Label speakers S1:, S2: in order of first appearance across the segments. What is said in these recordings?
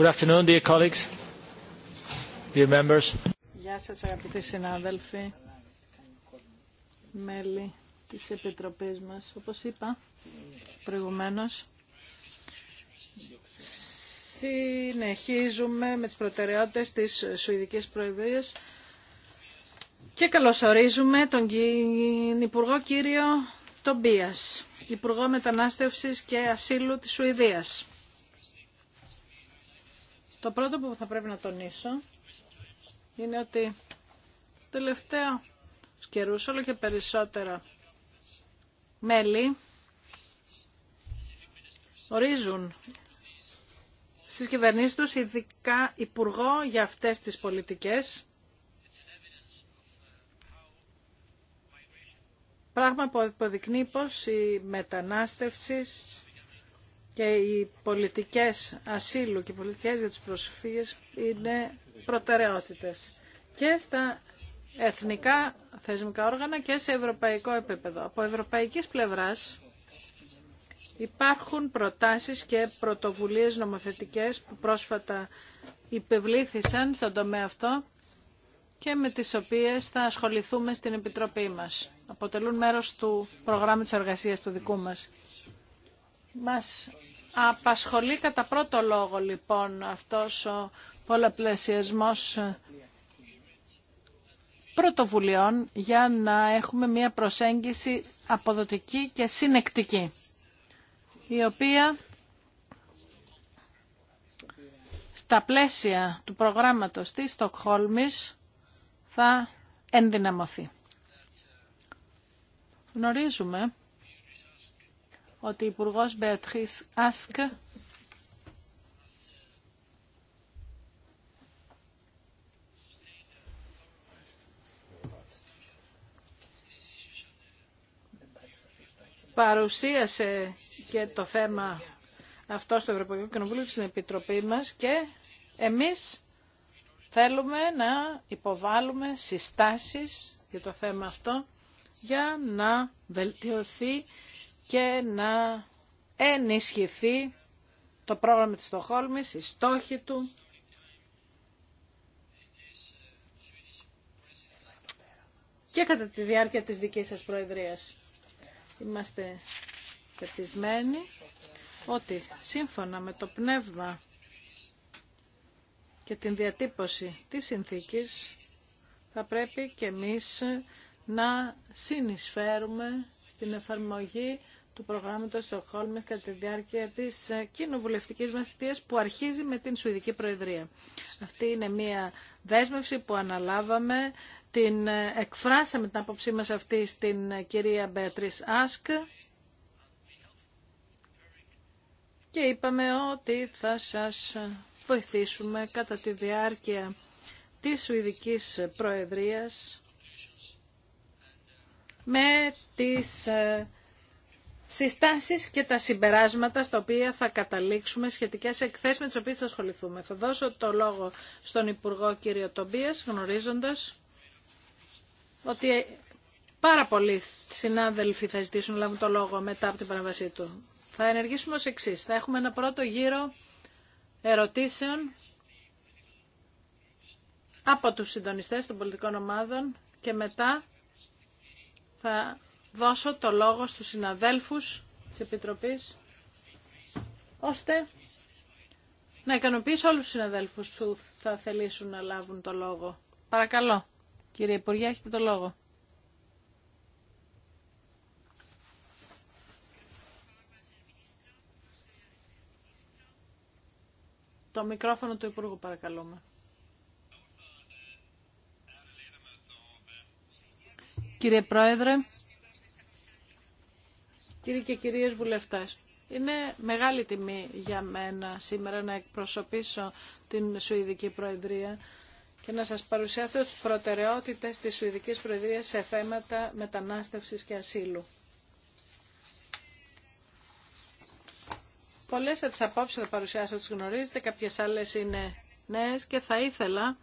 S1: Good
S2: Γεια σας αγαπητοί συνάδελφοι, μέλη της Επιτροπής μας. Όπως είπα προηγουμένως, συνεχίζουμε με τις προτεραιότητες της Σουηδικής Προεδρίας και καλωσορίζουμε τον Υπουργό κύριο Τομπίας, Υπουργό Μετανάστευσης και Ασύλου της Σουηδίας. Το πρώτο που θα πρέπει να τονίσω είναι ότι τελευταία σκερούς όλο και περισσότερα μέλη ορίζουν στις κυβερνήσεις τους ειδικά υπουργό για αυτές τις πολιτικές πράγμα που αποδεικνύει πως η μετανάστευση και οι πολιτικές ασύλου και οι πολιτικές για τους προσφύγες είναι προτεραιότητες και στα εθνικά θεσμικά όργανα και σε ευρωπαϊκό επίπεδο. Από ευρωπαϊκής πλευράς υπάρχουν προτάσεις και πρωτοβουλίες νομοθετικές που πρόσφατα υπευλήθησαν στον τομέα αυτό και με τις οποίες θα ασχοληθούμε στην Επιτροπή μας. Αποτελούν μέρος του προγράμματος εργασίας του δικού μας. Μας απασχολεί κατά πρώτο λόγο λοιπόν αυτός ο πολλαπλασιασμός πρωτοβουλειών για να έχουμε μια προσέγγιση αποδοτική και συνεκτική, η οποία στα πλαίσια του προγράμματος της Στοκχόλμης θα ενδυναμωθεί. Γνωρίζουμε ότι η Υπουργό Μπέτρη Άσκ παρουσίασε και το θέμα αυτό στο Ευρωπαϊκό Κοινοβούλιο και στην Επιτροπή μας και εμείς θέλουμε να υποβάλουμε συστάσεις για το θέμα αυτό για να βελτιωθεί και να ενισχυθεί το πρόγραμμα της Στοχόλμης, οι στόχοι του. Και κατά τη διάρκεια της δικής σας προεδρίας. Είμαστε πεπισμένοι ότι σύμφωνα με το πνεύμα και την διατύπωση της συνθήκης θα πρέπει και εμείς να συνεισφέρουμε στην εφαρμογή του προγράμματος Στοχόλμης κατά τη διάρκεια της ε, κοινοβουλευτικής μας θητείας που αρχίζει με την Σουηδική Προεδρία. Αυτή είναι μια δέσμευση που αναλάβαμε, την ε, εκφράσαμε την άποψή μας αυτή στην ε, κυρία Μπέτρις Άσκ και είπαμε ότι θα σας βοηθήσουμε κατά τη διάρκεια της Σουηδικής Προεδρίας με τις συστάσεις και τα συμπεράσματα στα οποία θα καταλήξουμε σε εκθέσεις με τις οποίες θα ασχοληθούμε. Θα δώσω το λόγο στον Υπουργό κύριο Τομπίας γνωρίζοντας ότι πάρα πολλοί συνάδελφοι θα ζητήσουν να λάβουν το λόγο μετά από την παραβασή του. Θα ενεργήσουμε ως εξή. Θα έχουμε ένα πρώτο γύρο ερωτήσεων από τους συντονιστές των πολιτικών ομάδων και μετά θα δώσω το λόγο στους συναδέλφους της Επιτροπής, ώστε να ικανοποιήσω όλους τους συναδέλφους που θα θελήσουν να λάβουν το λόγο. Παρακαλώ, κύριε Υπουργέ, έχετε το λόγο. Το μικρόφωνο του Υπουργού παρακαλούμε. Κύριε Πρόεδρε, κύριοι και κυρίες βουλευτές. Είναι μεγάλη τιμή για μένα σήμερα να εκπροσωπήσω την Σουηδική Προεδρία και να σας παρουσιάσω τις προτεραιότητες της Σουηδικής Προεδρίας σε θέματα μετανάστευσης και ασύλου. Πολλές από τις απόψεις θα παρουσιάσω τις γνωρίζετε, κάποιες άλλες είναι νέες και θα ήθελα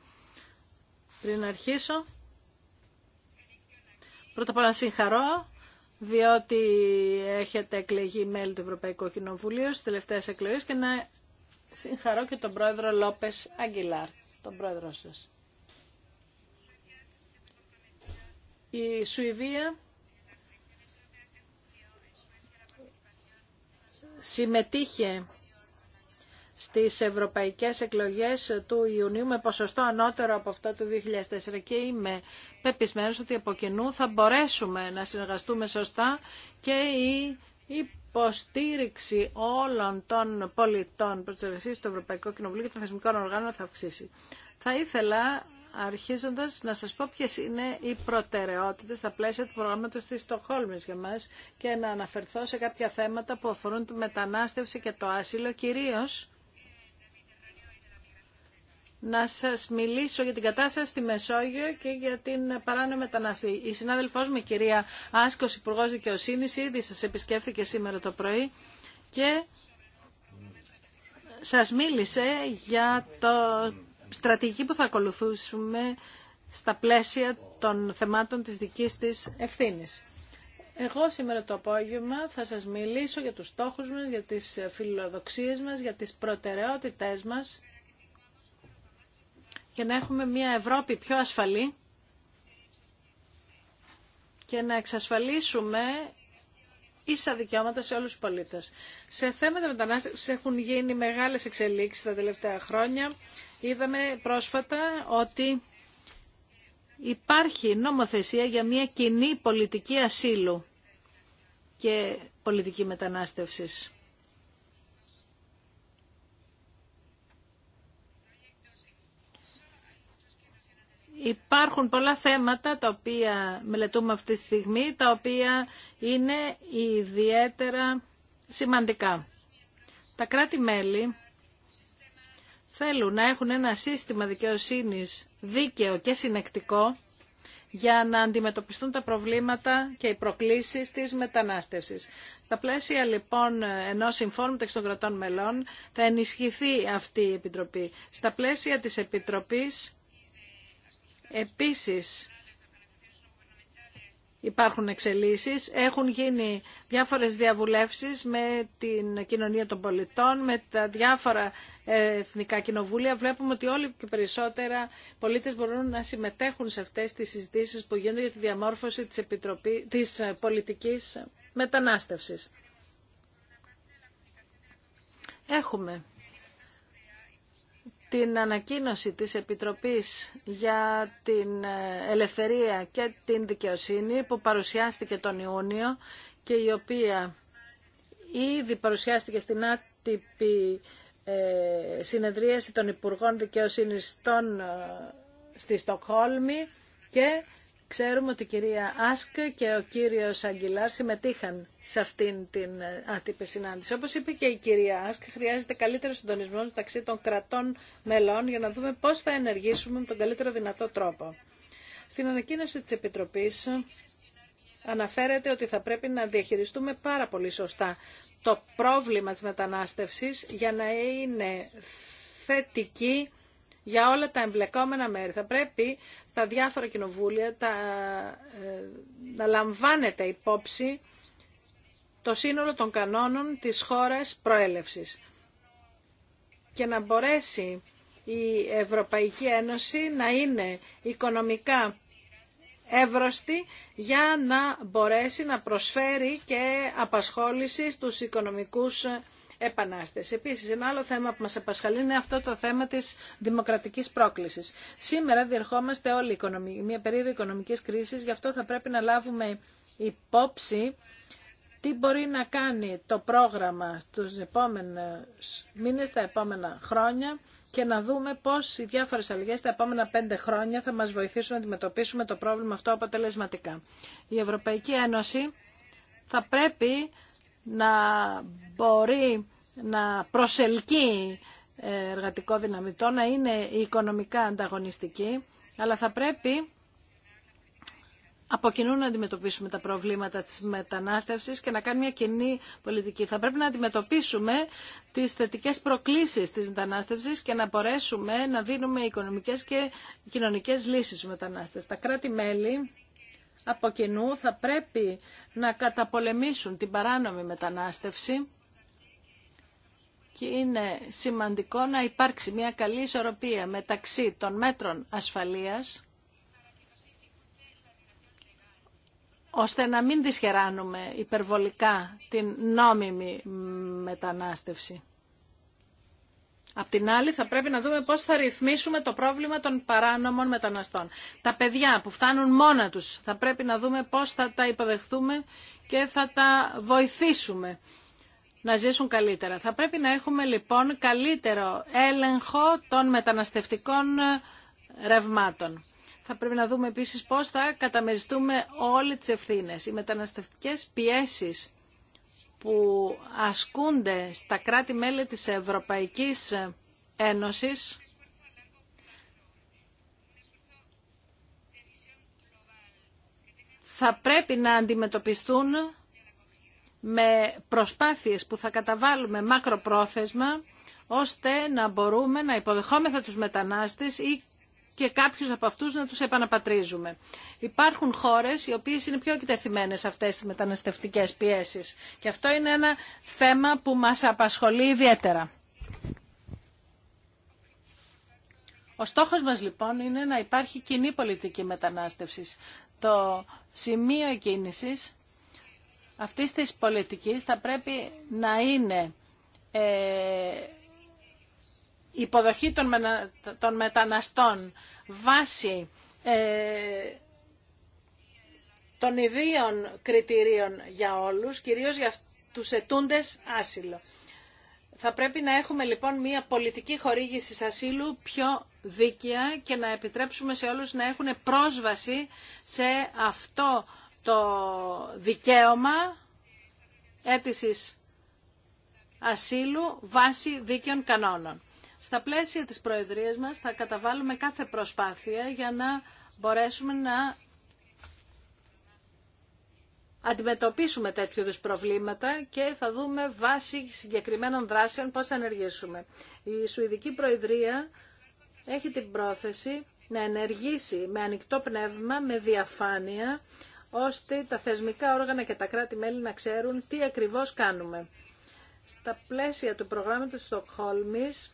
S2: πριν αρχίσω πρώτα απ' όλα συγχαρώ διότι έχετε εκλεγεί μέλη του Ευρωπαϊκού Κοινοβουλίου στις τελευταίες εκλογές και να συγχαρώ και τον πρόεδρο Λόπες Αγγιλάρ, τον πρόεδρό σας. Η Σουηδία συμμετείχε στις ευρωπαϊκές εκλογές του Ιουνίου με ποσοστό ανώτερο από αυτό του 2004 και είμαι πεπισμένος ότι από κοινού θα μπορέσουμε να συνεργαστούμε σωστά και η υποστήριξη όλων των πολιτών προς του Ευρωπαϊκού Κοινοβουλίου και των θεσμικών οργάνων θα αυξήσει. Θα ήθελα αρχίζοντας να σας πω ποιες είναι οι προτεραιότητες στα πλαίσια του προγράμματος της Στοχόλμης για μας και να αναφερθώ σε κάποια θέματα που αφορούν τη μετανάστευση και το άσυλο κυρίως να σας μιλήσω για την κατάσταση στη Μεσόγειο και για την παράνομη μεταναστή. Η συνάδελφός μου, η κυρία Άσκος, Υπουργός Δικαιοσύνης, ήδη σας επισκέφθηκε σήμερα το πρωί και σας μίλησε για το στρατηγική που θα ακολουθούσουμε στα πλαίσια των θεμάτων της δικής της ευθύνης. Εγώ σήμερα το απόγευμα θα σας μιλήσω για τους στόχους μας, για τις φιλοδοξίες μας, για τις προτεραιότητές μας και να έχουμε μια Ευρώπη πιο ασφαλή και να εξασφαλίσουμε ίσα δικαιώματα σε όλους τους πολίτες. Σε θέματα μετανάστευσης έχουν γίνει μεγάλες εξελίξεις τα τελευταία χρόνια. Είδαμε πρόσφατα ότι υπάρχει νομοθεσία για μια κοινή πολιτική ασύλου και πολιτική μετανάστευσης. Υπάρχουν πολλά θέματα τα οποία μελετούμε αυτή τη στιγμή, τα οποία είναι ιδιαίτερα σημαντικά. Τα κράτη-μέλη θέλουν να έχουν ένα σύστημα δικαιοσύνης δίκαιο και συνεκτικό για να αντιμετωπιστούν τα προβλήματα και οι προκλήσεις της μετανάστευσης. Στα πλαίσια λοιπόν ενός συμφώνου μεταξύ των κρατών μελών θα ενισχυθεί αυτή η Επιτροπή. Στα πλαίσια της Επιτροπής Επίσης, υπάρχουν εξελίσεις, έχουν γίνει διάφορες διαβουλεύσεις με την κοινωνία των πολιτών, με τα διάφορα ε, εθνικά κοινοβούλια. Βλέπουμε ότι όλοι και περισσότερα πολίτες μπορούν να συμμετέχουν σε αυτές τις συζητήσεις που γίνονται για τη διαμόρφωση της, επιτροπή, της ε, πολιτικής μετανάστευσης. Έχουμε την ανακοίνωση της Επιτροπής για την Ελευθερία και την Δικαιοσύνη που παρουσιάστηκε τον Ιούνιο και η οποία ήδη παρουσιάστηκε στην άτυπη ε, συνεδρίαση των Υπουργών Δικαιοσύνης ε, στη Στοκχόλμη και Ξέρουμε ότι η κυρία Άσκ και ο κύριος Αγγιλάρ συμμετείχαν σε αυτήν την ε, άτυπη συνάντηση. Όπως είπε και η κυρία Άσκ, χρειάζεται καλύτερο συντονισμό μεταξύ των κρατών μελών για να δούμε πώς θα ενεργήσουμε με τον καλύτερο δυνατό τρόπο. Στην ανακοίνωση της Επιτροπής αναφέρεται ότι θα πρέπει να διαχειριστούμε πάρα πολύ σωστά το πρόβλημα της μετανάστευσης για να είναι θετική για όλα τα εμπλεκόμενα μέρη. Θα πρέπει στα διάφορα κοινοβούλια τα, ε, να λαμβάνεται υπόψη το σύνολο των κανόνων της χώρας προέλευσης και να μπορέσει η Ευρωπαϊκή Ένωση να είναι οικονομικά εύρωστη για να μπορέσει να προσφέρει και απασχόληση στους οικονομικούς Επίση, Επίσης, ένα άλλο θέμα που μα απασχολεί είναι αυτό το θέμα τη δημοκρατική πρόκληση. Σήμερα διερχόμαστε όλοι μια περίοδο οικονομική κρίση, γι' αυτό θα πρέπει να λάβουμε υπόψη τι μπορεί να κάνει το πρόγραμμα στους επόμενου μήνες, τα επόμενα χρόνια και να δούμε πώς οι διάφορες αλλαγές τα επόμενα πέντε χρόνια θα μας βοηθήσουν να αντιμετωπίσουμε το πρόβλημα αυτό αποτελεσματικά. Η Ευρωπαϊκή Ένωση θα πρέπει να μπορεί να προσελκύει εργατικό δυναμικό, να είναι οικονομικά ανταγωνιστική, αλλά θα πρέπει από κοινού να αντιμετωπίσουμε τα προβλήματα της μετανάστευσης και να κάνουμε μια κοινή πολιτική. Θα πρέπει να αντιμετωπίσουμε τις θετικές προκλήσεις της μετανάστευσης και να μπορέσουμε να δίνουμε οικονομικές και κοινωνικές λύσεις στους μετανάστες. Τα κράτη-μέλη από κοινού θα πρέπει να καταπολεμήσουν την παράνομη μετανάστευση και είναι σημαντικό να υπάρξει μια καλή ισορροπία μεταξύ των μέτρων ασφαλείας ώστε να μην δυσχεράνουμε υπερβολικά την νόμιμη μετανάστευση. Απ' την άλλη θα πρέπει να δούμε πώς θα ρυθμίσουμε το πρόβλημα των παράνομων μεταναστών. Τα παιδιά που φτάνουν μόνα τους θα πρέπει να δούμε πώς θα τα υποδεχθούμε και θα τα βοηθήσουμε να ζήσουν καλύτερα. Θα πρέπει να έχουμε λοιπόν καλύτερο έλεγχο των μεταναστευτικών ε, ρευμάτων. Θα πρέπει να δούμε επίσης πώς θα καταμεριστούμε όλες τις ευθύνες. Οι μεταναστευτικές πιέσεις που ασκούνται στα κράτη-μέλη της Ευρωπαϊκής Ένωσης θα πρέπει να αντιμετωπιστούν με προσπάθειες που θα καταβάλουμε μακροπρόθεσμα, ώστε να μπορούμε να υποδεχόμεθα τους μετανάστες ή και κάποιους από αυτούς να τους επαναπατρίζουμε. Υπάρχουν χώρες οι οποίες είναι πιο εκτεθειμένες σε αυτές τις μεταναστευτικές πιέσεις και αυτό είναι ένα θέμα που μας απασχολεί ιδιαίτερα. Ο στόχος μας λοιπόν είναι να υπάρχει κοινή πολιτική μετανάστευσης. Το σημείο κίνησης αυτής της πολιτικής θα πρέπει να είναι ε, υποδοχή των μεταναστών βάσει ε, των ιδίων κριτηρίων για όλους, κυρίως για τους ετούντες άσυλο. Θα πρέπει να έχουμε λοιπόν μια πολιτική χορήγηση ασύλου πιο δίκαια και να επιτρέψουμε σε όλους να έχουν πρόσβαση σε αυτό το δικαίωμα αίτησης ασύλου βάσει δίκαιων κανόνων. Στα πλαίσια της Προεδρίας μας θα καταβάλουμε κάθε προσπάθεια για να μπορέσουμε να αντιμετωπίσουμε τέτοιου είδους προβλήματα και θα δούμε βάσει συγκεκριμένων δράσεων πώς θα ενεργήσουμε. Η Σουηδική Προεδρία έχει την πρόθεση να ενεργήσει με ανοιχτό πνεύμα, με διαφάνεια, ώστε τα θεσμικά όργανα και τα κράτη-μέλη να ξέρουν τι ακριβώς κάνουμε. Στα πλαίσια του προγράμματος Στοκχόλμης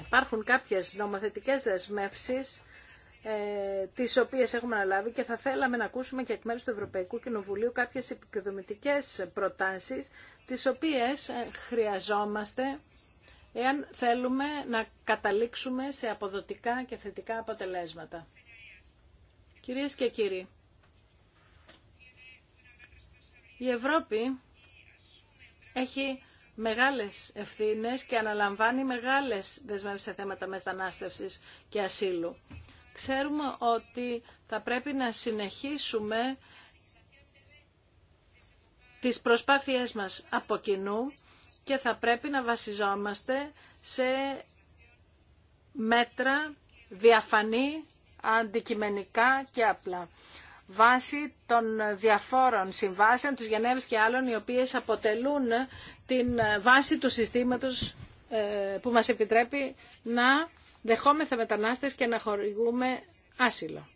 S2: Υπάρχουν κάποιες νομοθετικές δεσμεύσεις ε, τις οποίες έχουμε αναλάβει και θα θέλαμε να ακούσουμε και εκ μέρους του Ευρωπαϊκού Κοινοβουλίου κάποιες επικοδομητικές προτάσεις τις οποίες ε, χρειαζόμαστε εάν θέλουμε να καταλήξουμε σε αποδοτικά και θετικά αποτελέσματα. Κυρίες και κύριοι, η Ευρώπη έχει μεγάλες ευθύνες και αναλαμβάνει μεγάλες δεσμεύσεις σε θέματα μετανάστευσης και ασύλου. Ξέρουμε ότι θα πρέπει να συνεχίσουμε τις προσπάθειές μας από κοινού και θα πρέπει να βασιζόμαστε σε μέτρα διαφανή, αντικειμενικά και απλά βάσει των διαφόρων συμβάσεων τους Γενέβης και άλλων οι οποίες αποτελούν την βάση του συστήματος ε, που μας επιτρέπει να δεχόμεθα μετανάστες και να χορηγούμε άσυλο.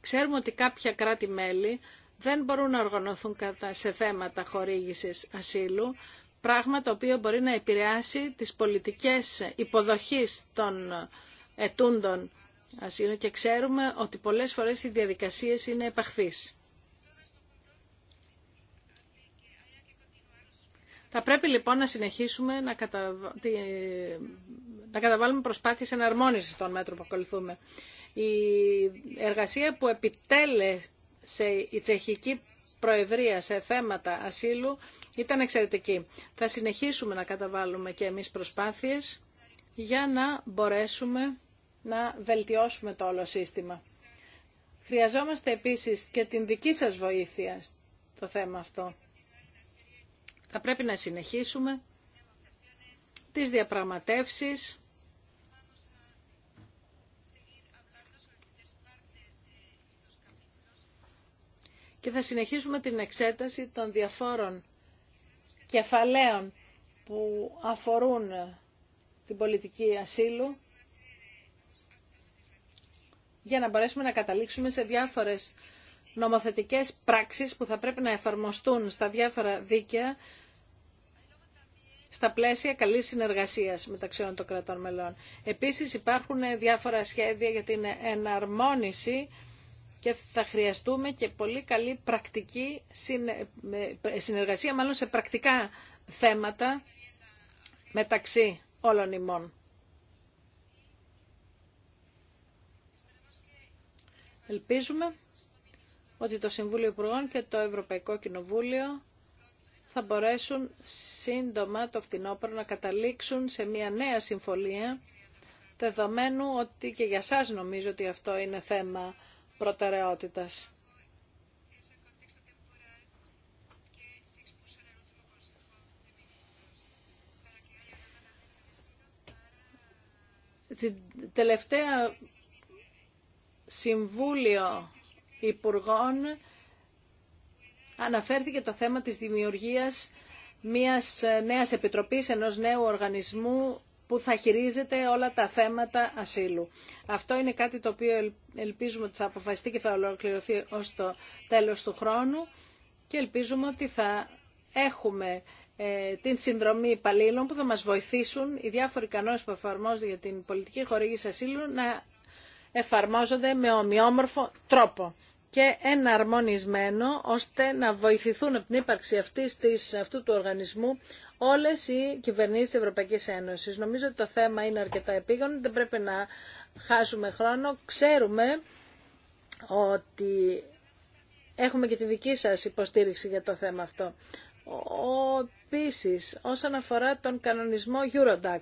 S2: Ξέρουμε ότι κάποια κράτη-μέλη δεν μπορούν να οργανωθούν σε θέματα χορήγησης ασύλου, πράγμα το οποίο μπορεί να επηρεάσει τις πολιτικές υποδοχής των ετούντων και ξέρουμε ότι πολλές φορές οι διαδικασίες είναι επαχθείς. Θα πρέπει λοιπόν να συνεχίσουμε να, να καταβάλουμε προσπάθειες εναρμόνισης των μέτρων που ακολουθούμε. Η εργασία που επιτέλεσε η τσεχική προεδρία σε θέματα ασύλου ήταν εξαιρετική. Θα συνεχίσουμε να καταβάλουμε και εμείς προσπάθειες για να μπορέσουμε να βελτιώσουμε το όλο σύστημα. Χρειαζόμαστε επίσης και την δική σας βοήθεια στο θέμα αυτό. Θα πρέπει να συνεχίσουμε τις διαπραγματεύσεις και θα συνεχίσουμε την εξέταση των διαφόρων κεφαλαίων που αφορούν την πολιτική ασύλου για να μπορέσουμε να καταλήξουμε σε διάφορες νομοθετικές πράξεις που θα πρέπει να εφαρμοστούν στα διάφορα δίκαια στα πλαίσια καλής συνεργασίας μεταξύ των κρατών μελών. Επίσης υπάρχουν διάφορα σχέδια για την εναρμόνιση και θα χρειαστούμε και πολύ καλή πρακτική συνεργασία, μάλλον σε πρακτικά θέματα μεταξύ όλων ημών. Ελπίζουμε ότι το Συμβούλιο Υπουργών και το Ευρωπαϊκό Κοινοβούλιο θα μπορέσουν σύντομα το φθινόπωρο να καταλήξουν σε μια νέα συμφωνία, δεδομένου ότι και για σας νομίζω ότι αυτό είναι θέμα προτεραιότητας. Την τελευταία Συμβούλιο Υπουργών αναφέρθηκε το θέμα της δημιουργίας μιας νέας επιτροπής, ενός νέου οργανισμού που θα χειρίζεται όλα τα θέματα ασύλου. Αυτό είναι κάτι το οποίο ελπίζουμε ότι θα αποφασιστεί και θα ολοκληρωθεί ως το τέλος του χρόνου και ελπίζουμε ότι θα έχουμε ε, την συνδρομή υπαλλήλων που θα μας βοηθήσουν οι διάφοροι κανόνες που εφαρμόζονται για την πολιτική χορήγηση ασύλου να εφαρμόζονται με ομοιόμορφο τρόπο και εναρμονισμένο ώστε να βοηθηθούν από την ύπαρξη αυτής της, αυτού του οργανισμού όλες οι κυβερνήσεις της Ευρωπαϊκής Ένωσης. Νομίζω ότι το θέμα είναι αρκετά επίγον, δεν πρέπει να χάσουμε χρόνο. Ξέρουμε ότι έχουμε και τη δική σας υποστήριξη για το θέμα αυτό. Επίση, όσον αφορά τον κανονισμό Eurodac,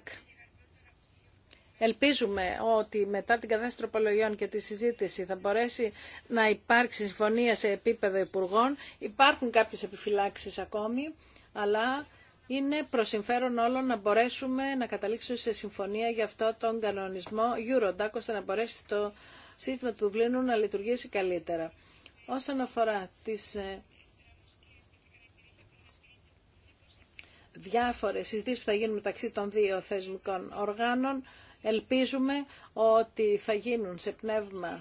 S2: Ελπίζουμε ότι μετά την κατάσταση τροπολογιών και τη συζήτηση θα μπορέσει να υπάρξει συμφωνία σε επίπεδο υπουργών. Υπάρχουν κάποιες επιφυλάξεις ακόμη, αλλά είναι προ συμφέρον όλων να μπορέσουμε να καταλήξουμε σε συμφωνία για αυτό τον κανονισμό Eurodac, ώστε να μπορέσει το σύστημα του Δουβλίνου να λειτουργήσει καλύτερα. Όσον αφορά τις ε, διάφορες συζητήσεις που θα γίνουν μεταξύ των δύο θεσμικών οργάνων, Ελπίζουμε ότι θα γίνουν σε πνεύμα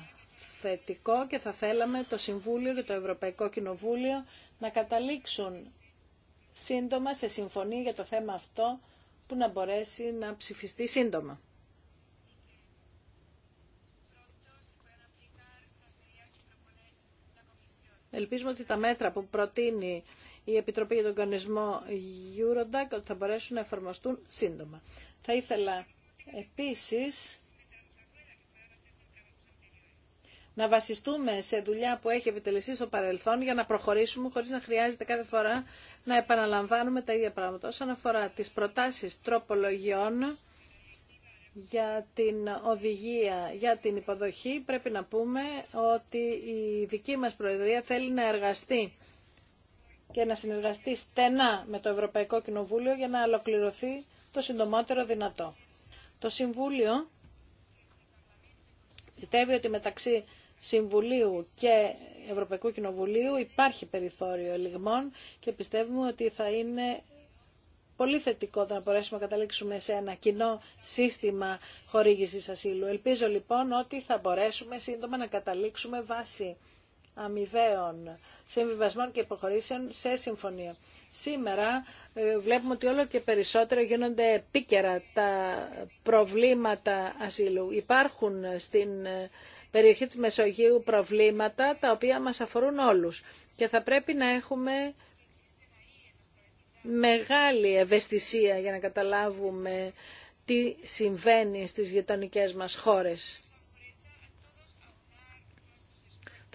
S2: θετικό και θα θέλαμε το Συμβούλιο και το Ευρωπαϊκό Κοινοβούλιο να καταλήξουν σύντομα σε συμφωνία για το θέμα αυτό που να μπορέσει να ψηφιστεί σύντομα. Ελπίζουμε ότι τα μέτρα που προτείνει η Επιτροπή για τον Κανονισμό Eurodac θα μπορέσουν να εφαρμοστούν σύντομα. Θα ήθελα Επίσης, να βασιστούμε σε δουλειά που έχει επιτελεστεί στο παρελθόν για να προχωρήσουμε χωρίς να χρειάζεται κάθε φορά να επαναλαμβάνουμε τα ίδια πράγματα. Όσον αφορά τις προτάσεις τροπολογιών για την οδηγία, για την υποδοχή, πρέπει να πούμε ότι η δική μας Προεδρία θέλει να εργαστεί και να συνεργαστεί στενά με το Ευρωπαϊκό Κοινοβούλιο για να ολοκληρωθεί το συντομότερο δυνατό. Το Συμβούλιο πιστεύει ότι μεταξύ Συμβουλίου και Ευρωπαϊκού Κοινοβουλίου υπάρχει περιθώριο ελιγμών και πιστεύουμε ότι θα είναι πολύ θετικό να μπορέσουμε να καταλήξουμε σε ένα κοινό σύστημα χορήγησης ασύλου. Ελπίζω λοιπόν ότι θα μπορέσουμε σύντομα να καταλήξουμε βάσει αμοιβαίων συμβιβασμών και υποχωρήσεων σε συμφωνία. Σήμερα ε, βλέπουμε ότι όλο και περισσότερο γίνονται επίκαιρα τα προβλήματα ασύλου. Υπάρχουν στην ε, περιοχή της Μεσογείου προβλήματα τα οποία μας αφορούν όλους και θα πρέπει να έχουμε μεγάλη ευαισθησία για να καταλάβουμε τι συμβαίνει στις γειτονικές μας χώρες.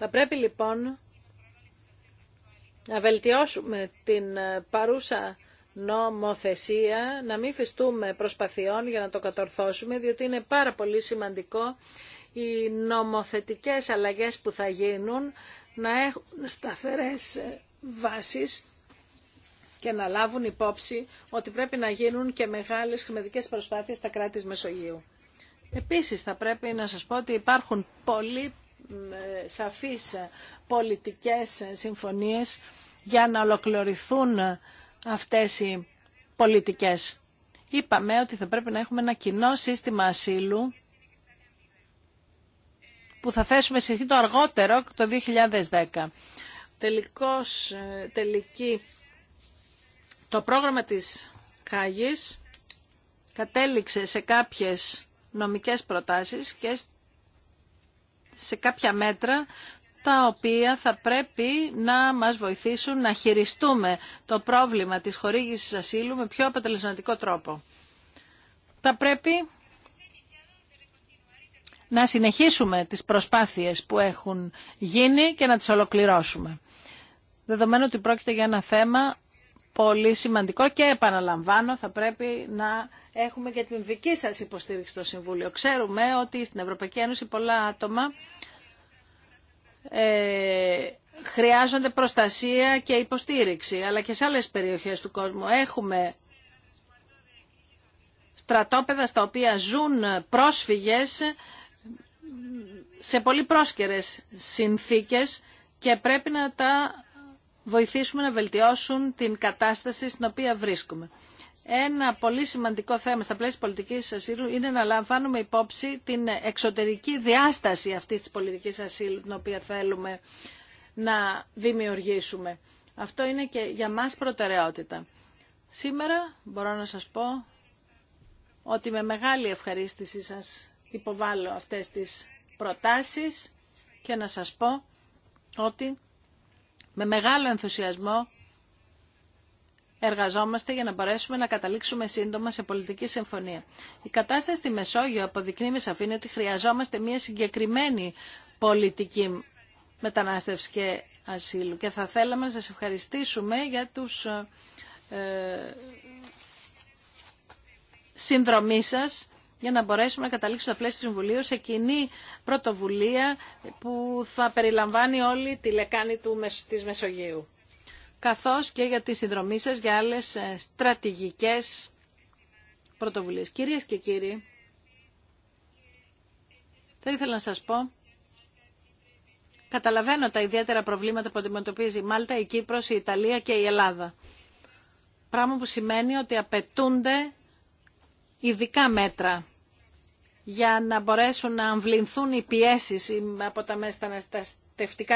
S2: Θα πρέπει λοιπόν να βελτιώσουμε την ε, παρούσα νομοθεσία, να μην φυστούμε προσπαθειών για να το κατορθώσουμε, διότι είναι πάρα πολύ σημαντικό οι νομοθετικές αλλαγές που θα γίνουν να έχουν σταθερές ε, βάσεις και να λάβουν υπόψη ότι πρέπει να γίνουν και μεγάλες χρηματικές προσπάθειες στα κράτη της Μεσογείου. Επίσης θα πρέπει να σας πω ότι υπάρχουν πολλοί σαφείς πολιτικές συμφωνίες για να ολοκληρωθούν αυτές οι πολιτικές. Είπαμε ότι θα πρέπει να έχουμε ένα κοινό σύστημα ασύλου που θα θέσουμε σε το αργότερο το 2010. Τελικός, ε, τελική, το πρόγραμμα της Χάγης κατέληξε σε κάποιες νομικές προτάσεις και σε κάποια μέτρα τα οποία θα πρέπει να μας βοηθήσουν να χειριστούμε το πρόβλημα της χορήγησης ασύλου με πιο αποτελεσματικό τρόπο. Θα πρέπει να συνεχίσουμε τις προσπάθειες που έχουν γίνει και να τις ολοκληρώσουμε. Δεδομένου ότι πρόκειται για ένα θέμα πολύ σημαντικό και επαναλαμβάνω θα πρέπει να έχουμε και την δική σας υποστήριξη στο Συμβούλιο. Ξέρουμε ότι στην Ευρωπαϊκή Ένωση πολλά άτομα ε, χρειάζονται προστασία και υποστήριξη, αλλά και σε άλλες περιοχές του κόσμου έχουμε στρατόπεδα στα οποία ζουν πρόσφυγες σε πολύ πρόσκαιρες συνθήκες και πρέπει να τα βοηθήσουμε να βελτιώσουν την κατάσταση στην οποία βρίσκουμε. Ένα πολύ σημαντικό θέμα στα πλαίσια πολιτικής ασύλου είναι να λαμβάνουμε υπόψη την εξωτερική διάσταση αυτής της πολιτικής ασύλου την οποία θέλουμε να δημιουργήσουμε. Αυτό είναι και για μας προτεραιότητα. Σήμερα μπορώ να σας πω ότι με μεγάλη ευχαρίστηση σα υποβάλλω αυτέ τι προτάσει και να σα πω ότι με μεγάλο ενθουσιασμό εργαζόμαστε για να μπορέσουμε να καταλήξουμε σύντομα σε πολιτική συμφωνία. Η κατάσταση στη Μεσόγειο αποδεικνύει με σαφήνεια ότι χρειαζόμαστε μια συγκεκριμένη πολιτική μετανάστευση και ασύλου. Και θα θέλαμε να σας ευχαριστήσουμε για τους ε, ε συνδρομή σας για να μπορέσουμε να καταλήξουμε τα πλαίσια του Συμβουλίου σε κοινή πρωτοβουλία που θα περιλαμβάνει όλη τη λεκάνη του, της Μεσογείου. Καθώς και για τη συνδρομή σας για άλλες ε, στρατηγικές πρωτοβουλίες. Κυρίες και κύριοι, θα ήθελα να σας πω Καταλαβαίνω τα ιδιαίτερα προβλήματα που αντιμετωπίζει η Μάλτα, η Κύπρος, η Ιταλία και η Ελλάδα. Πράγμα που σημαίνει ότι απαιτούνται ειδικά μέτρα για να μπορέσουν να αμβληνθούν οι πιέσει από τα μέσα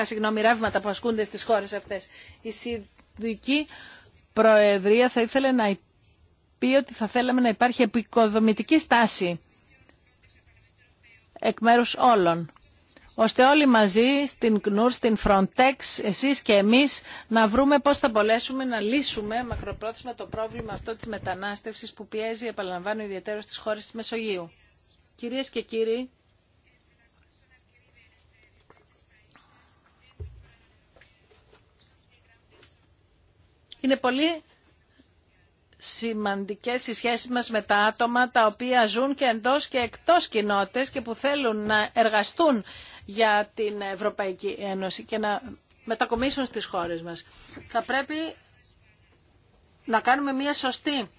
S2: συγγνώμη, ρεύματα που ασκούνται στι χώρε αυτέ. Η Συνδική Προεδρία θα ήθελε να πει ότι θα θέλαμε να υπάρχει επικοδομητική στάση εκ μέρους όλων ώστε όλοι μαζί στην ΚΝΟΥΡ, στην Frontex, εσείς και εμείς να βρούμε πώς θα μπορέσουμε να λύσουμε μακροπρόθεσμα το πρόβλημα αυτό της μετανάστευσης που πιέζει, επαναλαμβάνω, ιδιαίτερα στις χώρες της Μεσογείου. Κυρίες και κύριοι, είναι πολύ σημαντικές οι σχέσεις μας με τα άτομα τα οποία ζουν και εντός και εκτός κοινότητες και που θέλουν να εργαστούν για την Ευρωπαϊκή Ένωση και να μετακομίσουν στις χώρες μας. Θα πρέπει να κάνουμε μια σωστή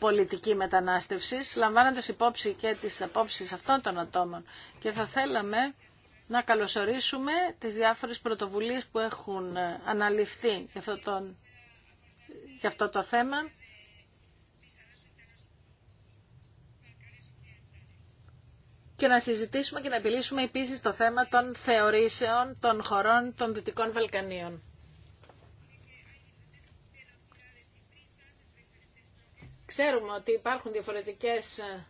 S2: πολιτική μετανάστευσης, λαμβάνοντας υπόψη και τις απόψεις αυτών των ατόμων. Και θα θέλαμε να καλωσορίσουμε τις διάφορες πρωτοβουλίες που έχουν ε, αναλυφθεί για αυτό το, αυτό το θέμα. και να συζητήσουμε και να επιλύσουμε επίσης το θέμα των θεωρήσεων των χωρών των Δυτικών Βαλκανίων. Ξέρουμε ότι υπάρχουν διαφορετικές ε,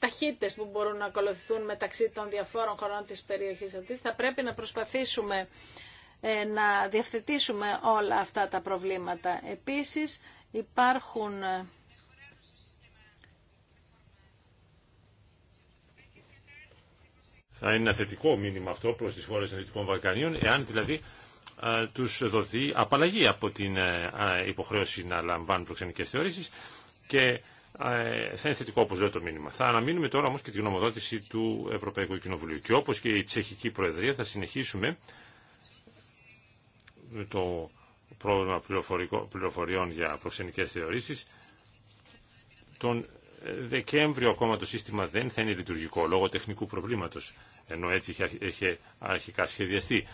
S2: ταχύτητες που μπορούν να ακολουθούν μεταξύ των διαφόρων χωρών της περιοχής αυτής. Θα πρέπει να προσπαθήσουμε ε, να διευθετήσουμε όλα αυτά τα προβλήματα. Επίσης υπάρχουν ε,
S3: θα είναι ένα θετικό μήνυμα αυτό προς τις χώρες των Δυτικών Βαλκανίων, εάν δηλαδή ε, τους δοθεί απαλλαγή από την ε, ε, υποχρέωση να λαμβάνουν προξενικές θεωρήσεις και θα είναι θετικό όπως λέω το μήνυμα. Θα αναμείνουμε τώρα όμως και τη γνωμοδότηση του Ευρωπαϊκού Κοινοβουλίου και όπως και η Τσεχική Προεδρία θα συνεχίσουμε με το πρόβλημα πληροφοριών για προξενικές θεωρήσεις. Τον Δεκέμβριο ακόμα το σύστημα δεν θα είναι λειτουργικό λόγω τεχνικού προβλήματος, ενώ έτσι είχε αρχικά σχεδιαστεί.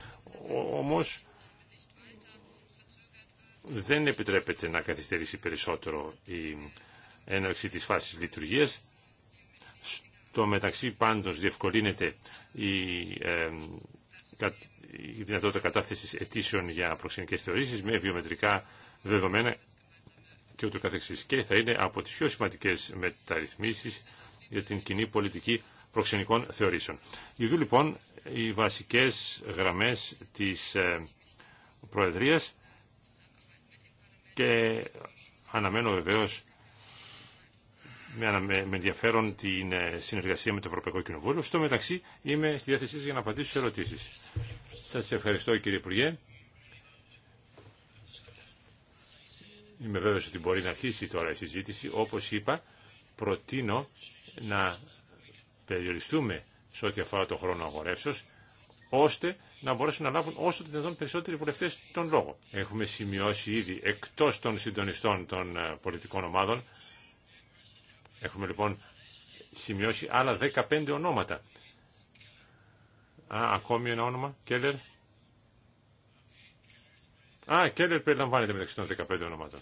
S3: Όμως δεν επιτρέπεται να καθυστερήσει περισσότερο η έναρξη της φάσης λειτουργίας. Στο μεταξύ πάντως διευκολύνεται η, ε, η δυνατότητα κατάθεσης αιτήσεων για προξενικές θεωρήσεις με βιομετρικά δεδομένα και ούτω καθεξής. Και θα είναι από τις πιο σημαντικές μεταρρυθμίσεις για την κοινή πολιτική προξενικών θεωρήσεων. Ιδού λοιπόν οι βασικές γραμμές της ε, Προεδρίας και αναμένω βεβαίως με ενδιαφέρον την ε, συνεργασία με το Ευρωπαϊκό Κοινοβούλιο. Στο μεταξύ είμαι στη διάθεσή σας για να απαντήσω σε ερωτήσεις. Σας ευχαριστώ κύριε Υπουργέ. Είμαι βέβαιος ότι μπορεί να αρχίσει τώρα η συζήτηση. Όπως είπα, προτείνω να περιοριστούμε σε ό,τι αφορά το χρόνο αγορεύσεως, ώστε να μπορέσουν να λάβουν όσο το δυνατόν περισσότεροι βουλευτέ τον λόγο. Έχουμε σημειώσει ήδη εκτό των συντονιστών των ε, πολιτικών ομάδων. Έχουμε λοιπόν σημειώσει άλλα 15 ονόματα. Α, ακόμη ένα όνομα, Κέλλερ. Α, Κέλλερ περιλαμβάνεται μεταξύ των 15 ονομάτων.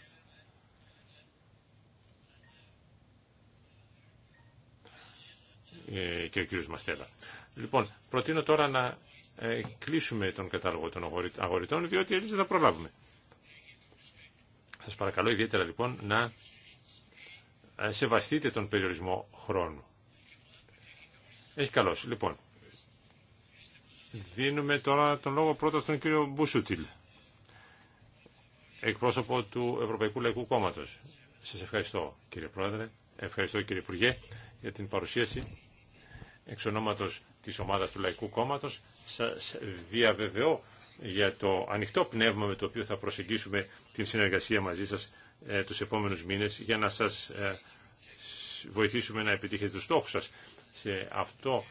S3: Ε, και ο κύριος Μαστέλα. Λοιπόν, προτείνω τώρα να ε, κλείσουμε τον κατάλογο των αγορητών, διότι έτσι δεν θα προλάβουμε. Σας παρακαλώ ιδιαίτερα λοιπόν να ε, σεβαστείτε τον περιορισμό χρόνου. Έχει καλώς. Λοιπόν, δίνουμε τώρα τον λόγο πρώτα στον κύριο Μπουσούτιλ, εκπρόσωπο του Ευρωπαϊκού Λαϊκού Κόμματος. Σας ευχαριστώ κύριε Πρόεδρε, ευχαριστώ κύριε Υπουργέ για την παρουσίαση εξ ονόματος της ομάδας του Λαϊκού Κόμματος σας διαβεβαιώ για το ανοιχτό πνεύμα με το οποίο θα προσεγγίσουμε την συνεργασία μαζί σας ε, τους επόμενους μήνες για να σας ε, βοηθήσουμε να επιτύχετε τους στόχους σας σε αυτό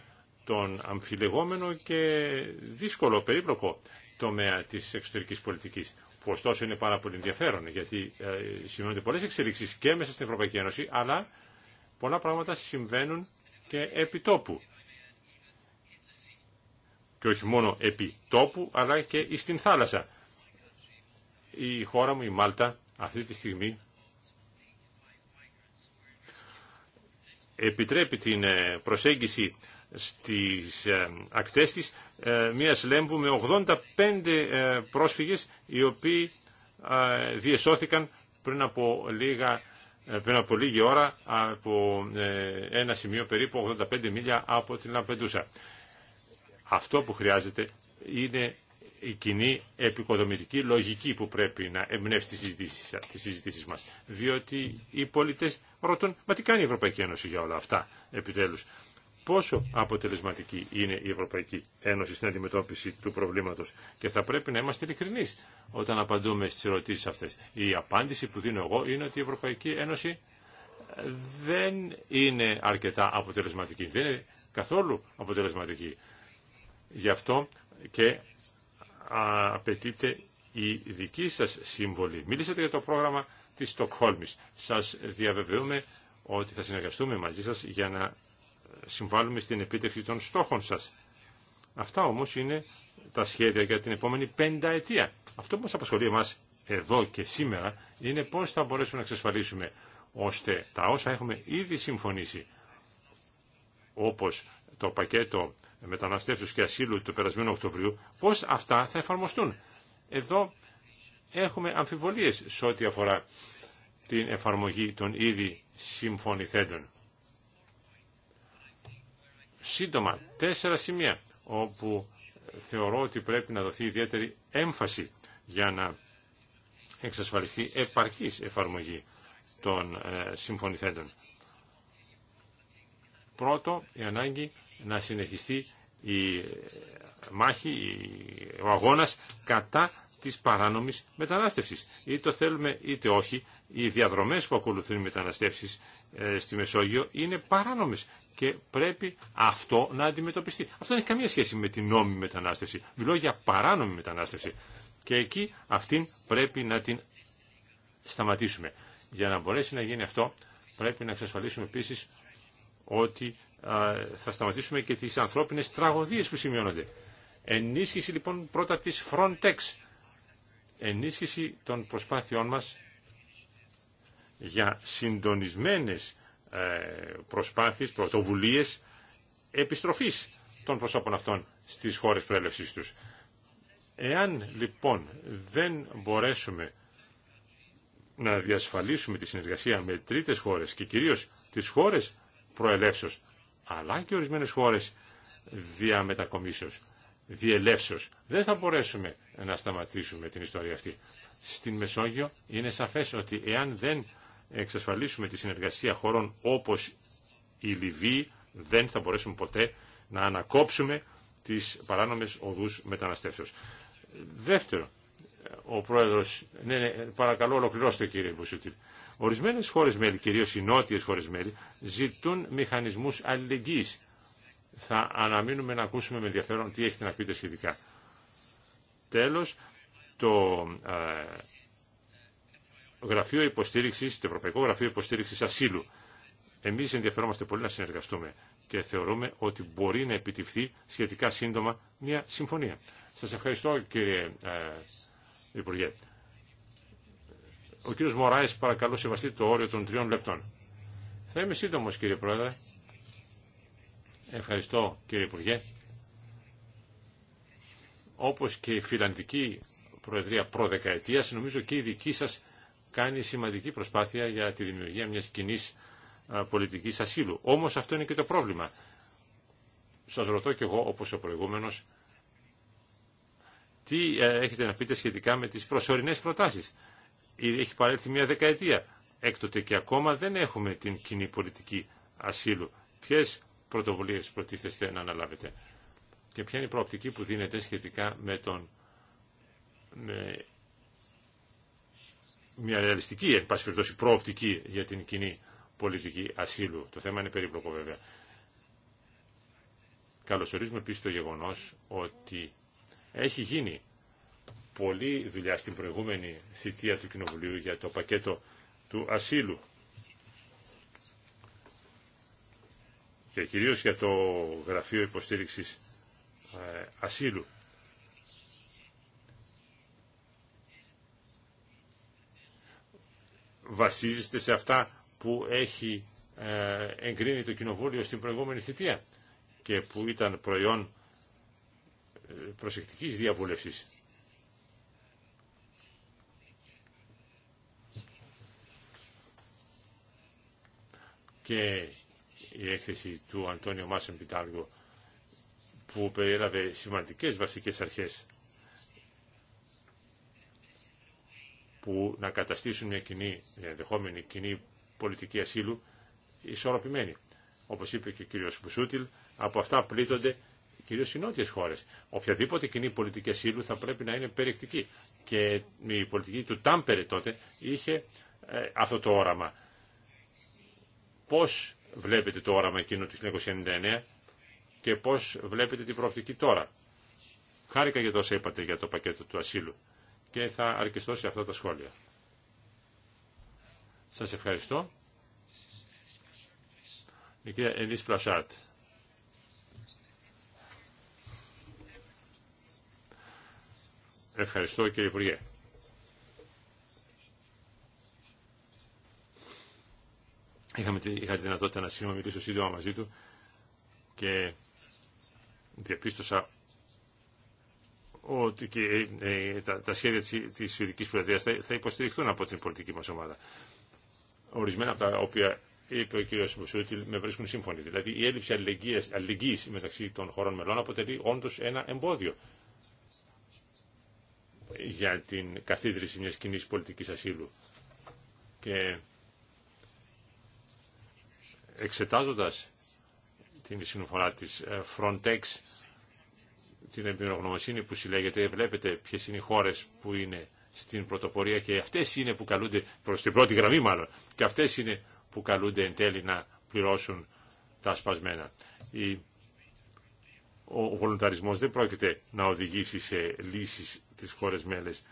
S3: τον αμφιλεγόμενο και δύσκολο, περίπλοκο τομέα της εξωτερικής πολιτικής που ωστόσο είναι πάρα πολύ ενδιαφέρον γιατί ε, σημαίνονται πολλές εξελίξεις και μέσα στην Ευρωπαϊκή Ένωση αλλά πολλά πράγματα συμβαίνουν και επιτόπου. Και όχι μόνο επιτόπου, αλλά και στην θάλασσα. Η χώρα μου, η Μάλτα, αυτή τη στιγμή επιτρέπει την ε, προσέγγιση στις ε, ακτές της ε, μίας λέμβου με 85 πρόσφυγες οι οποίοι διεσώθηκαν πριν από λίγα ε, πριν από λίγη ώρα από ε, ένα σημείο περίπου 85 μίλια από την Λαμπεντούσα. Αυτό που χρειάζεται είναι η κοινή επικοδομητική λογική που πρέπει να εμπνεύσει τις συζητήσεις, τις συζητήσεις μας. Διότι οι πολίτες ρωτούν, μα τι κάνει η Ευρωπαϊκή Ένωση για όλα αυτά επιτέλους πόσο αποτελεσματική είναι η Ευρωπαϊκή Ένωση στην αντιμετώπιση του προβλήματος. Και θα πρέπει να είμαστε ειλικρινεί όταν απαντούμε στις ερωτήσεις αυτές. Η απάντηση που δίνω εγώ είναι ότι η Ευρωπαϊκή Ένωση δεν είναι αρκετά αποτελεσματική. Δεν είναι καθόλου αποτελεσματική. Γι' αυτό και απαιτείται η δική σας σύμβολη. Μίλησατε για το πρόγραμμα της Στοκχόλμης. Σας διαβεβαιούμε ότι θα συνεργαστούμε μαζί σας για να συμβάλλουμε στην επίτευξη των στόχων σας. Αυτά όμως είναι τα σχέδια για την επόμενη πενταετία. Αυτό που μας απασχολεί εμάς εδώ και σήμερα είναι πώς θα μπορέσουμε να εξασφαλίσουμε ώστε τα όσα έχουμε ήδη συμφωνήσει όπως το πακέτο μεταναστεύσεως και ασύλου του περασμένου Οκτωβρίου, πώς αυτά θα εφαρμοστούν. Εδώ έχουμε αμφιβολίες σε ό,τι αφορά την εφαρμογή των ήδη συμφωνηθέντων σύντομα τέσσερα σημεία όπου θεωρώ ότι πρέπει να δοθεί ιδιαίτερη έμφαση για να εξασφαλιστεί επαρκής εφαρμογή των ε, συμφωνηθέντων. Πρώτο, η ανάγκη να συνεχιστεί η ε, μάχη, ο αγώνας κατά της παράνομης μετανάστευσης. Είτε το θέλουμε είτε όχι, οι διαδρομές που ακολουθούν οι μεταναστεύσεις ε, στη Μεσόγειο είναι παράνομες και πρέπει αυτό να αντιμετωπιστεί. Αυτό δεν έχει καμία σχέση με την νόμιμη μετανάστευση. Μιλώ για παράνομη μετανάστευση. Και εκεί αυτήν πρέπει να την σταματήσουμε. Για να μπορέσει να γίνει αυτό πρέπει να εξασφαλίσουμε επίσης ότι θα σταματήσουμε και τις ανθρώπινες τραγωδίες που σημειώνονται. Ενίσχυση λοιπόν πρώτα της Frontex. Ενίσχυση των προσπάθειών μας για συντονισμένες ε, προσπάθειες, πρωτοβουλίες επιστροφής των προσώπων αυτών στις χώρες προέλευσης τους. Εάν λοιπόν δεν μπορέσουμε να διασφαλίσουμε τη συνεργασία με τρίτες χώρες και κυρίως τις χώρες προελεύσεως, αλλά και ορισμένες χώρες διαμετακομίσεως, διελεύσεως, δεν θα μπορέσουμε να σταματήσουμε την ιστορία αυτή. Στην Μεσόγειο είναι σαφές ότι εάν δεν εξασφαλίσουμε τη συνεργασία χωρών όπως η Λιβύη, δεν θα μπορέσουμε ποτέ να ανακόψουμε τις παράνομες οδούς μεταναστεύσεως. Δεύτερο, ο πρόεδρος, ναι, ναι παρακαλώ ολοκληρώστε κύριε Μπουσούτη. Ορισμένες χώρες μέλη, κυρίως οι νότιες χώρες μέλη, ζητούν μηχανισμούς αλληλεγγύης. Θα αναμείνουμε να ακούσουμε με ενδιαφέρον τι έχετε να πείτε σχετικά. Τέλος, το ε, γραφείο υποστήριξης, το Ευρωπαϊκό Γραφείο υποστήριξη Ασύλου. Εμείς ενδιαφερόμαστε πολύ να συνεργαστούμε και θεωρούμε ότι μπορεί να επιτευχθεί σχετικά σύντομα μια συμφωνία. Σας ευχαριστώ κύριε ε, Υπουργέ. Ο κύριος Μωράης παρακαλώ σεβαστεί το όριο των τριών λεπτών. Θα είμαι σύντομος κύριε Πρόεδρε. Ευχαριστώ κύριε Υπουργέ. Όπως και η Φιλανδική Προεδρία Προδεκαετία, νομίζω και η δική σας κάνει σημαντική προσπάθεια για τη δημιουργία μιας κοινή πολιτικής ασύλου. Όμως αυτό είναι και το πρόβλημα. Σας ρωτώ και εγώ, όπως ο προηγούμενος, τι ε, έχετε να πείτε σχετικά με τις προσωρινές προτάσεις. Έχει παρέλθει μια δεκαετία. Έκτοτε και ακόμα δεν έχουμε την κοινή πολιτική ασύλου. Ποιες πρωτοβουλίες προτίθεστε να αναλάβετε και ποια είναι η προοπτική που δίνεται σχετικά με, τον, μια ρεαλιστική, εν πάση περιπτώσει, προοπτική για την κοινή πολιτική ασύλου. Το θέμα είναι περίπλοκο βέβαια. Καλωσορίζουμε επίσης το γεγονός ότι έχει γίνει πολλή δουλειά στην προηγούμενη θητεία του Κοινοβουλίου για το πακέτο του ασύλου. Και κυρίως για το Γραφείο Υποστήριξης ε, Ασύλου. βασίζεστε σε αυτά που έχει ε, εγκρίνει το Κοινοβούλιο στην προηγούμενη θητεία και που ήταν προϊόν ε, προσεκτικής διαβούλευσης. Και η έκθεση του Αντώνιο Μάσεν Πιτάργου που περιέλαβε σημαντικές βασικές αρχές που να καταστήσουν μια κοινή, ενδεχόμενη κοινή πολιτική ασύλου ισορροπημένη. Όπως είπε και ο κύριος Μπουσούτιλ, από αυτά πλήττονται κυρίω οι νότιε χώρε. Οποιαδήποτε κοινή πολιτική ασύλου θα πρέπει να είναι περιεκτική. Και η πολιτική του Τάμπερε τότε είχε ε, αυτό το όραμα. Πώ βλέπετε το όραμα εκείνο του 1999 και πώ βλέπετε την προοπτική τώρα. Χάρηκα για το όσα είπατε για το πακέτο του ασύλου και θα αρκεστώ σε αυτά τα σχόλια. Σας ευχαριστώ. Η κυρία Ενίς Πλασάρτ. Ευχαριστώ κύριε Υπουργέ. Είχαμε, είχα τη δυνατότητα να σήμερα σύντομα μαζί του και διαπίστωσα ότι και, ε, τα, τα, σχέδια της, της Ιουδικής θα, υποστηριχθούν από την πολιτική μας ομάδα. Ορισμένα από τα οποία είπε ο κ. Μπουσούτιλ με βρίσκουν σύμφωνοι. Δηλαδή η έλλειψη αλληλεγγύης, μεταξύ των χωρών μελών αποτελεί όντως ένα εμπόδιο για την καθίδρυση μιας κοινή πολιτικής ασύλου. Και εξετάζοντας την συνοφορά της ε, Frontex την εμπειρογνωμοσύνη που συλλέγεται, βλέπετε ποιε είναι οι χώρε που είναι στην πρωτοπορία και αυτέ είναι που καλούνται, προ την πρώτη γραμμή μάλλον, και αυτέ είναι που καλούνται εν τέλει να πληρώσουν τα σπασμένα. Ο βολονταρισμός δεν πρόκειται να οδηγήσει σε λύσεις τις χώρες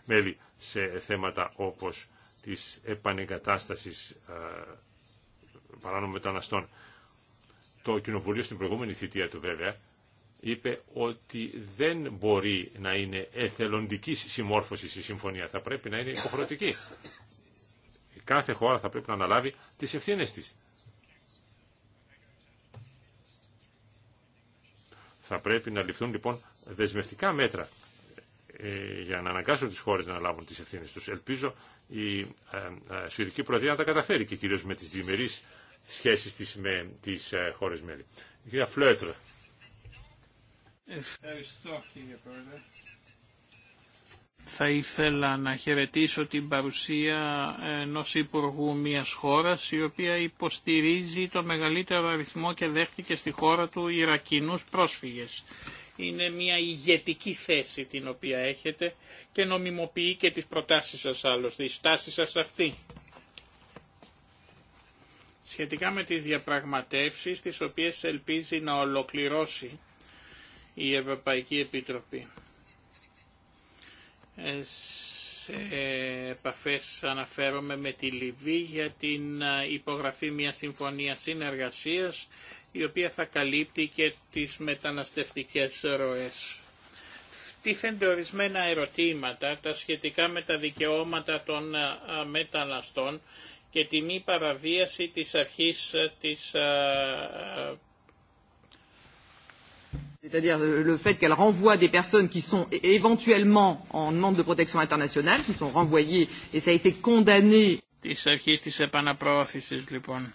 S3: μέλη σε θέματα όπως της επανεγκατάστασης ε, παράνομων μεταναστών. Το Κοινοβουλίο στην προηγούμενη θητεία του βέβαια είπε ότι δεν μπορεί να είναι εθελοντική συμμόρφωση η συμφωνία, θα πρέπει να είναι υποχρεωτική. Κάθε χώρα θα πρέπει να αναλάβει τις ευθύνες της. Θα πρέπει να ληφθούν λοιπόν δεσμευτικά μέτρα ε, για να αναγκάσουν τις χώρες να αναλάβουν τις ευθύνες τους. Ελπίζω η ε, ε, Σουηδική Προεδρία να τα καταφέρει και κυρίως με τις διμερεί σχέσεις της με τις ε, χώρες μέλη. κυρία
S4: θα ήθελα να χαιρετήσω την παρουσία ενός υπουργού μιας χώρας η οποία υποστηρίζει το μεγαλύτερο αριθμό και δέχτηκε στη χώρα του Ιρακινούς πρόσφυγες. Είναι μια ηγετική θέση την οποία έχετε και νομιμοποιεί και τις προτάσεις σας άλλωστε, η στάση σας αυτή. Σχετικά με τις διαπραγματεύσεις τις οποίες ελπίζει να ολοκληρώσει η Ευρωπαϊκή Επιτροπή. Σε επαφές αναφέρομαι με τη Λιβύη για την υπογραφή μια συμφωνία συνεργασίας η οποία θα καλύπτει και τις μεταναστευτικές ροές. Τίθενται ορισμένα ερωτήματα τα σχετικά με τα δικαιώματα των μεταναστών και τη μη παραβίαση της αρχής της C'est-à-dire le fait qu'elle renvoie des personnes qui sont éventuellement en demande de protection internationale, qui sont renvoyées et ça a été condamné. Της αρχής της επαναπρόθεσης λοιπόν.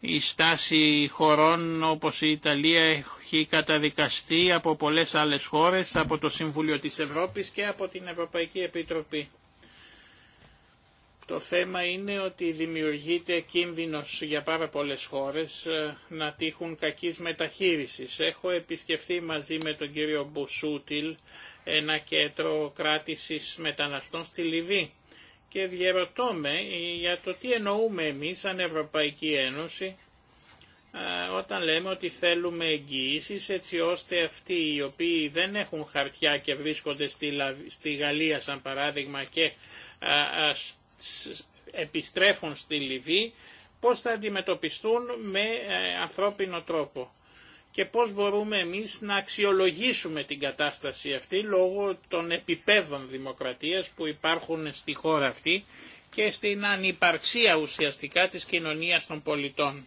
S4: Η στάση χωρών όπως η Ιταλία έχει καταδικαστεί από πολλές άλλες χώρες, από το Συμβούλιο της Ευρώπης και από την Ευρωπαϊκή Επιτροπή. Το θέμα είναι ότι δημιουργείται κίνδυνος για πάρα πολλές χώρες ε, να τύχουν κακής μεταχείρισης. Έχω επισκεφθεί μαζί με τον κύριο Μπουσούτιλ ένα κέντρο κράτησης μεταναστών στη Λιβύη και διαρωτώ με για το τι εννοούμε εμείς σαν Ευρωπαϊκή Ένωση ε, όταν λέμε ότι θέλουμε εγγυήσεις έτσι ώστε αυτοί οι οποίοι δεν έχουν χαρτιά και βρίσκονται στη Γαλλία σαν παράδειγμα και ε, επιστρέφουν στη Λιβύη, πώς θα αντιμετωπιστούν με ε, ανθρώπινο τρόπο και πώς μπορούμε εμείς να αξιολογήσουμε την κατάσταση αυτή λόγω των επιπέδων δημοκρατίας που υπάρχουν στη χώρα αυτή και στην ανυπαρξία ουσιαστικά της κοινωνίας των πολιτών.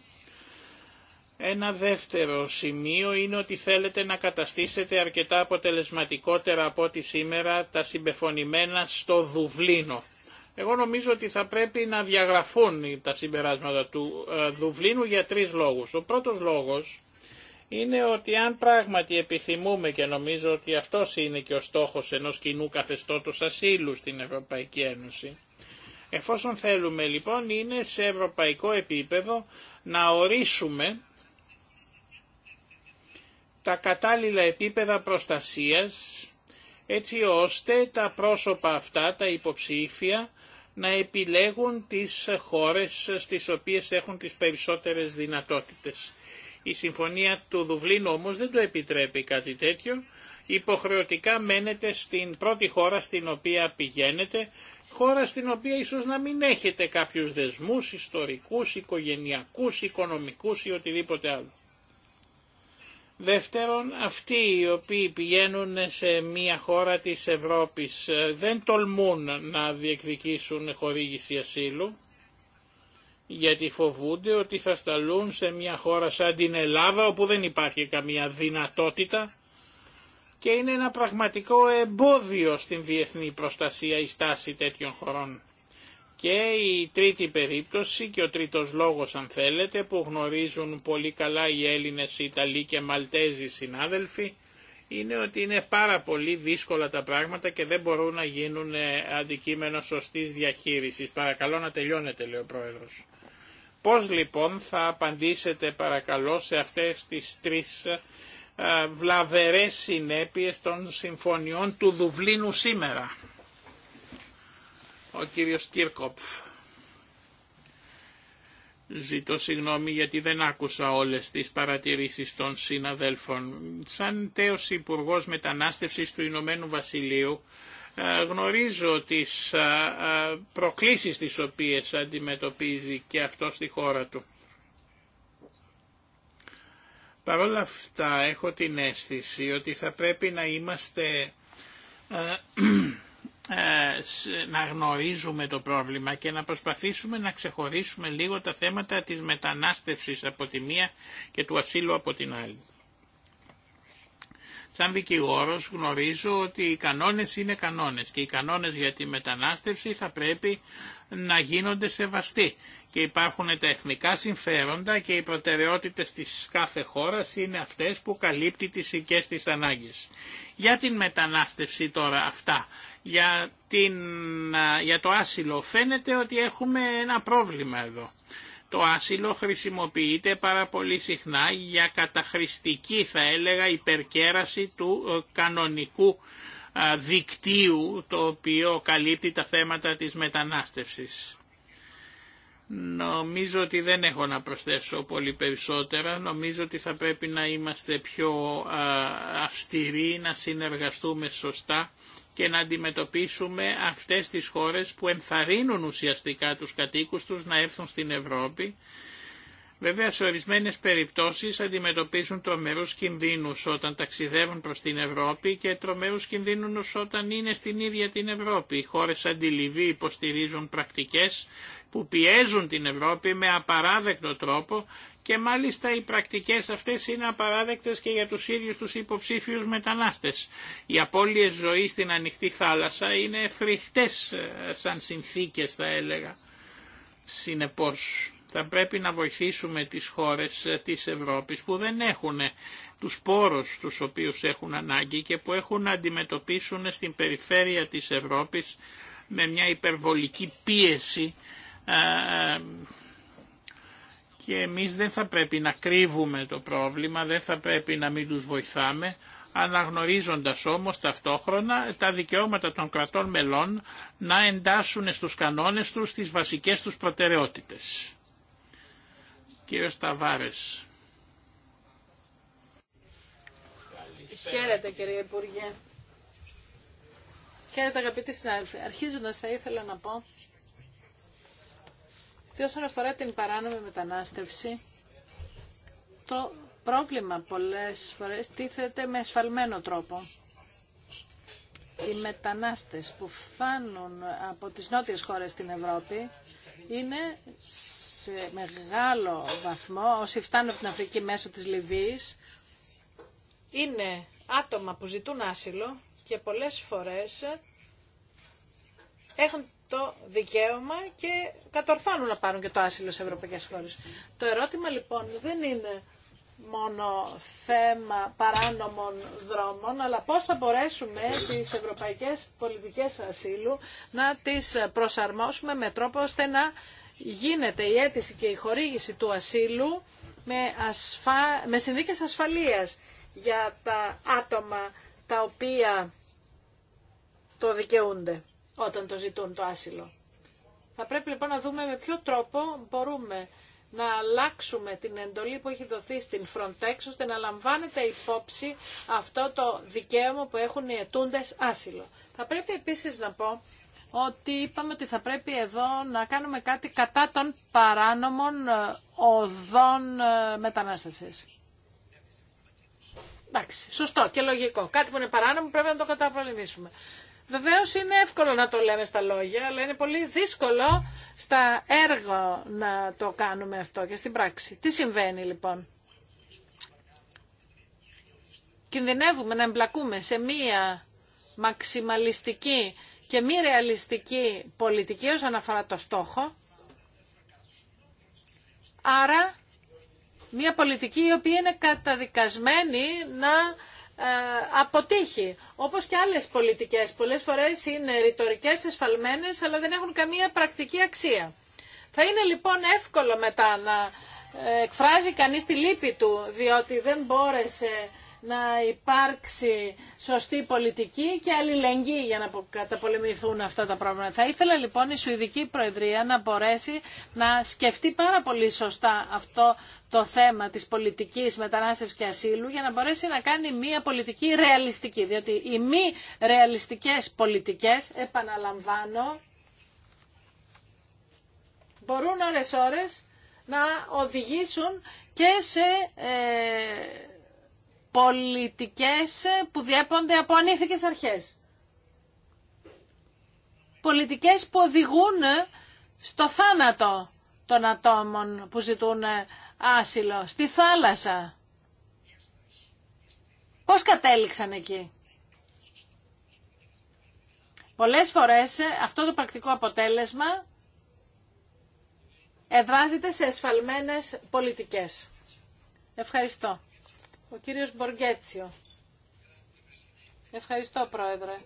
S4: Ένα δεύτερο σημείο είναι ότι θέλετε να καταστήσετε αρκετά αποτελεσματικότερα από ό,τι σήμερα τα συμπεφωνημένα στο Δουβλίνο. Εγώ νομίζω ότι θα πρέπει να διαγραφούν τα συμπεράσματα του ε, Δουβλίνου για τρεις λόγους. Ο πρώτος λόγος είναι ότι αν πράγματι επιθυμούμε και νομίζω ότι αυτός είναι και ο στόχος ενός κοινού καθεστώτος ασύλου στην Ευρωπαϊκή Ένωση, εφόσον θέλουμε λοιπόν είναι σε ευρωπαϊκό επίπεδο να ορίσουμε τα κατάλληλα επίπεδα προστασίας έτσι ώστε τα πρόσωπα αυτά, τα υποψήφια, να επιλέγουν τις χώρες στις οποίες έχουν τις περισσότερες δυνατότητες. Η συμφωνία του Δουβλίνου όμως δεν το επιτρέπει κάτι τέτοιο, υποχρεωτικά μένετε στην πρώτη χώρα στην οποία πηγαίνετε, χώρα στην οποία ίσως να μην έχετε κάποιους δεσμούς ιστορικούς, οικογενειακούς, οικονομικούς ή οτιδήποτε άλλο. Δεύτερον, αυτοί οι οποίοι πηγαίνουν σε μια χώρα της Ευρώπης ε, δεν τολμούν να διεκδικήσουν χορήγηση ασύλου, γιατί φοβούνται ότι θα σταλούν σε μια χώρα σαν την Ελλάδα όπου δεν υπάρχει καμία δυνατότητα και είναι ένα πραγματικό εμπόδιο στην διεθνή προστασία η στάση τέτοιων χωρών. Και η τρίτη περίπτωση και ο τρίτος λόγος αν θέλετε που γνωρίζουν πολύ καλά οι Έλληνες, Ιταλοί και Μαλτέζοι συνάδελφοι είναι ότι είναι πάρα πολύ δύσκολα τα πράγματα και δεν μπορούν να γίνουν ε, αντικείμενο σωστής διαχείρισης. Παρακαλώ να τελειώνετε λέει ο Πρόεδρος. Πώς λοιπόν θα απαντήσετε παρακαλώ σε αυτές τις τρεις ε, βλαβερές συνέπειες των συμφωνιών του Δουβλίνου σήμερα. Ο κύριος Κίρκοπφ. Ζητώ συγγνώμη γιατί δεν άκουσα όλες τις παρατηρήσεις των συναδέλφων. Σαν τέος υπουργό Μετανάστευσης του Ηνωμένου Βασιλείου ε, γνωρίζω τις ε, ε, προκλήσεις τις οποίες αντιμετωπίζει και αυτό στη χώρα του. Παρ' όλα αυτά έχω την αίσθηση ότι θα πρέπει να είμαστε Ε, να γνωρίζουμε το πρόβλημα και να προσπαθήσουμε να ξεχωρίσουμε λίγο τα θέματα της μετανάστευσης από τη μία και του ασύλου από την άλλη. Σαν δικηγόρος γνωρίζω ότι οι κανόνες είναι κανόνες και οι κανόνες για τη μετανάστευση θα πρέπει να γίνονται σεβαστοί και υπάρχουν τα εθνικά συμφέροντα και οι προτεραιότητες της κάθε χώρας είναι αυτές που καλύπτει τις οικές της ανάγκες. Για την μετανάστευση τώρα αυτά για, την, για το άσυλο. Φαίνεται ότι έχουμε ένα πρόβλημα εδώ. Το άσυλο χρησιμοποιείται πάρα πολύ συχνά για καταχρηστική θα έλεγα υπερκέραση του ε, κανονικού δικτύου το οποίο καλύπτει τα θέματα της μετανάστευσης. Νομίζω ότι δεν έχω να προσθέσω πολύ περισσότερα. Νομίζω ότι θα πρέπει να είμαστε πιο αυστηροί, να συνεργαστούμε σωστά και να αντιμετωπίσουμε αυτές τις χώρες που ενθαρρύνουν ουσιαστικά τους κατοίκους τους να έρθουν στην Ευρώπη Βέβαια σε ορισμένες περιπτώσεις αντιμετωπίζουν τρομερούς κινδύνους όταν ταξιδεύουν προς την Ευρώπη και τρομερούς κινδύνους όταν είναι στην ίδια την Ευρώπη. Οι χώρες αντιληβή υποστηρίζουν πρακτικές που πιέζουν την Ευρώπη με απαράδεκτο τρόπο και μάλιστα οι πρακτικές αυτές είναι απαράδεκτες και για τους ίδιους τους υποψήφιους μετανάστες. Οι απώλειες ζωής στην ανοιχτή θάλασσα είναι φρικτές ε, σαν συνθήκες θα έλεγα. Συνεπώς θα πρέπει να βοηθήσουμε τις χώρες ε, της Ευρώπης που δεν έχουν ε, τους πόρους τους οποίους έχουν ανάγκη και που έχουν να αντιμετωπίσουν στην περιφέρεια της Ευρώπης με μια υπερβολική πίεση ε, και εμείς δεν θα πρέπει να κρύβουμε το πρόβλημα, δεν θα πρέπει να μην τους βοηθάμε, αναγνωρίζοντας όμως ταυτόχρονα τα δικαιώματα των κρατών μελών να εντάσσουν στους κανόνες τους τις βασικές τους προτεραιότητες. Κύριος Ταβάρες.
S2: Χαίρετε κύριε Υπουργέ. Χαίρετε αγαπητοί συνάδελφοι. Αρχίζοντας θα ήθελα να πω ότι όσον αφορά την παράνομη μετανάστευση, το πρόβλημα πολλές φορές τίθεται με ασφαλμένο τρόπο. Οι μετανάστες που φάνουν από τις νότιες χώρες στην Ευρώπη είναι σε μεγάλο βαθμό όσοι φτάνουν από την Αφρική μέσω της Λιβύης είναι άτομα που ζητούν άσυλο και πολλές φορές έχουν το δικαίωμα και κατορθώνουν να πάρουν και το άσυλο σε ευρωπαϊκές χώρες. Το ερώτημα λοιπόν δεν είναι μόνο θέμα παράνομων δρόμων, αλλά πώς θα μπορέσουμε τις ευρωπαϊκές πολιτικές ασύλου να τις προσαρμόσουμε με τρόπο ώστε να γίνεται η αίτηση και η χορήγηση του ασύλου με, ασφα... με συνδίκες ασφαλείας για τα άτομα τα οποία το δικαιούνται όταν το ζητούν το άσυλο. Θα πρέπει λοιπόν να δούμε με ποιο τρόπο μπορούμε να αλλάξουμε την εντολή που έχει δοθεί στην Frontex ώστε να λαμβάνεται υπόψη αυτό το δικαίωμα που έχουν οι ετούντες άσυλο. Θα πρέπει επίσης να πω ότι είπαμε ότι θα πρέπει εδώ να κάνουμε κάτι κατά των παράνομων ε, οδών ε, μετανάστευσης. Εντάξει, σωστό και λογικό. Κάτι που είναι παράνομο πρέπει να το καταπολεμήσουμε. Βεβαίω είναι εύκολο να το λέμε στα λόγια, αλλά είναι πολύ δύσκολο στα έργα να το κάνουμε αυτό και στην πράξη. Τι συμβαίνει λοιπόν. Κινδυνεύουμε να εμπλακούμε σε μία μαξιμαλιστική και μη ρεαλιστική πολιτική όσον αφορά το στόχο. Άρα, μια πολιτική η οποία είναι καταδικασμένη να ε, αποτύχει. Όπως και άλλες πολιτικές. Πολλές φορές είναι ρητορικές, εσφαλμένες, αλλά δεν έχουν καμία πρακτική αξία. Θα είναι λοιπόν εύκολο μετά να ε, εκφράζει κανείς τη λύπη του, διότι δεν μπόρεσε να υπάρξει σωστή πολιτική και αλληλεγγύη για να καταπολεμηθούν αυτά τα πράγματα. Θα ήθελα λοιπόν η Σουηδική Προεδρία να μπορέσει να σκεφτεί πάρα πολύ σωστά αυτό το θέμα της πολιτικής μετανάστευσης και ασύλου για να μπορέσει να κάνει μια πολιτική ρεαλιστική. Διότι οι μη ρεαλιστικές πολιτικές, επαναλαμβάνω, μπορούν ώρες-ώρες να οδηγήσουν και σε... Ε, πολιτικές που διέπονται από ανήθικες αρχές. Πολιτικές που οδηγούν στο θάνατο των ατόμων που ζητούν άσυλο, στη θάλασσα. Πώς κατέληξαν εκεί. Πολλές φορές αυτό το πρακτικό αποτέλεσμα εδράζεται σε εσφαλμένες πολιτικές. Ευχαριστώ. Ο κύριος Μποργέτσιο. Ευχαριστώ, Πρόεδρε.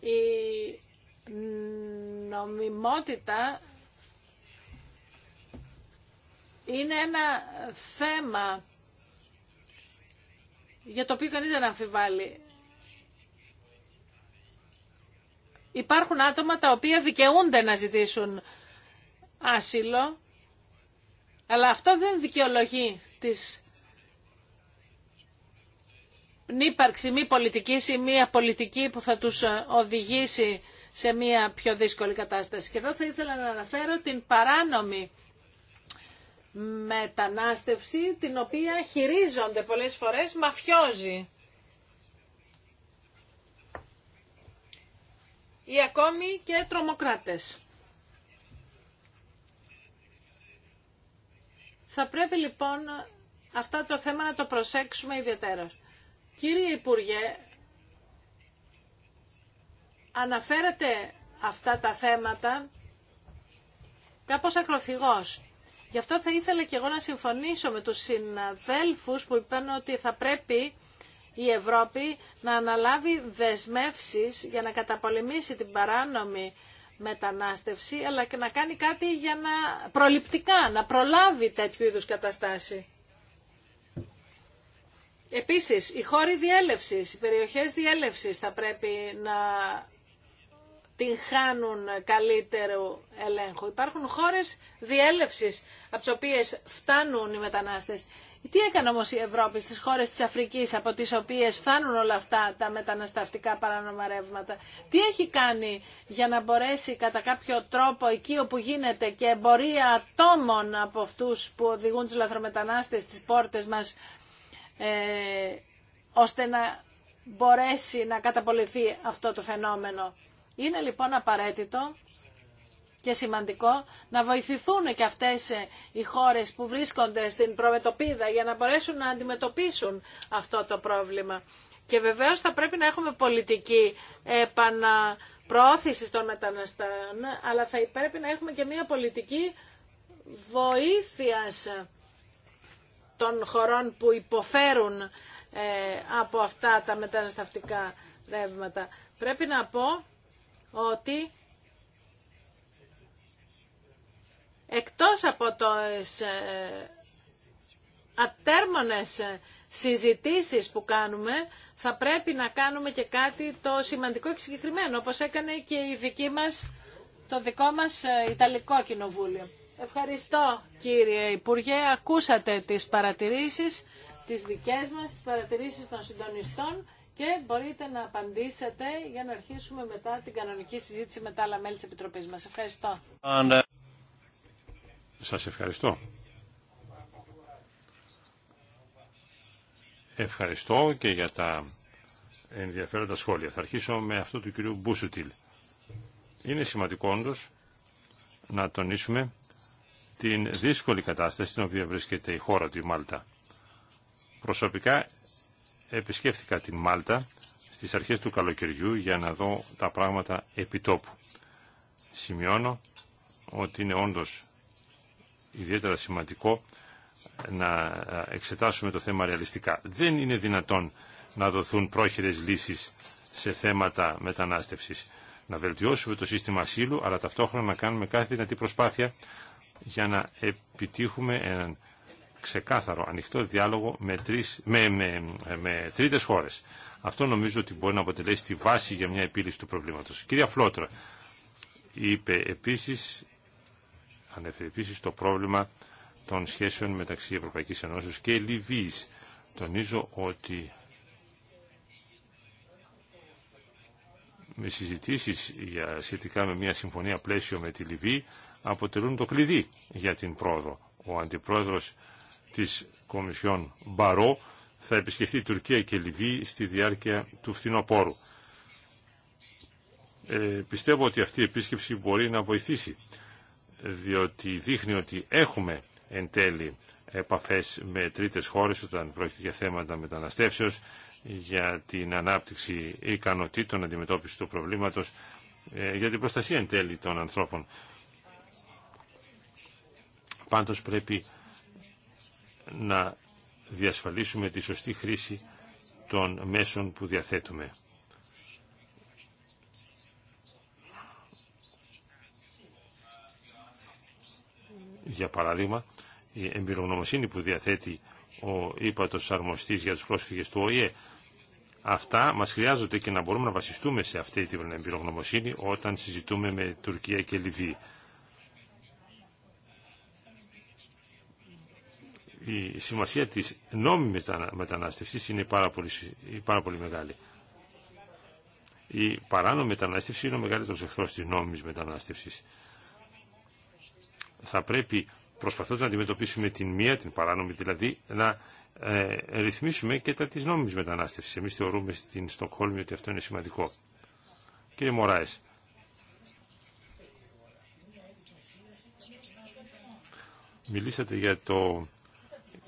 S2: Η νομιμότητα είναι ένα θέμα για το οποίο κανείς δεν αμφιβάλλει. Υπάρχουν άτομα τα οποία δικαιούνται να ζητήσουν άσυλο αλλά αυτό δεν δικαιολογεί τις ύπαρξη μη πολιτικής ή μια πολιτική που θα τους ε, οδηγήσει σε μια πιο δύσκολη κατάσταση. Και εδώ θα ήθελα να αναφέρω την παράνομη μετανάστευση την οποία χειρίζονται πολλές φορές μαφιόζοι. Ή ακόμη και τρομοκράτες. Θα πρέπει λοιπόν αυτά το θέμα να το προσέξουμε ιδιαίτερα. Κύριε Υπουργέ, αναφέρατε αυτά τα θέματα κάπως ακροθυγός. Γι' αυτό θα ήθελα και εγώ να συμφωνήσω με τους συναδέλφους που είπαν ότι θα πρέπει η Ευρώπη να αναλάβει δεσμεύσεις για να καταπολεμήσει την παράνομη μετανάστευση, αλλά και να κάνει κάτι για να προληπτικά, να προλάβει τέτοιου είδους καταστάση. Επίσης, οι χώροι διέλευσης, οι περιοχές διέλευσης θα πρέπει να την χάνουν καλύτερο ελέγχου. Υπάρχουν χώρες διέλευσης από τις οποίες φτάνουν οι μετανάστες τι έκανε όμω η Ευρώπη στι χώρες της Αφρική από τις οποίες φτάνουν όλα αυτά τα μεταναστευτικά παρανομαρεύματα. Τι έχει κάνει για να μπορέσει κατά κάποιο τρόπο εκεί όπου γίνεται και εμπορία ατόμων από αυτού που οδηγούν του λαθρομετανάστες στι πόρτες μας ε, ώστε να μπορέσει να καταπολυθεί αυτό το φαινόμενο. Είναι λοιπόν απαραίτητο και σημαντικό να βοηθηθούν και αυτές ε, οι χώρες που βρίσκονται στην προμετωπίδα για να μπορέσουν να αντιμετωπίσουν αυτό το πρόβλημα. Και βεβαίως θα πρέπει να έχουμε πολιτική επαναπροώθηση των μεταναστών, αλλά θα πρέπει να έχουμε και μια πολιτική βοήθειας των χωρών που υποφέρουν ε, από αυτά τα μεταναστευτικά ρεύματα. Πρέπει να πω ότι εκτός από τις ε, ατέρμονες συζητήσεις που κάνουμε, θα πρέπει να κάνουμε και κάτι το σημαντικό και συγκεκριμένο, όπως έκανε και η δική μας, το δικό μας ε, Ιταλικό Κοινοβούλιο. Ευχαριστώ κύριε Υπουργέ, ακούσατε τις παρατηρήσεις, τις δικές μας, τις παρατηρήσεις των συντονιστών και μπορείτε να απαντήσετε για να αρχίσουμε μετά την κανονική συζήτηση με τα άλλα μέλη της Επιτροπής μας. Ευχαριστώ.
S3: Σας ευχαριστώ. Ευχαριστώ και για τα ενδιαφέροντα σχόλια. Θα αρχίσω με αυτό του κυρίου Μπούσουτιλ. Είναι σημαντικό όντως να τονίσουμε την δύσκολη κατάσταση στην οποία βρίσκεται η χώρα του η Μάλτα. Προσωπικά επισκέφθηκα την Μάλτα στις αρχές του καλοκαιριού για να δω τα πράγματα επιτόπου. Σημειώνω ότι είναι όντως ιδιαίτερα σημαντικό να εξετάσουμε το θέμα ρεαλιστικά. Δεν είναι δυνατόν να δοθούν πρόχειρες λύσεις σε θέματα μετανάστευσης. Να βελτιώσουμε το σύστημα ασύλου, αλλά ταυτόχρονα να κάνουμε κάθε δυνατή προσπάθεια για να επιτύχουμε έναν ξεκάθαρο, ανοιχτό διάλογο με, τρεις, με, με, τρίτες χώρες. Αυτό νομίζω ότι μπορεί να αποτελέσει τη βάση για μια επίλυση του προβλήματος. κυρία Φλότρα είπε επίσης Ανέφερε επίση το πρόβλημα των σχέσεων μεταξύ Ευρωπαϊκής Ενώσεως και Λιβύης. Τονίζω ότι με συζητήσεις για, σχετικά με μια συμφωνία πλαίσιο με τη Λιβύη αποτελούν το κλειδί για την πρόοδο. Ο αντιπρόεδρος της Κομισιόν Μπαρό θα επισκεφθεί Τουρκία και Λιβύη στη διάρκεια του φθινοπόρου. Ε, πιστεύω ότι αυτή η επίσκεψη μπορεί να βοηθήσει διότι δείχνει ότι έχουμε εν τέλει επαφές με τρίτες χώρες όταν πρόκειται για θέματα μεταναστεύσεως, για την ανάπτυξη ικανοτήτων αντιμετώπιση του προβλήματος, ε, για την προστασία εν τέλει των ανθρώπων. Πάντως πρέπει να διασφαλίσουμε τη σωστή χρήση των μέσων που διαθέτουμε. Για παράδειγμα, η εμπειρογνωμοσύνη που διαθέτει ο Ήπατος αρμοστή για τους πρόσφυγες του ΟΗΕ. Αυτά μας χρειάζονται και να μπορούμε να βασιστούμε σε αυτή την εμπειρογνωμοσύνη όταν συζητούμε με Τουρκία και Λιβύη. Η σημασία της νόμιμης μετανάστευση είναι πάρα πολύ, πάρα πολύ μεγάλη. Η παράνομη μετανάστευση είναι ο μεγαλύτερο εχθρό τη νόμιμη μετανάστευση θα πρέπει προσπαθώντας να αντιμετωπίσουμε την μία, την παράνομη δηλαδή, να ε, ρυθμίσουμε και τα της νόμιμης μετανάστευση Εμείς θεωρούμε στην Στοκχόλμη ότι αυτό είναι σημαντικό. Κύριε Μωράες. Μιλήσατε για το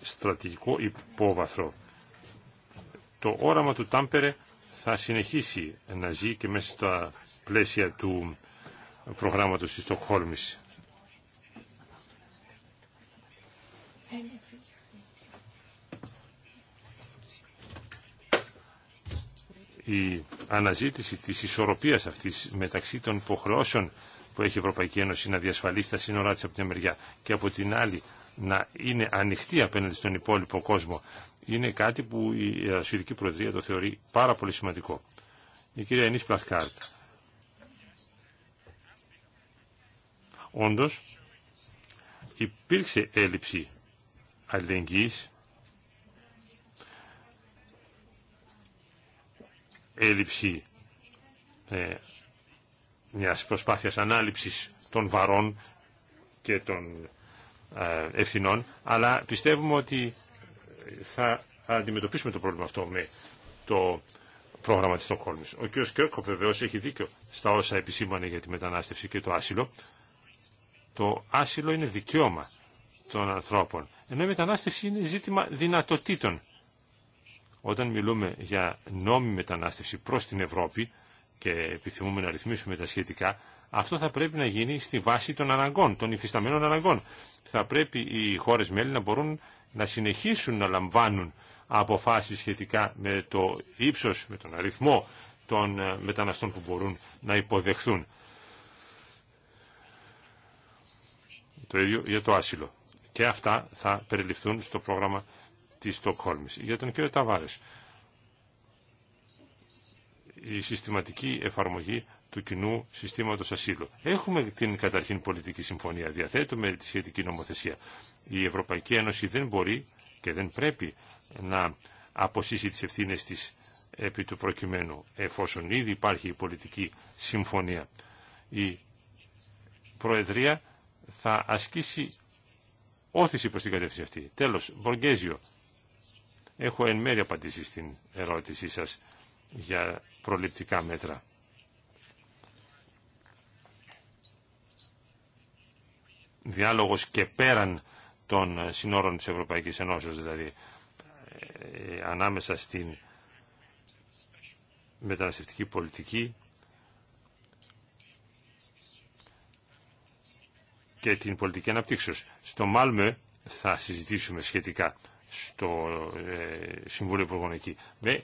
S3: στρατηγικό υπόβαθρο. Το όραμα του Τάμπερε θα συνεχίσει να ζει και μέσα στα πλαίσια του προγράμματος της Στοκχόλμης. η αναζήτηση της ισορροπίας αυτής μεταξύ των υποχρεώσεων που έχει η Ευρωπαϊκή Ένωση να διασφαλίσει τα σύνορά της από την μεριά και από την άλλη να είναι ανοιχτή απέναντι στον υπόλοιπο κόσμο είναι κάτι που η Ασυρική Προεδρία το θεωρεί πάρα πολύ σημαντικό. Η κυρία Ενής Πλαθκάρτ. Όντως υπήρξε έλλειψη αλληλεγγύης έλλειψη ε, μιας προσπάθειας ανάληψης των βαρών και των ε, ευθυνών, αλλά πιστεύουμε ότι θα αντιμετωπίσουμε το πρόβλημα αυτό με το πρόγραμμα της Στοκχόλμης. Ο κ. Κέρκο βεβαίω έχει δίκιο στα όσα επισήμανε για τη μετανάστευση και το άσυλο. Το άσυλο είναι δικαίωμα των ανθρώπων, ενώ η μετανάστευση είναι ζήτημα δυνατοτήτων. Όταν μιλούμε για νόμιμη μετανάστευση προς την Ευρώπη και επιθυμούμε να ρυθμίσουμε τα σχετικά, αυτό θα πρέπει να γίνει στη βάση των αναγκών, των υφισταμένων αναγκών. Θα πρέπει οι χώρες μέλη να μπορούν να συνεχίσουν να λαμβάνουν αποφάσεις σχετικά με το ύψος, με τον αριθμό των ε, μεταναστών που μπορούν να υποδεχθούν. Το ίδιο για το άσυλο. Και αυτά θα περιληφθούν στο πρόγραμμα της Στοκχόλμης. Για τον κύριο Ταβάρες, η συστηματική εφαρμογή του κοινού συστήματος ασύλου. Έχουμε την καταρχήν πολιτική συμφωνία, διαθέτουμε τη σχετική νομοθεσία. Η Ευρωπαϊκή Ένωση δεν μπορεί και δεν πρέπει να αποσύσει τις ευθύνες της επί του προκειμένου, εφόσον ήδη υπάρχει η πολιτική συμφωνία. Η Προεδρία θα ασκήσει όθηση προς την κατεύθυνση αυτή. Τέλος, Μποργέζιο, Έχω εν μέρει απαντήσει στην ερώτησή σας για προληπτικά μέτρα. Διάλογος και πέραν των συνόρων της Ευρωπαϊκής Ενώσεως, δηλαδή ε, ε, ανάμεσα στην μεταναστευτική πολιτική και την πολιτική αναπτύξεως. Στο Μάλμε θα συζητήσουμε σχετικά στο ε, Συμβούλιο Υπουργών εκεί. Με,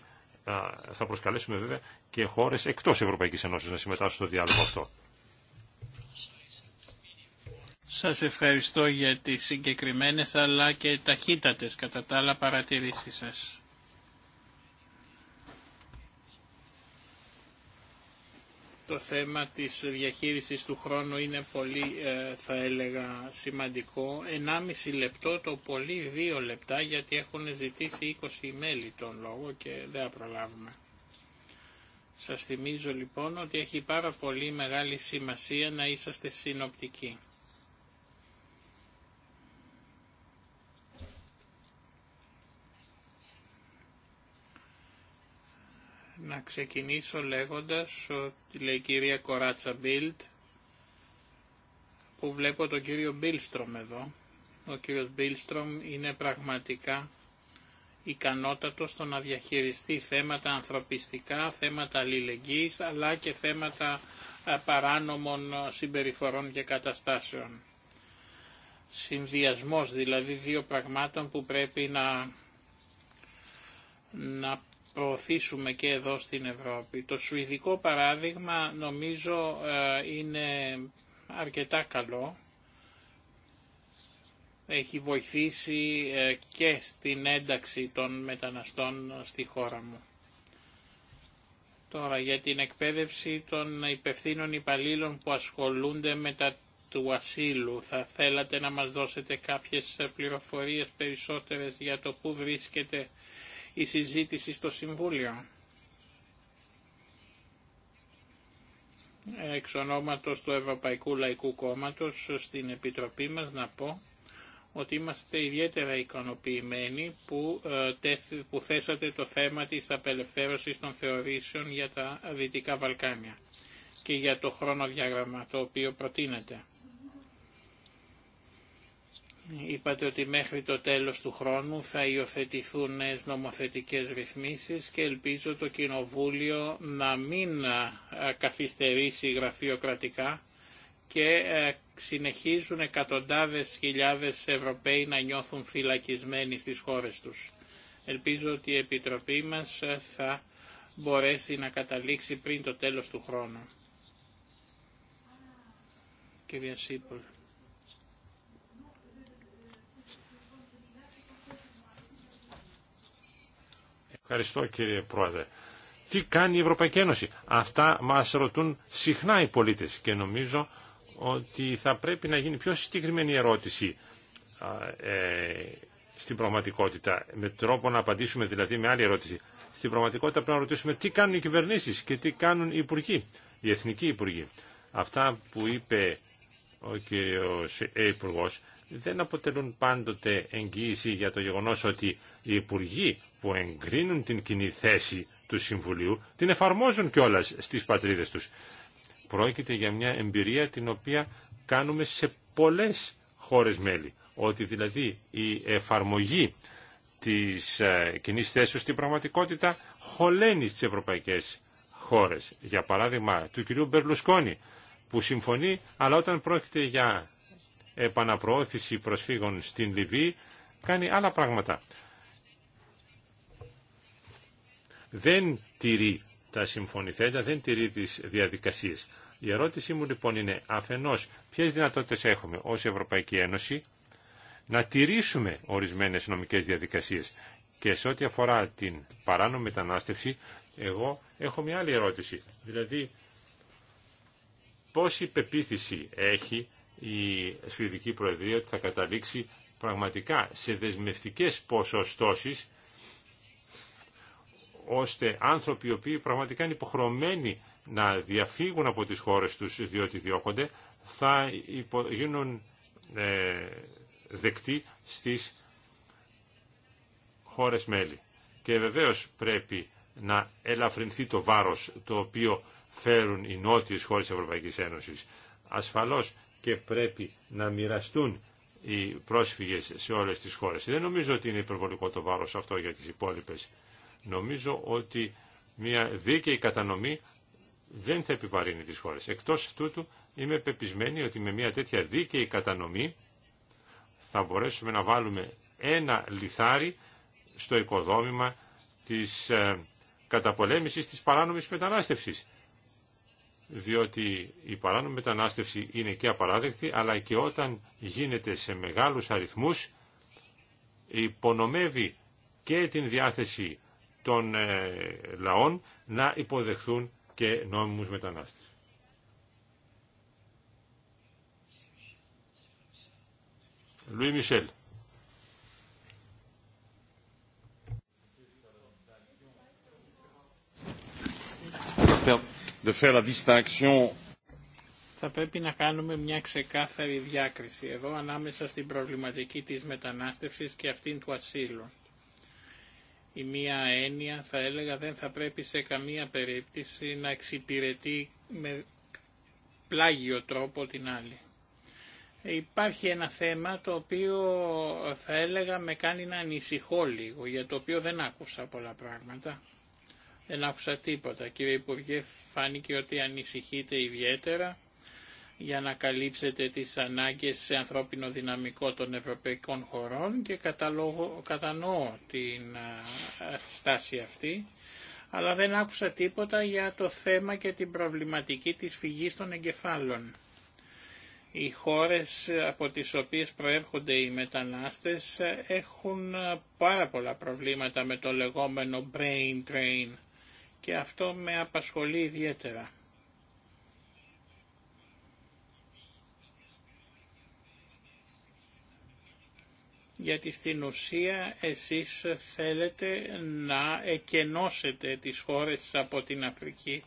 S3: θα προσκαλέσουμε βέβαια και χώρες εκτός Ευρωπαϊκής Ενώσης να συμμετάσχουν στο διάλογο αυτό.
S4: Σας ευχαριστώ για τις συγκεκριμένες αλλά και ταχύτατες κατά τα άλλα παρατηρήσεις σας. το θέμα της διαχείρισης του χρόνου είναι πολύ, ε, θα έλεγα, σημαντικό. 1,5 λεπτό το πολύ 2 λεπτά γιατί έχουν ζητήσει 20 μέλη τον λόγο και δεν προλάβουμε. Σας θυμίζω λοιπόν ότι έχει πάρα πολύ μεγάλη σημασία να είσαστε συνοπτικοί. να ξεκινήσω λέγοντας ότι λέει η κυρία Κοράτσα Μπίλτ που βλέπω τον κύριο Μπίλστρομ εδώ. Ο κύριος Μπίλστρομ είναι πραγματικά ικανότατος στο να διαχειριστεί θέματα ανθρωπιστικά, θέματα αλληλεγγύης αλλά και θέματα παράνομων συμπεριφορών και καταστάσεων. Συνδυασμός δηλαδή δύο πραγμάτων που πρέπει να να προωθήσουμε και εδώ στην Ευρώπη. Το σουηδικό παράδειγμα νομίζω ε, είναι αρκετά καλό. Έχει βοηθήσει ε, και στην ένταξη των μεταναστών ε, στη χώρα μου. Τώρα για την εκπαίδευση των υπευθύνων υπαλλήλων που ασχολούνται με τα του ασύλου. Θα θέλατε να μας δώσετε κάποιες πληροφορίες περισσότερες για το πού βρίσκεται η συζήτηση στο Συμβούλιο. Εξ ονόματος του Ευρωπαϊκού Λαϊκού Κόμματος στην Επιτροπή μας να πω ότι είμαστε ιδιαίτερα ικανοποιημένοι που, ε, θέσατε το θέμα της απελευθέρωσης των θεωρήσεων για τα Δυτικά Βαλκάνια και για το χρονοδιάγραμμα το οποίο προτείνεται. Είπατε ότι μέχρι το τέλος του χρόνου θα υιοθετηθούν νέες νομοθετικές ρυθμίσεις και ελπίζω το Κοινοβούλιο να μην καθυστερήσει γραφειοκρατικά και συνεχίζουν εκατοντάδες χιλιάδες Ευρωπαίοι να νιώθουν φυλακισμένοι στις χώρες τους. Ελπίζω ότι η Επιτροπή μας θα μπορέσει να καταλήξει πριν το τέλος του χρόνου. Κυρία
S3: Ευχαριστώ κύριε Πρόεδρε. Τι κάνει η Ευρωπαϊκή Ένωση. Αυτά μας ρωτούν συχνά οι πολίτες και νομίζω ότι θα πρέπει να γίνει πιο συγκεκριμένη ερώτηση ε, στην πραγματικότητα, με τρόπο να απαντήσουμε δηλαδή με άλλη ερώτηση. Στην πραγματικότητα πρέπει να ρωτήσουμε τι κάνουν οι κυβερνήσεις και τι κάνουν οι υπουργοί, οι εθνικοί υπουργοί. Αυτά που είπε ο κύριος ε, υπουργό δεν αποτελούν πάντοτε εγγύηση για το γεγονός ότι οι υπουργοί που εγκρίνουν την κοινή θέση του Συμβουλίου την εφαρμόζουν κιόλα στις πατρίδες τους. Πρόκειται για μια εμπειρία την οποία κάνουμε σε πολλές χώρες μέλη. Ότι δηλαδή η εφαρμογή της ε, κοινή θέσης στην πραγματικότητα χωλαίνει στις ευρωπαϊκές χώρες. Για παράδειγμα του κυρίου Μπερλουσκόνη που συμφωνεί αλλά όταν πρόκειται για επαναπροώθηση προσφύγων στην Λιβύη κάνει άλλα πράγματα. δεν τηρεί τα συμφωνηθέντα, δεν τηρεί τις διαδικασίες. Η ερώτησή μου λοιπόν είναι αφενός ποιες δυνατότητες έχουμε ως Ευρωπαϊκή Ένωση να τηρήσουμε ορισμένες νομικές διαδικασίες. Και σε ό,τι αφορά την παράνομη μετανάστευση, εγώ έχω μια άλλη ερώτηση. Δηλαδή, πόση πεποίθηση έχει η Σουηδική Προεδρία ότι θα καταλήξει πραγματικά σε δεσμευτικές ποσοστώσεις ώστε άνθρωποι οι οποίοι πραγματικά είναι υποχρεωμένοι να διαφύγουν από τις χώρες τους διότι διώχονται, θα γίνουν ε, δεκτοί στις χώρες μέλη. Και βεβαίως πρέπει να ελαφρυνθεί το βάρος το οποίο φέρουν οι νότιες χώρες της Ευρωπαϊκής Ένωσης. Ασφαλώς και πρέπει να μοιραστούν οι πρόσφυγες σε όλες τις χώρες. Δεν νομίζω ότι είναι υπερβολικό το βάρος αυτό για τις υπόλοιπες Νομίζω ότι μια δίκαιη κατανομή δεν θα επιβαρύνει τις χώρες. Εκτός τούτου είμαι πεπισμένη ότι με μια τέτοια δίκαιη κατανομή θα μπορέσουμε να βάλουμε ένα λιθάρι στο οικοδόμημα της ε, καταπολέμησης της παράνομης μετανάστευσης. Διότι η παράνομη μετανάστευση είναι και απαράδεκτη, αλλά και όταν γίνεται σε μεγάλους αριθμούς υπονομεύει και την διάθεση των ε, λαών να υποδεχθούν και νόμιμους μετανάστες. Λουί Μισελ.
S4: Θα πρέπει να κάνουμε μια ξεκάθαρη διάκριση εδώ ανάμεσα στην προβληματική της μετανάστευσης και αυτήν του ασύλου η μία έννοια θα έλεγα δεν θα πρέπει σε καμία περίπτωση να εξυπηρετεί με πλάγιο τρόπο την άλλη. Υπάρχει ένα θέμα το οποίο θα έλεγα με κάνει να ανησυχώ λίγο, για το οποίο δεν άκουσα πολλά πράγματα. Δεν άκουσα τίποτα. Κύριε Υπουργέ, φάνηκε ότι ανησυχείτε ιδιαίτερα για να καλύψετε τις ανάγκες σε ανθρώπινο δυναμικό των ευρωπαϊκών χωρών και καταλόγω, κατανοώ την στάση αυτή, αλλά δεν άκουσα τίποτα για το θέμα και την προβληματική της φυγής των εγκεφάλων. Οι χώρες από τις οποίες προέρχονται οι μετανάστες έχουν πάρα πολλά προβλήματα με το λεγόμενο brain drain και αυτό με απασχολεί ιδιαίτερα. γιατί στην ουσία εσείς θέλετε να εκενώσετε τις χώρες από την Αφρική,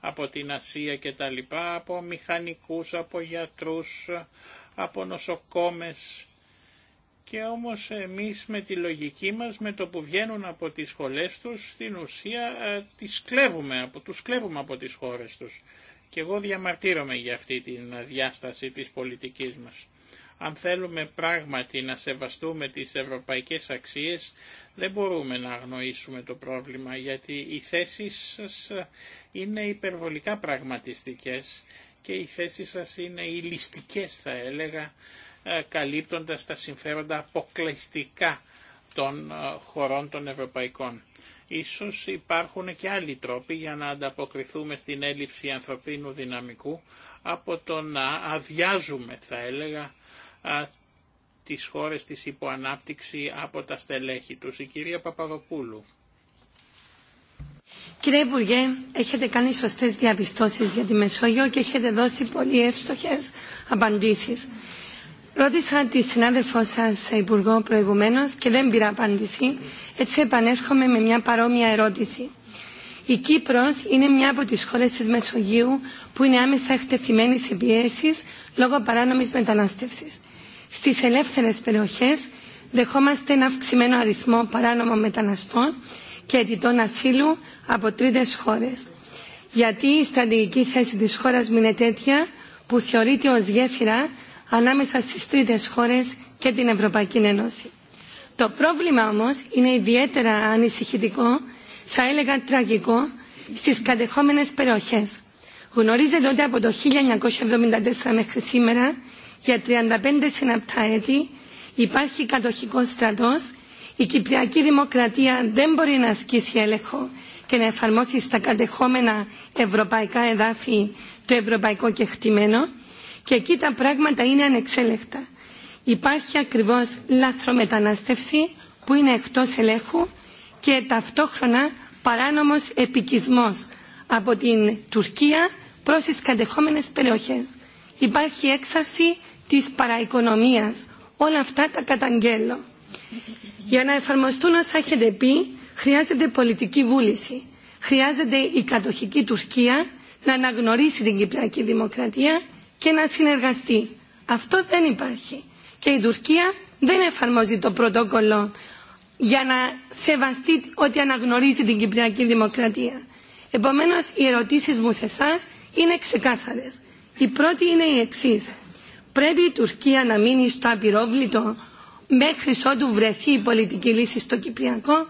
S4: από την Ασία και τα λοιπά, από μηχανικούς, από γιατρούς, από νοσοκόμες. Και όμως εμείς με τη λογική μας, με το που βγαίνουν από τις σχολές τους, στην ουσία ε, τις κλέβουμε, τους κλέβουμε από τις χώρες τους. Και εγώ διαμαρτύρομαι για αυτή την διάσταση της πολιτικής μας. Αν θέλουμε πράγματι να σεβαστούμε τις ευρωπαϊκές αξίες, δεν μπορούμε να αγνοήσουμε το πρόβλημα, γιατί οι θέσεις σας είναι υπερβολικά πραγματιστικές και οι θέσεις σας είναι ηλιστικές θα έλεγα, ε, καλύπτοντας τα συμφέροντα αποκλειστικά των ε, χωρών των ευρωπαϊκών. Ίσως υπάρχουν και άλλοι τρόποι για να ανταποκριθούμε στην έλλειψη ανθρωπίνου δυναμικού από το να αδειάζουμε, θα έλεγα, τις χώρες της υποανάπτυξη από τα στελέχη τους. Η κυρία Παπαδοπούλου.
S5: Κύριε Υπουργέ, έχετε κάνει σωστέ διαπιστώσει για τη Μεσόγειο και έχετε δώσει πολύ εύστοχες απαντήσει. Ρώτησα τη συνάδελφό σα, Υπουργό, προηγουμένω και δεν πήρα απάντηση. Έτσι επανέρχομαι με μια παρόμοια ερώτηση. Η Κύπρος είναι μια από τις χώρες της Μεσογείου που είναι άμεσα εκτεθειμένη σε πιέσεις λόγω παράνομης μετανάστευσης στις ελεύθερες περιοχές δεχόμαστε ένα αυξημένο αριθμό παράνομων μεταναστών και αιτητών ασύλου από τρίτες χώρες. Γιατί η στρατηγική θέση της χώρας μου είναι τέτοια που θεωρείται ως γέφυρα ανάμεσα στις τρίτες χώρες και την Ευρωπαϊκή Ένωση. Το πρόβλημα όμως είναι ιδιαίτερα ανησυχητικό, θα έλεγα τραγικό, στις κατεχόμενες περιοχές. Γνωρίζετε ότι από το 1974 μέχρι σήμερα για 35 συναπτά έτη, υπάρχει κατοχικό στρατός, η Κυπριακή Δημοκρατία δεν μπορεί να ασκήσει έλεγχο και να εφαρμόσει στα κατεχόμενα ευρωπαϊκά εδάφη το ευρωπαϊκό κεκτημένο και εκεί τα πράγματα είναι ανεξέλεκτα. Υπάρχει ακριβώς λάθρομετανάστευση που είναι εκτός ελέγχου και ταυτόχρονα παράνομος επικισμός από την Τουρκία προς τις κατεχόμενες περιοχές. Υπάρχει έξαρση της παραοικονομίας. Όλα αυτά τα καταγγέλλω. Για να εφαρμοστούν όσα έχετε πει, χρειάζεται πολιτική βούληση. Χρειάζεται η κατοχική Τουρκία να αναγνωρίσει την Κυπριακή Δημοκρατία και να συνεργαστεί. Αυτό δεν υπάρχει. Και η Τουρκία δεν εφαρμόζει το πρωτόκολλο για να σεβαστεί ότι αναγνωρίζει την Κυπριακή Δημοκρατία. Επομένως, οι ερωτήσεις μου σε εσά είναι ξεκάθαρες. Η πρώτη είναι η εξής πρέπει η Τουρκία να μείνει στο απειρόβλητο μέχρι ότου βρεθεί η πολιτική λύση στο Κυπριακό,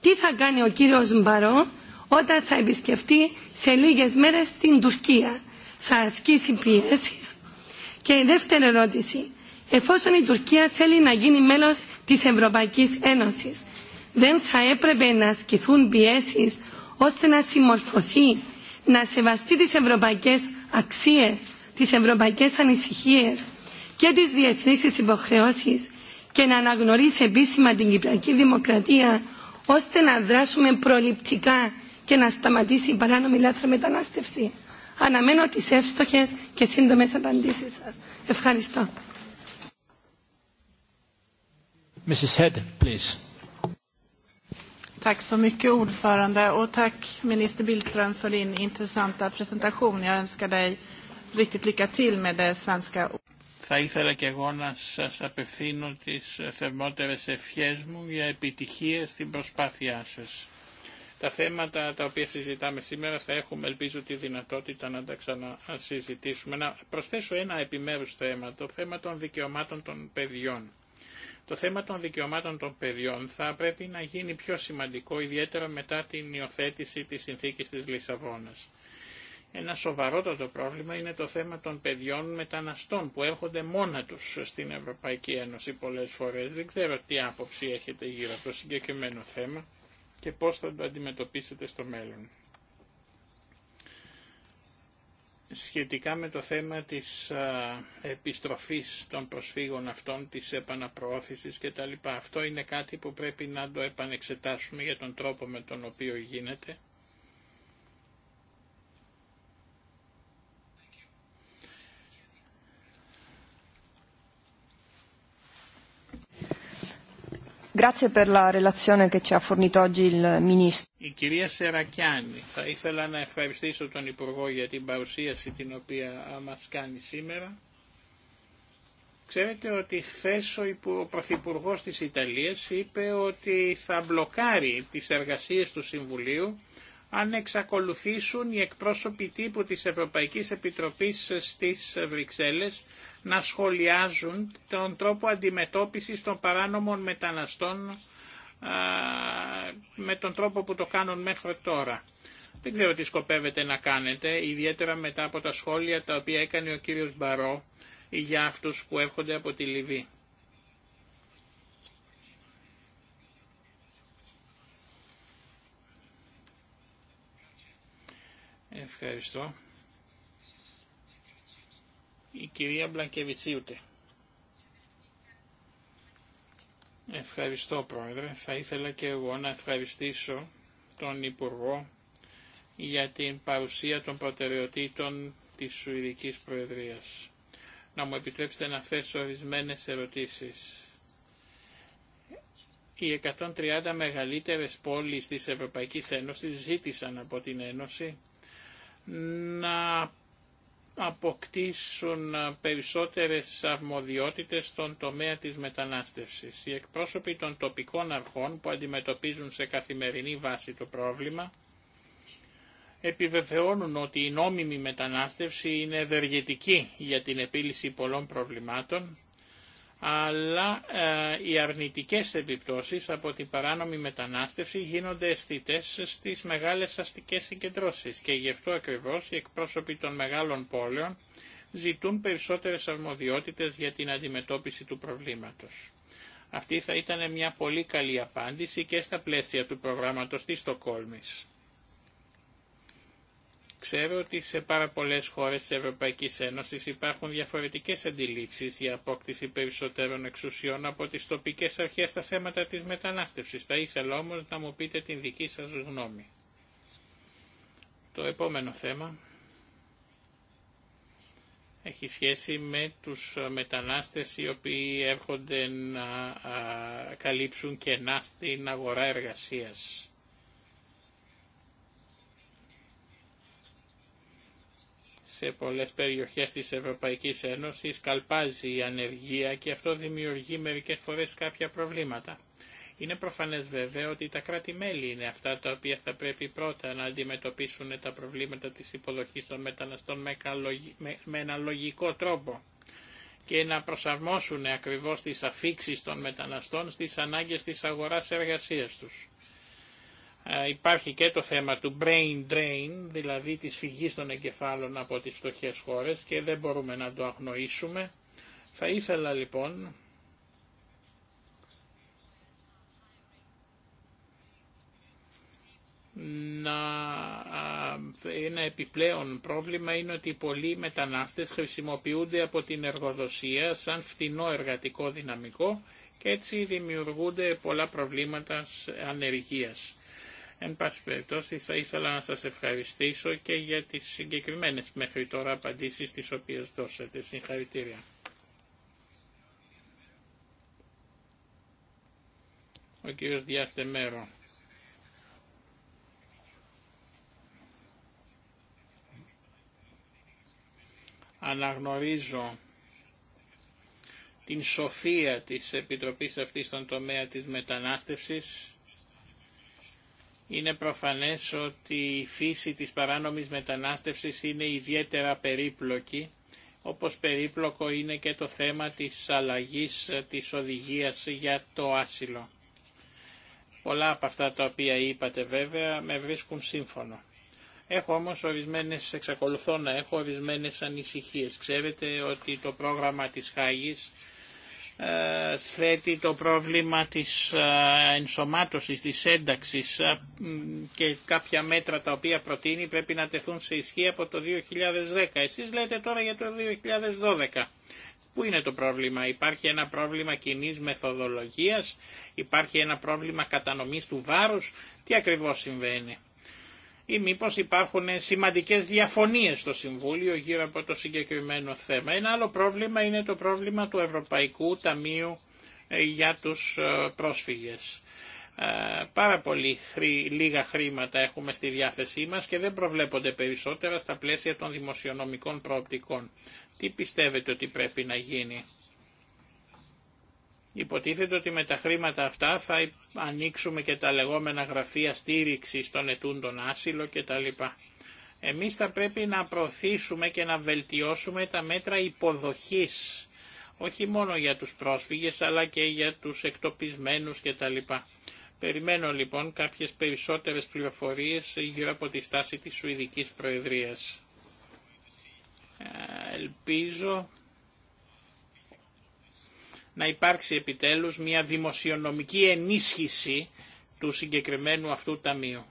S5: τι θα κάνει ο κύριος Μπαρό όταν θα επισκεφτεί σε λίγες μέρες την Τουρκία. Θα ασκήσει πιέσεις. Και η δεύτερη ερώτηση. Εφόσον η Τουρκία θέλει να γίνει μέλος της Ευρωπαϊκής Ένωσης, δεν θα έπρεπε να ασκηθούν πιέσεις ώστε να συμμορφωθεί, να σεβαστεί τις ευρωπαϊκές αξίες τις ευρωπαϊκές ανησυχίες και τις διεθνείς υποχρεώσεις και να αναγνωρίσει επίσημα την Κυπριακή Δημοκρατία ώστε να δράσουμε προληπτικά και να σταματήσει η παράνομη μετανάστευση. Αναμένω τις εύστοχες και σύντομες απαντήσεις σας. Ευχαριστώ.
S1: Mrs. Head, please.
S2: Tack så mycket ordförande och tack minister Billström för din intressanta presentation. Jag önskar dig riktigt lycka till med det svenska θα
S4: ήθελα και εγώ να σας απευθύνω τις θερμότερες ευχές μου για επιτυχίες στην προσπάθειά σας. Τα θέματα τα οποία συζητάμε σήμερα θα έχουμε ελπίζω τη δυνατότητα να τα ξανασυζητήσουμε. Να προσθέσω ένα επιμέρους θέμα, το θέμα των δικαιωμάτων των παιδιών. Το θέμα των δικαιωμάτων των παιδιών θα πρέπει να γίνει πιο σημαντικό, ιδιαίτερα μετά την υιοθέτηση της συνθήκης της Λισαβόνας ένα σοβαρότατο πρόβλημα είναι το θέμα των παιδιών μεταναστών που έρχονται μόνα τους στην Ευρωπαϊκή Ένωση πολλές φορές. Δεν ξέρω τι άποψη έχετε γύρω από το συγκεκριμένο θέμα και πώς θα το αντιμετωπίσετε στο μέλλον. Σχετικά με το θέμα της επιστροφής των προσφύγων αυτών, της επαναπροώθησης κτλ. Αυτό είναι κάτι που πρέπει να το επανεξετάσουμε για τον τρόπο με τον οποίο γίνεται
S5: Grazie per la
S1: relazione che ci ha fornito oggi il Ministro.
S4: Η κυρία Σερακιάνη, θα ήθελα να ευχαριστήσω τον Υπουργό για την παρουσίαση την οποία μας κάνει σήμερα. Ξέρετε ότι χθε ο Πρωθυπουργό της Ιταλίας είπε ότι θα μπλοκάρει τις εργασίες του Συμβουλίου αν εξακολουθήσουν οι εκπρόσωποι τύπου της Ευρωπαϊκής Επιτροπής στις Βρυξέλλες να σχολιάζουν τον τρόπο αντιμετώπισης των παράνομων μεταναστών με τον τρόπο που το κάνουν μέχρι τώρα. Δεν ξέρω τι σκοπεύετε να κάνετε, ιδιαίτερα μετά από τα σχόλια τα οποία έκανε ο κύριος Μπαρό για αυτούς που έρχονται από τη Λιβύη. Ευχαριστώ η κυρία Μπλανκεβιτσίουτε. Ευχαριστώ Πρόεδρε. Θα ήθελα και εγώ να ευχαριστήσω τον Υπουργό για την παρουσία των προτεραιοτήτων της Σουηδικής Προεδρίας. Να μου επιτρέψετε να θέσω ορισμένες ερωτήσεις. Οι 130 μεγαλύτερες πόλεις της Ευρωπαϊκής Ένωσης ζήτησαν από την Ένωση να αποκτήσουν ε, περισσότερες αρμοδιότητες στον τομέα της μετανάστευσης. Οι εκπρόσωποι των τοπικών αρχών που αντιμετωπίζουν σε καθημερινή βάση το πρόβλημα επιβεβαιώνουν ότι η νόμιμη μετανάστευση είναι ευεργετική για την επίλυση πολλών προβλημάτων αλλά ε, οι αρνητικές επιπτώσεις από την παράνομη μετανάστευση γίνονται αισθητέ στις μεγάλες αστικές συγκεντρώσεις και γι' αυτό ακριβώς οι εκπρόσωποι των μεγάλων πόλεων ζητούν περισσότερες αρμοδιότητες για την αντιμετώπιση του προβλήματος. Αυτή θα ήταν μια πολύ καλή απάντηση και στα πλαίσια του προγράμματος της Στοκόλμης. Ξέρω ότι σε πάρα πολλές χώρες της Ευρωπαϊκής Ένωσης υπάρχουν διαφορετικές αντιλήψεις για απόκτηση περισσότερων εξουσιών από τις τοπικές αρχές στα θέματα της μετανάστευσης. Θα ήθελα όμως να μου πείτε την δική σας γνώμη. Το επόμενο θέμα έχει σχέση με τους μετανάστες οι οποίοι έρχονται να καλύψουν κενά στην αγορά εργασίας. σε πολλές περιοχές της Ευρωπαϊκής Ένωσης καλπάζει η ανεργία και αυτό δημιουργεί μερικές φορές κάποια προβλήματα. Είναι προφανές βέβαια ότι τα κράτη-μέλη είναι αυτά τα οποία θα πρέπει πρώτα να αντιμετωπίσουν τα προβλήματα της υποδοχής των μεταναστών με ένα λογικό τρόπο και να προσαρμόσουν ακριβώς τις αφήξεις των μεταναστών στις ανάγκες της αγοράς εργασίας τους. Ε, υπάρχει και το θέμα του brain drain, δηλαδή της φυγής των εγκεφάλων από τις φτωχές χώρες και δεν μπορούμε να το αγνοήσουμε. Θα ήθελα λοιπόν να ένα επιπλέον πρόβλημα είναι ότι πολλοί μετανάστες χρησιμοποιούνται από την εργοδοσία σαν φτηνό εργατικό δυναμικό και έτσι δημιουργούνται πολλά προβλήματα ανεργίας. Εν πάση περιπτώσει θα ήθελα να σας ευχαριστήσω και για τις συγκεκριμένες μέχρι τώρα απαντήσεις τις οποίες δώσατε. Συγχαρητήρια. Ο κύριος Διάστε Μέρο. Αναγνωρίζω την σοφία της Επιτροπής αυτής στον τομέα της μετανάστευσης είναι προφανές ότι η φύση της παράνομης μετανάστευσης είναι ιδιαίτερα περίπλοκη, όπως περίπλοκο είναι και το θέμα της αλλαγής της οδηγίας για το άσυλο. Πολλά από αυτά τα οποία είπατε βέβαια με βρίσκουν σύμφωνο. Έχω όμως ορισμένες, εξακολουθώ να έχω ορισμένες ανησυχίες. Ξέρετε ότι το πρόγραμμα της Χάγης θέτει το πρόβλημα της ε, ενσωμάτωσης, της ένταξης ε, και κάποια μέτρα τα οποία προτείνει πρέπει να τεθούν σε ισχύ από το 2010. Εσείς λέτε τώρα για το 2012. Πού είναι το πρόβλημα. Υπάρχει ένα πρόβλημα κοινή μεθοδολογίας, υπάρχει ένα πρόβλημα κατανομής του βάρους. Τι ακριβώς συμβαίνει ή μήπως υπάρχουν σημαντικές διαφωνίες στο Συμβούλιο γύρω από το συγκεκριμένο θέμα. Ένα άλλο πρόβλημα είναι το πρόβλημα του Ευρωπαϊκού Ταμείου ε, για τους ε, πρόσφυγες. Ε, πάρα πολύ λίγα χρήματα έχουμε στη διάθεσή μας και δεν προβλέπονται περισσότερα στα πλαίσια των δημοσιονομικών προοπτικών. Τι πιστεύετε ότι πρέπει να γίνει. Υποτίθεται ότι με τα χρήματα αυτά θα ανοίξουμε και τα λεγόμενα γραφεία στήριξης των ετούντων άσυλο κτλ. Εμείς θα πρέπει να προωθήσουμε και να βελτιώσουμε τα μέτρα υποδοχής, όχι μόνο για τους πρόσφυγες αλλά και για τους εκτοπισμένους κτλ. Περιμένω λοιπόν κάποιες περισσότερες πληροφορίες γύρω από τη στάση της Σουηδικής Προεδρίας. Ε, ελπίζω να υπάρξει επιτέλους μια δημοσιονομική ενίσχυση του συγκεκριμένου αυτού ταμείου.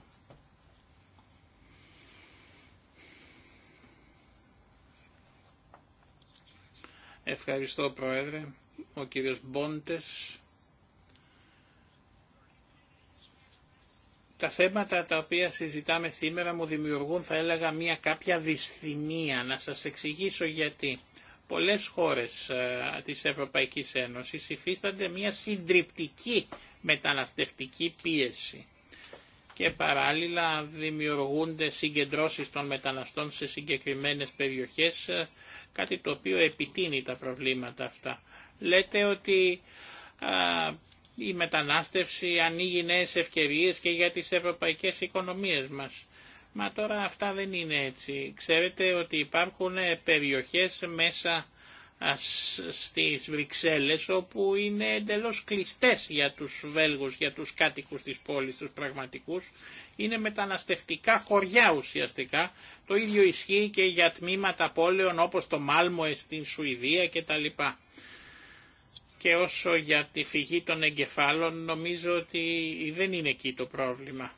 S4: Ευχαριστώ Πρόεδρε, ο κύριος Μπόντες. Τα θέματα τα οποία συζητάμε σήμερα μου δημιουργούν θα έλεγα μια κάποια δυσθυμία. Να σας εξηγήσω γιατί πολλές χώρες ε, της Ευρωπαϊκής Ένωσης υφίστανται μια συντριπτική μεταναστευτική πίεση και παράλληλα δημιουργούνται συγκεντρώσεις των μεταναστών σε συγκεκριμένες περιοχές, ε, κάτι το οποίο επιτείνει τα προβλήματα αυτά. Λέτε ότι η μετανάστευση ανοίγει νέες ευκαιρίες και για τις ευρωπαϊκές οικονομίες μας. Μα τώρα αυτά δεν είναι έτσι. Ξέρετε ότι υπάρχουν ε, περιοχές μέσα στις Βρυξέλλες όπου είναι εντελώς κλειστές για τους Βέλγους, για τους κάτοικους της πόλης, τους πραγματικούς. Είναι μεταναστευτικά χωριά ουσιαστικά. Το ίδιο ισχύει και για τμήματα πόλεων όπως το Μάλμοε στην Σουηδία κτλ. Και όσο για τη φυγή των εγκεφάλων νομίζω ότι δεν είναι εκεί το πρόβλημα.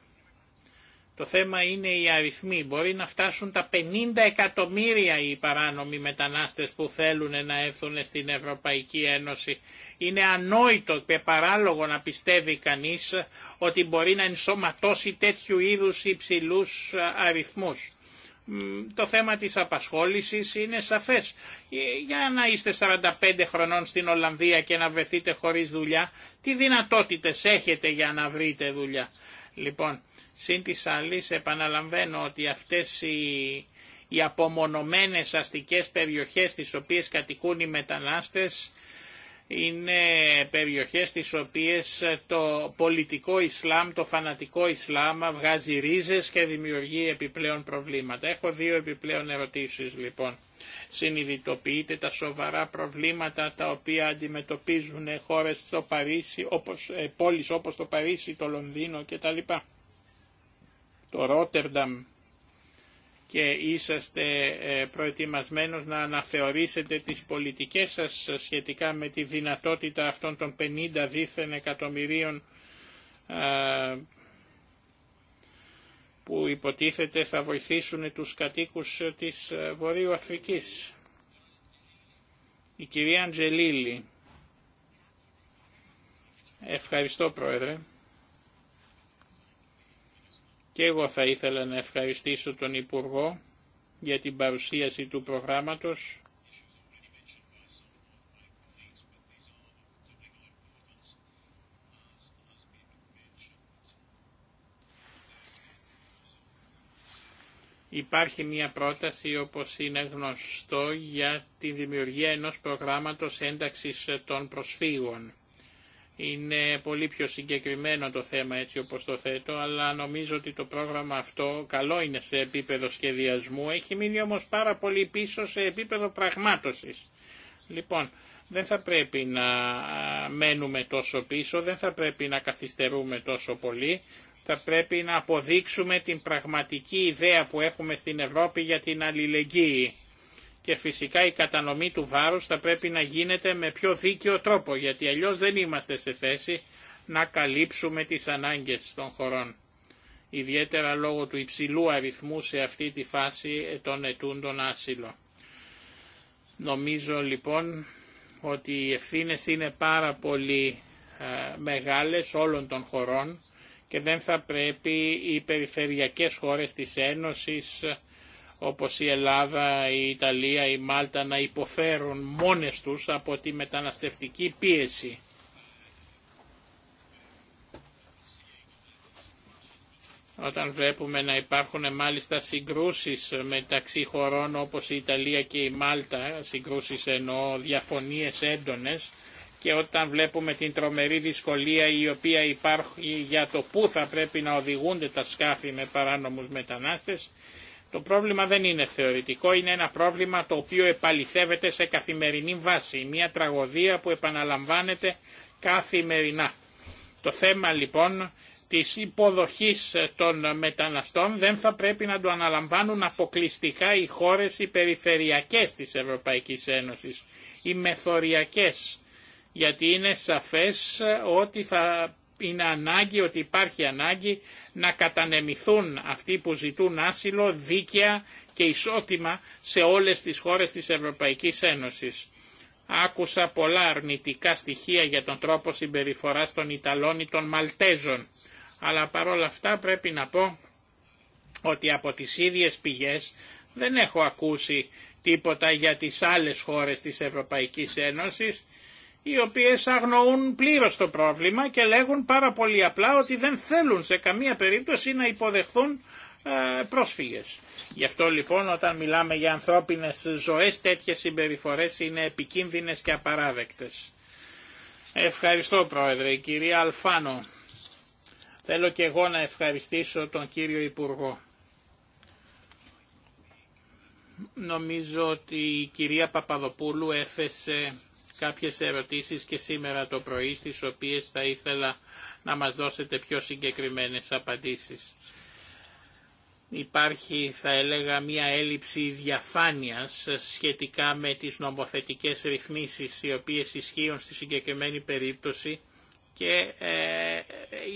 S4: Το θέμα είναι οι αριθμοί. Μπορεί να φτάσουν τα 50 εκατομμύρια οι παράνομοι μετανάστες που θέλουν να έρθουν στην Ευρωπαϊκή Ένωση. Είναι ανόητο και παράλογο να πιστεύει κανείς ότι μπορεί να ενσωματώσει τέτοιου είδους υψηλούς αριθμούς. Το θέμα της απασχόλησης είναι σαφές. Ε, για να είστε 45 χρονών στην Ολλανδία και να βρεθείτε χωρίς δουλειά, τι δυνατότητες έχετε για να βρείτε δουλειά. Λοιπόν, Συν της άλλης επαναλαμβάνω ότι αυτές οι, οι απομονωμένες αστικές περιοχές τις οποίες κατοικούν οι μετανάστες είναι περιοχές τις οποίες το πολιτικό Ισλάμ, το φανατικό Ισλάμ βγάζει ρίζες και δημιουργεί επιπλέον προβλήματα. Έχω δύο επιπλέον ερωτήσεις λοιπόν. Συνειδητοποιείτε τα σοβαρά προβλήματα τα οποία αντιμετωπίζουν χώρες στο Παρίσι, όπως, ε, πόλεις όπως το Παρίσι, το Λονδίνο κτλ το Ρότερνταμ και είσαστε ε, προετοιμασμένος να αναθεωρήσετε τις πολιτικές σας σχετικά με τη δυνατότητα αυτών των 50 δίθεν εκατομμυρίων ε, που υποτίθεται θα βοηθήσουν τους κατοίκους της ε, Βορείου Αφρικής. Η κυρία Αντζελίλη. Ευχαριστώ Πρόεδρε. Και εγώ θα ήθελα να ευχαριστήσω τον Υπουργό για την παρουσίαση του προγράμματος Υπάρχει μια πρόταση, όπως είναι γνωστό, για τη δημιουργία ενός προγράμματος ένταξης των προσφύγων. Είναι πολύ πιο συγκεκριμένο το θέμα έτσι όπως το θέτω, αλλά νομίζω ότι το πρόγραμμα αυτό καλό είναι σε επίπεδο σχεδιασμού, έχει μείνει όμως πάρα πολύ πίσω σε επίπεδο πραγμάτωσης. Λοιπόν, δεν θα πρέπει να μένουμε τόσο πίσω, δεν θα πρέπει να καθυστερούμε τόσο πολύ, θα πρέπει να αποδείξουμε την πραγματική ιδέα που έχουμε στην Ευρώπη για την αλληλεγγύη και φυσικά η κατανομή του βάρους θα πρέπει να γίνεται με πιο δίκαιο τρόπο γιατί αλλιώς δεν είμαστε σε θέση να καλύψουμε τις ανάγκες των χωρών. Ιδιαίτερα λόγω του υψηλού αριθμού σε αυτή τη φάση των ετούντων άσυλο. Νομίζω λοιπόν ότι οι ευθύνε είναι πάρα πολύ ε, μεγάλες όλων των χωρών και δεν θα πρέπει οι περιφερειακές χώρες της Ένωσης όπως η Ελλάδα, η Ιταλία, η Μάλτα να υποφέρουν μόνες τους από τη μεταναστευτική πίεση. Όταν βλέπουμε να υπάρχουν μάλιστα συγκρούσεις μεταξύ χωρών όπως η Ιταλία και η Μάλτα, συγκρούσεις εννοώ διαφωνίες έντονες, και όταν βλέπουμε την τρομερή δυσκολία η οποία υπάρχει για το πού θα πρέπει να οδηγούνται τα σκάφη με παράνομους μετανάστες, το πρόβλημα δεν είναι θεωρητικό, είναι ένα πρόβλημα το οποίο επαληθεύεται σε καθημερινή βάση, μια τραγωδία που επαναλαμβάνεται καθημερινά. Το θέμα λοιπόν της υποδοχής των μεταναστών δεν θα πρέπει να το αναλαμβάνουν αποκλειστικά οι χώρες οι περιφερειακές της Ευρωπαϊκής Ένωσης, οι μεθοριακές, γιατί είναι σαφές ότι θα είναι ανάγκη ότι υπάρχει ανάγκη να κατανεμηθούν αυτοί που ζητούν άσυλο δίκαια και ισότιμα σε όλες τις χώρες της Ευρωπαϊκής Ένωσης. Άκουσα πολλά αρνητικά στοιχεία για τον τρόπο συμπεριφοράς των Ιταλών ή των Μαλτέζων, αλλά παρόλα αυτά πρέπει να πω ότι από τις ίδιες πηγές δεν έχω ακούσει τίποτα για τις άλλες χώρες της Ευρωπαϊκής Ένωσης οι οποίες αγνοούν πλήρως το πρόβλημα και λέγουν πάρα πολύ απλά ότι δεν θέλουν σε καμία περίπτωση να υποδεχθούν ε, πρόσφυγες. Γι' αυτό λοιπόν όταν μιλάμε για ανθρώπινες ζωές τέτοιες συμπεριφορές είναι επικίνδυνες και απαράδεκτες. Ευχαριστώ Πρόεδρε, κυρία Αλφάνο. Θέλω και εγώ να ευχαριστήσω τον κύριο Υπουργό. Νομίζω ότι η κυρία Παπαδοπούλου έθεσε κάποιες ερωτήσεις και σήμερα το πρωί στις οποίες θα ήθελα να μας δώσετε πιο συγκεκριμένες απαντήσεις. Υπάρχει θα έλεγα μια έλλειψη διαφάνειας σχετικά με τις νομοθετικές ρυθμίσεις οι οποίες ισχύουν στη συγκεκριμένη περίπτωση και ε,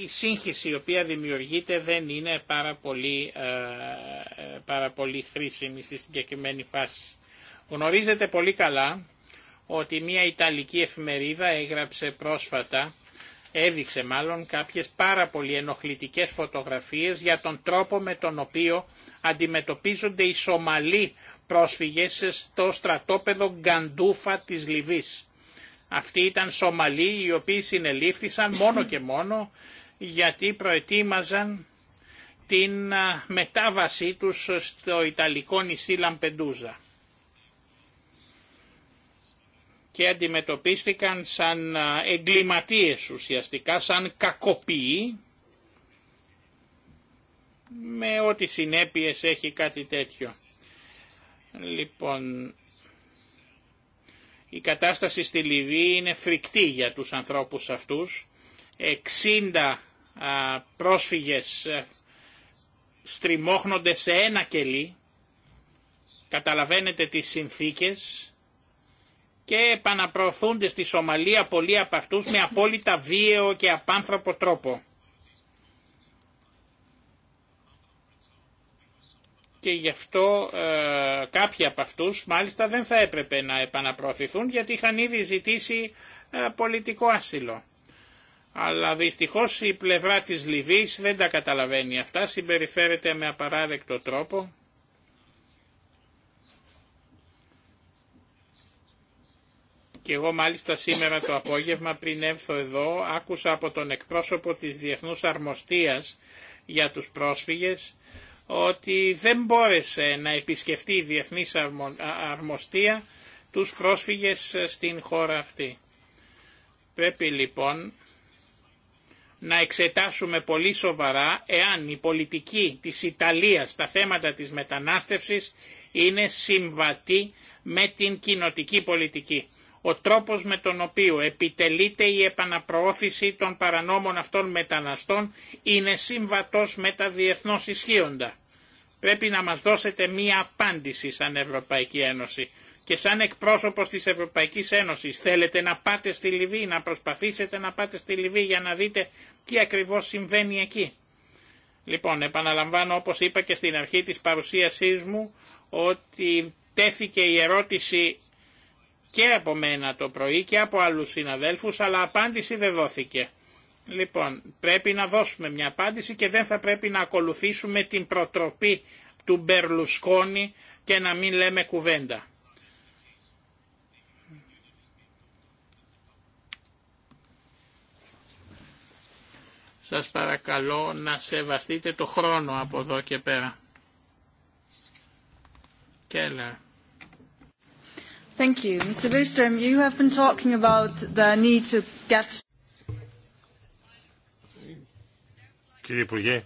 S4: η σύγχυση η οποία δημιουργείται δεν είναι πάρα πολύ, ε, ε, πάρα πολύ χρήσιμη στη συγκεκριμένη φάση. Γνωρίζετε πολύ καλά ότι μια Ιταλική εφημερίδα έγραψε πρόσφατα, έδειξε μάλλον κάποιες πάρα πολύ ενοχλητικές φωτογραφίες για τον τρόπο με τον οποίο αντιμετωπίζονται οι Σομαλοί πρόσφυγες στο στρατόπεδο Γκαντούφα της Λιβύης. Αυτοί ήταν Σομαλοί οι οποίοι συνελήφθησαν μόνο και μόνο γιατί προετοίμαζαν την μετάβασή τους στο Ιταλικό νησί Λαμπεντούζα. και αντιμετωπίστηκαν σαν εγκληματίες ουσιαστικά, σαν κακοποιοί, με ό,τι συνέπειες έχει κάτι τέτοιο. Λοιπόν, η κατάσταση στη Λιβύη είναι φρικτή για τους ανθρώπους αυτούς. 60 πρόσφυγες στριμώχνονται σε ένα κελί. Καταλαβαίνετε τις συνθήκες και επαναπροωθούνται στη Σομαλία πολλοί από αυτούς με απόλυτα βίαιο και απάνθρωπο τρόπο. και γι' αυτό ε, κάποιοι από αυτούς μάλιστα δεν θα έπρεπε να επαναπροωθηθούν γιατί είχαν ήδη ζητήσει ε, πολιτικό άσυλο. Αλλά δυστυχώς η πλευρά της Λιβύης δεν τα καταλαβαίνει αυτά, συμπεριφέρεται με απαράδεκτο τρόπο Και εγώ μάλιστα σήμερα το απόγευμα πριν έρθω εδώ άκουσα από τον εκπρόσωπο της Διεθνούς Αρμοστίας για τους πρόσφυγες ότι δεν μπόρεσε να επισκεφτεί η Διεθνής Αρμοστία τους πρόσφυγες στην χώρα αυτή. Πρέπει λοιπόν να εξετάσουμε πολύ σοβαρά εάν η πολιτική της Ιταλίας στα θέματα της μετανάστευσης είναι συμβατή με την κοινοτική πολιτική ο τρόπος με τον οποίο επιτελείται η επαναπροώθηση των παρανόμων αυτών μεταναστών είναι συμβατός με τα διεθνώς ισχύοντα. Πρέπει να μας δώσετε μία απάντηση σαν Ευρωπαϊκή Ένωση. Και σαν εκπρόσωπος της Ευρωπαϊκής Ένωσης θέλετε να πάτε στη Λιβύη, να προσπαθήσετε να πάτε στη Λιβύη για να δείτε τι ακριβώς συμβαίνει εκεί. Λοιπόν, επαναλαμβάνω όπως είπα και στην αρχή της παρουσίασής μου ότι τέθηκε η ερώτηση και από μένα το πρωί και από άλλους συναδέλφους, αλλά απάντηση δεν δόθηκε. Λοιπόν, πρέπει να δώσουμε μια απάντηση και δεν θα πρέπει να ακολουθήσουμε την προτροπή του Μπερλουσκόνη και να μην λέμε κουβέντα. Σας παρακαλώ να σεβαστείτε το χρόνο από εδώ και πέρα. Κέλλερ.
S2: Κύριε
S3: Υπουργέ,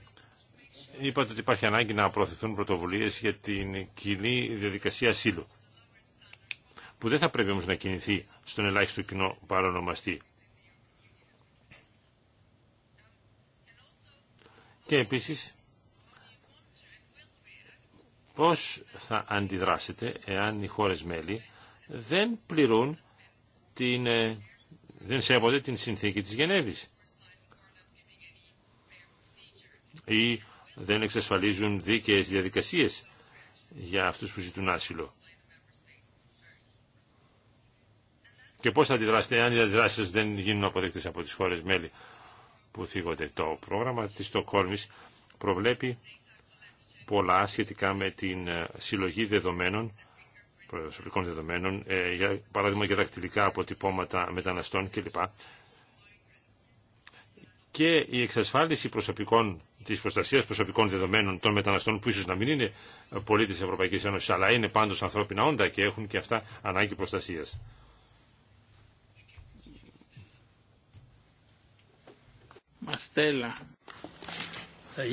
S3: είπατε ότι υπάρχει ανάγκη να προωθηθούν πρωτοβουλίε για την κοινή διαδικασία ασύλου, που δεν θα πρέπει όμως να κινηθεί στον ελάχιστο κοινό παρονομαστή. Και επίση, πώς θα αντιδράσετε εάν οι χώρε μέλη δεν πληρούν την, ε, δεν σέβονται την συνθήκη της Γενέβης ή δεν εξασφαλίζουν δίκαιες διαδικασίες για αυτούς που ζητούν άσυλο. Και πώς θα αντιδράσετε αν οι αντιδράσεις δεν γίνουν αποδεκτές από τις χώρες μέλη που θίγονται. Το πρόγραμμα της Στοκόλμης προβλέπει πολλά σχετικά με την ε, συλλογή δεδομένων προσωπικών δεδομένων, ε, για παράδειγμα για δακτυλικά αποτυπώματα μεταναστών κλπ. Και η εξασφάλιση προσωπικών, της προστασίας προσωπικών δεδομένων των μεταναστών που ίσως να μην είναι πολίτες ευρωπαϊκή Ευρωπαϊκής Ένωσης αλλά είναι πάντως ανθρώπινα όντα και έχουν και αυτά ανάγκη προστασίας.
S4: Μαστέλα. Ε,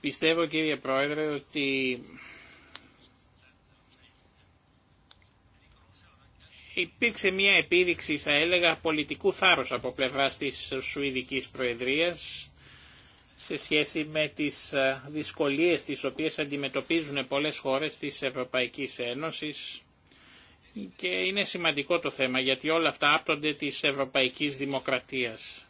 S4: Πιστεύω κύριε Πρόεδρε ότι υπήρξε μια επίδειξη θα έλεγα πολιτικού θάρρους από πλευράς της Σουηδικής Προεδρίας σε σχέση με τις ε, δυσκολίες τις οποίες αντιμετωπίζουν πολλές χώρες της Ευρωπαϊκής Ένωσης και είναι σημαντικό το θέμα γιατί όλα αυτά άπτονται της Ευρωπαϊκής Δημοκρατίας.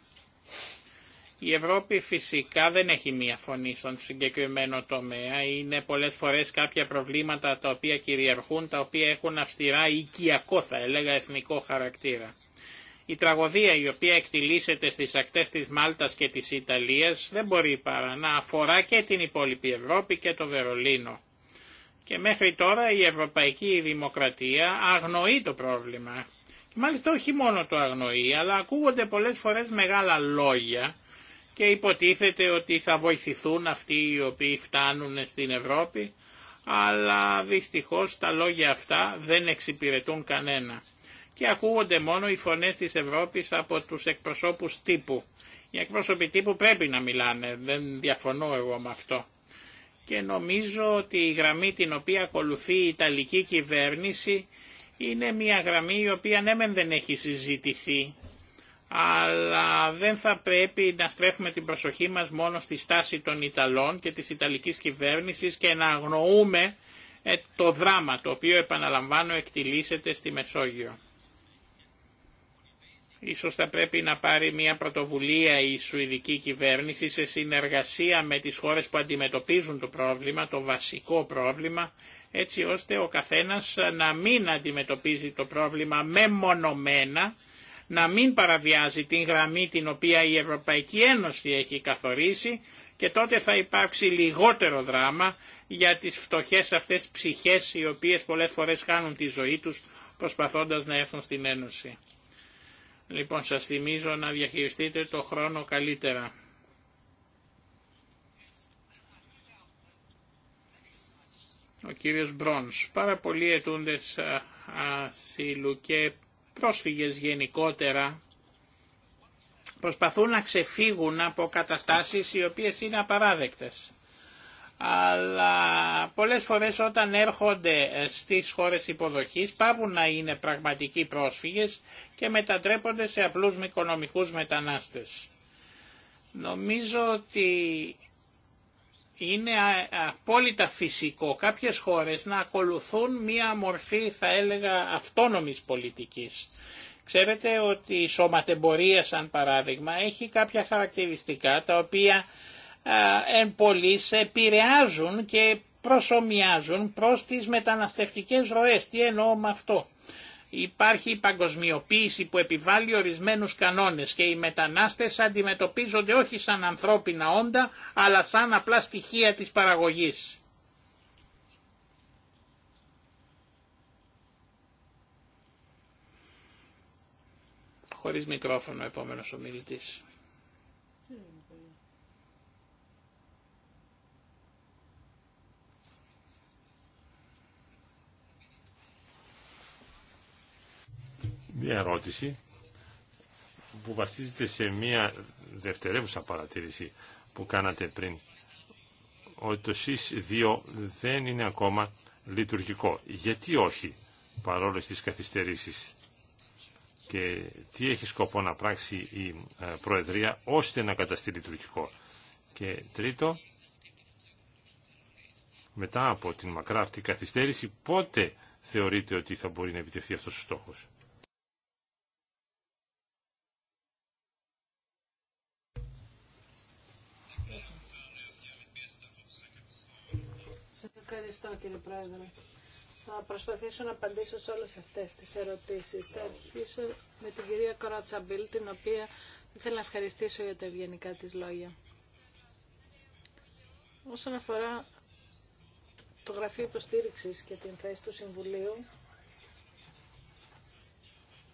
S4: Η Ευρώπη φυσικά δεν έχει μία φωνή στον συγκεκριμένο τομέα. Είναι πολλές φορές κάποια προβλήματα τα οποία κυριαρχούν, τα οποία έχουν αυστηρά οικιακό θα έλεγα εθνικό χαρακτήρα. Η τραγωδία η οποία εκτιλήσεται στις ακτές της Μάλτας και της Ιταλίας δεν μπορεί παρά να αφορά και την υπόλοιπη Ευρώπη και το Βερολίνο. Και μέχρι τώρα η ευρωπαϊκή δημοκρατία αγνοεί το πρόβλημα. Και μάλιστα όχι μόνο το αγνοεί, αλλά ακούγονται πολλές φορές μεγάλα λόγια και υποτίθεται ότι θα βοηθηθούν αυτοί οι οποίοι φτάνουν στην Ευρώπη, αλλά δυστυχώς τα λόγια αυτά δεν εξυπηρετούν κανένα. Και ακούγονται μόνο οι φωνές της Ευρώπης από τους εκπροσώπους τύπου. Οι εκπρόσωποι τύπου πρέπει να μιλάνε, δεν διαφωνώ εγώ με αυτό. Και νομίζω ότι η γραμμή την οποία ακολουθεί η Ιταλική κυβέρνηση είναι μια γραμμή η οποία ναι δεν έχει συζητηθεί
S5: αλλά
S4: δεν θα πρέπει να στρέφουμε την προσοχή μας μόνο στη στάση των Ιταλών και της Ιταλικής κυβέρνησης και να αγνοούμε ε, το δράμα το οποίο επαναλαμβάνω εκτιλήσεται στη Μεσόγειο. Ίσως θα πρέπει να πάρει μια πρωτοβουλία η Σουηδική κυβέρνηση σε συνεργασία με τις χώρες που αντιμετωπίζουν το πρόβλημα, το βασικό πρόβλημα, έτσι ώστε ο καθένας να μην αντιμετωπίζει το πρόβλημα μεμονωμένα, να μην παραβιάζει την γραμμή την οποία η Ευρωπαϊκή Ένωση έχει καθορίσει και τότε θα υπάρξει λιγότερο δράμα για τις φτωχές αυτές ψυχές οι οποίες πολλές φορές χάνουν τη ζωή τους προσπαθώντας να έρθουν στην Ένωση. Λοιπόν, σας θυμίζω να διαχειριστείτε το χρόνο καλύτερα. Ο κύριος Μπρόνς. Πάρα πολλοί πρόσφυγες γενικότερα προσπαθούν να ξεφύγουν από καταστάσεις οι οποίες είναι απαράδεκτες. Αλλά πολλές φορές όταν έρχονται στις χώρες υποδοχής πάβουν να είναι πραγματικοί πρόσφυγες και μετατρέπονται σε απλούς οικονομικούς μετανάστες. Νομίζω ότι είναι απόλυτα φυσικό κάποιες χώρες να ακολουθούν μία μορφή θα έλεγα αυτόνομης πολιτικής. Ξέρετε ότι η σωματεμπορία σαν παράδειγμα έχει κάποια χαρακτηριστικά τα οποία α, εν πολλής επηρεάζουν και προσωμιάζουν προς τις μεταναστευτικές ροές. Τι εννοώ με αυτό. Υπάρχει η παγκοσμιοποίηση που επιβάλλει ορισμένους κανόνες και οι μετανάστες αντιμετωπίζονται όχι σαν ανθρώπινα όντα, αλλά σαν απλά στοιχεία της παραγωγής. Χωρίς μικρόφωνο, επόμενος ομιλητής.
S3: μία ερώτηση που βασίζεται σε μία δευτερεύουσα παρατήρηση που κάνατε πριν ότι το ΣΥΣ 2 δεν είναι ακόμα λειτουργικό. Γιατί όχι παρόλες τις καθυστερήσεις και τι έχει σκοπό να πράξει η ε, Προεδρία ώστε να καταστεί λειτουργικό. Και τρίτο, μετά από την μακρά αυτή καθυστέρηση, πότε θεωρείτε ότι θα μπορεί να επιτευχθεί αυτός ο στόχος.
S2: Ευχαριστώ κύριε Πρόεδρε. Θα προσπαθήσω να απαντήσω σε όλες αυτές τις ερωτήσεις. Θα αρχίσω με την κυρία Κορατσαμπίλ, την οποία ήθελα να ευχαριστήσω για τα ευγενικά της λόγια. Όσον αφορά το Γραφείο Υποστήριξης και την θέση του Συμβουλίου,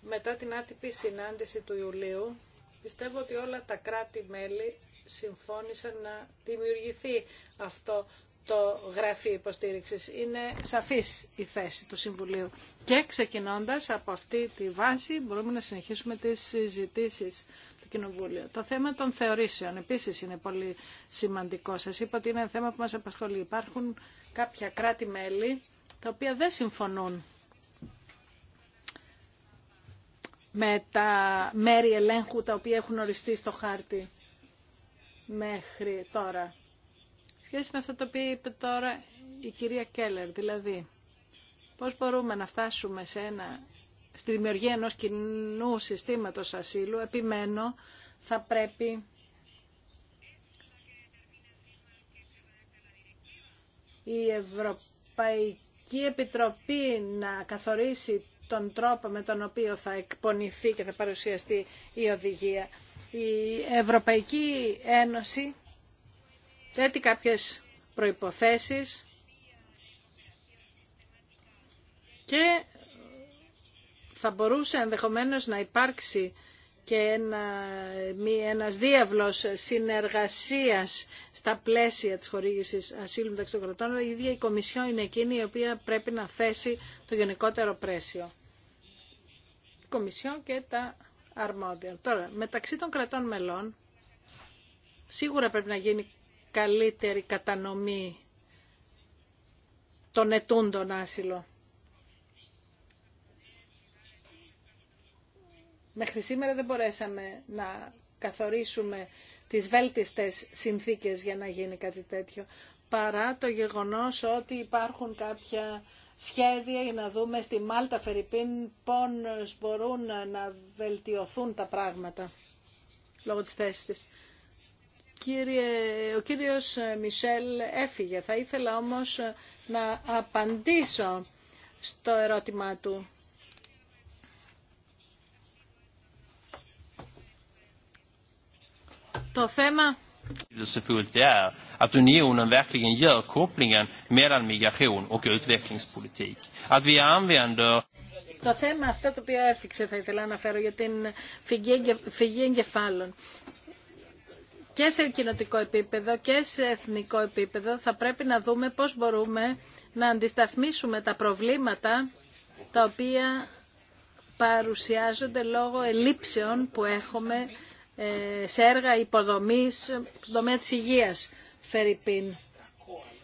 S2: μετά την άτυπη συνάντηση του Ιουλίου, πιστεύω ότι όλα τα κράτη-μέλη συμφώνησαν να δημιουργηθεί αυτό το γραφείο υποστήριξης. Είναι σαφής η θέση του Συμβουλίου. Και ξεκινώντας από αυτή τη βάση μπορούμε να συνεχίσουμε τις συζητήσεις του Κοινοβούλιο. Το θέμα των θεωρήσεων επίσης είναι πολύ σημαντικό. Σα είπα ότι είναι ένα θέμα που μας απασχολεί. Υπάρχουν κάποια κράτη-μέλη τα οποία δεν συμφωνούν με τα μέρη ελέγχου τα οποία έχουν οριστεί στο χάρτη μέχρι τώρα σχέση με αυτό το οποίο είπε τώρα η κυρία Κέλλερ, δηλαδή πώς μπορούμε να φτάσουμε σε ένα, στη δημιουργία ενός κοινού συστήματος ασύλου, επιμένω, θα πρέπει η Ευρωπαϊκή Επιτροπή να καθορίσει τον τρόπο με τον οποίο θα εκπονηθεί και θα παρουσιαστεί η οδηγία. Η Ευρωπαϊκή Ένωση θέτει κάποιες προϋποθέσεις και θα μπορούσε ενδεχομένως να υπάρξει και ένα, ένας διάβλος συνεργασίας στα πλαίσια της χορήγησης ασύλου μεταξύ των κρατών, η ίδια η Κομισιό είναι εκείνη η οποία πρέπει να θέσει το γενικότερο πρέσιο. Η Κομισιό και τα αρμόδια. Τώρα, μεταξύ των κρατών μελών, σίγουρα πρέπει να γίνει καλύτερη κατανομή των ετούντων άσυλο. Μέχρι σήμερα δεν μπορέσαμε να καθορίσουμε τις βέλτιστες συνθήκες για να γίνει κάτι τέτοιο, παρά το γεγονός ότι υπάρχουν κάποια σχέδια για να δούμε στη Μάλτα Φερρυπίν πώς μπορούν να βελτιωθούν τα πράγματα λόγω της θέσης της ο κύριος ε, Μισελ έφυγε. Θα ήθελα όμως ε, να απαντήσω στο ερώτημά του. Το θέμα
S1: αυτά που er,
S2: το θέμα αυτό το οποίο έφυξε θα ήθελα να αναφέρω για την φυγή εγκεφάλων και σε κοινοτικό επίπεδο και σε εθνικό επίπεδο θα πρέπει να δούμε πώς μπορούμε να αντισταθμίσουμε τα προβλήματα τα οποία παρουσιάζονται λόγω ελλείψεων που έχουμε ε, σε έργα υποδομής στον τομέα της υγείας,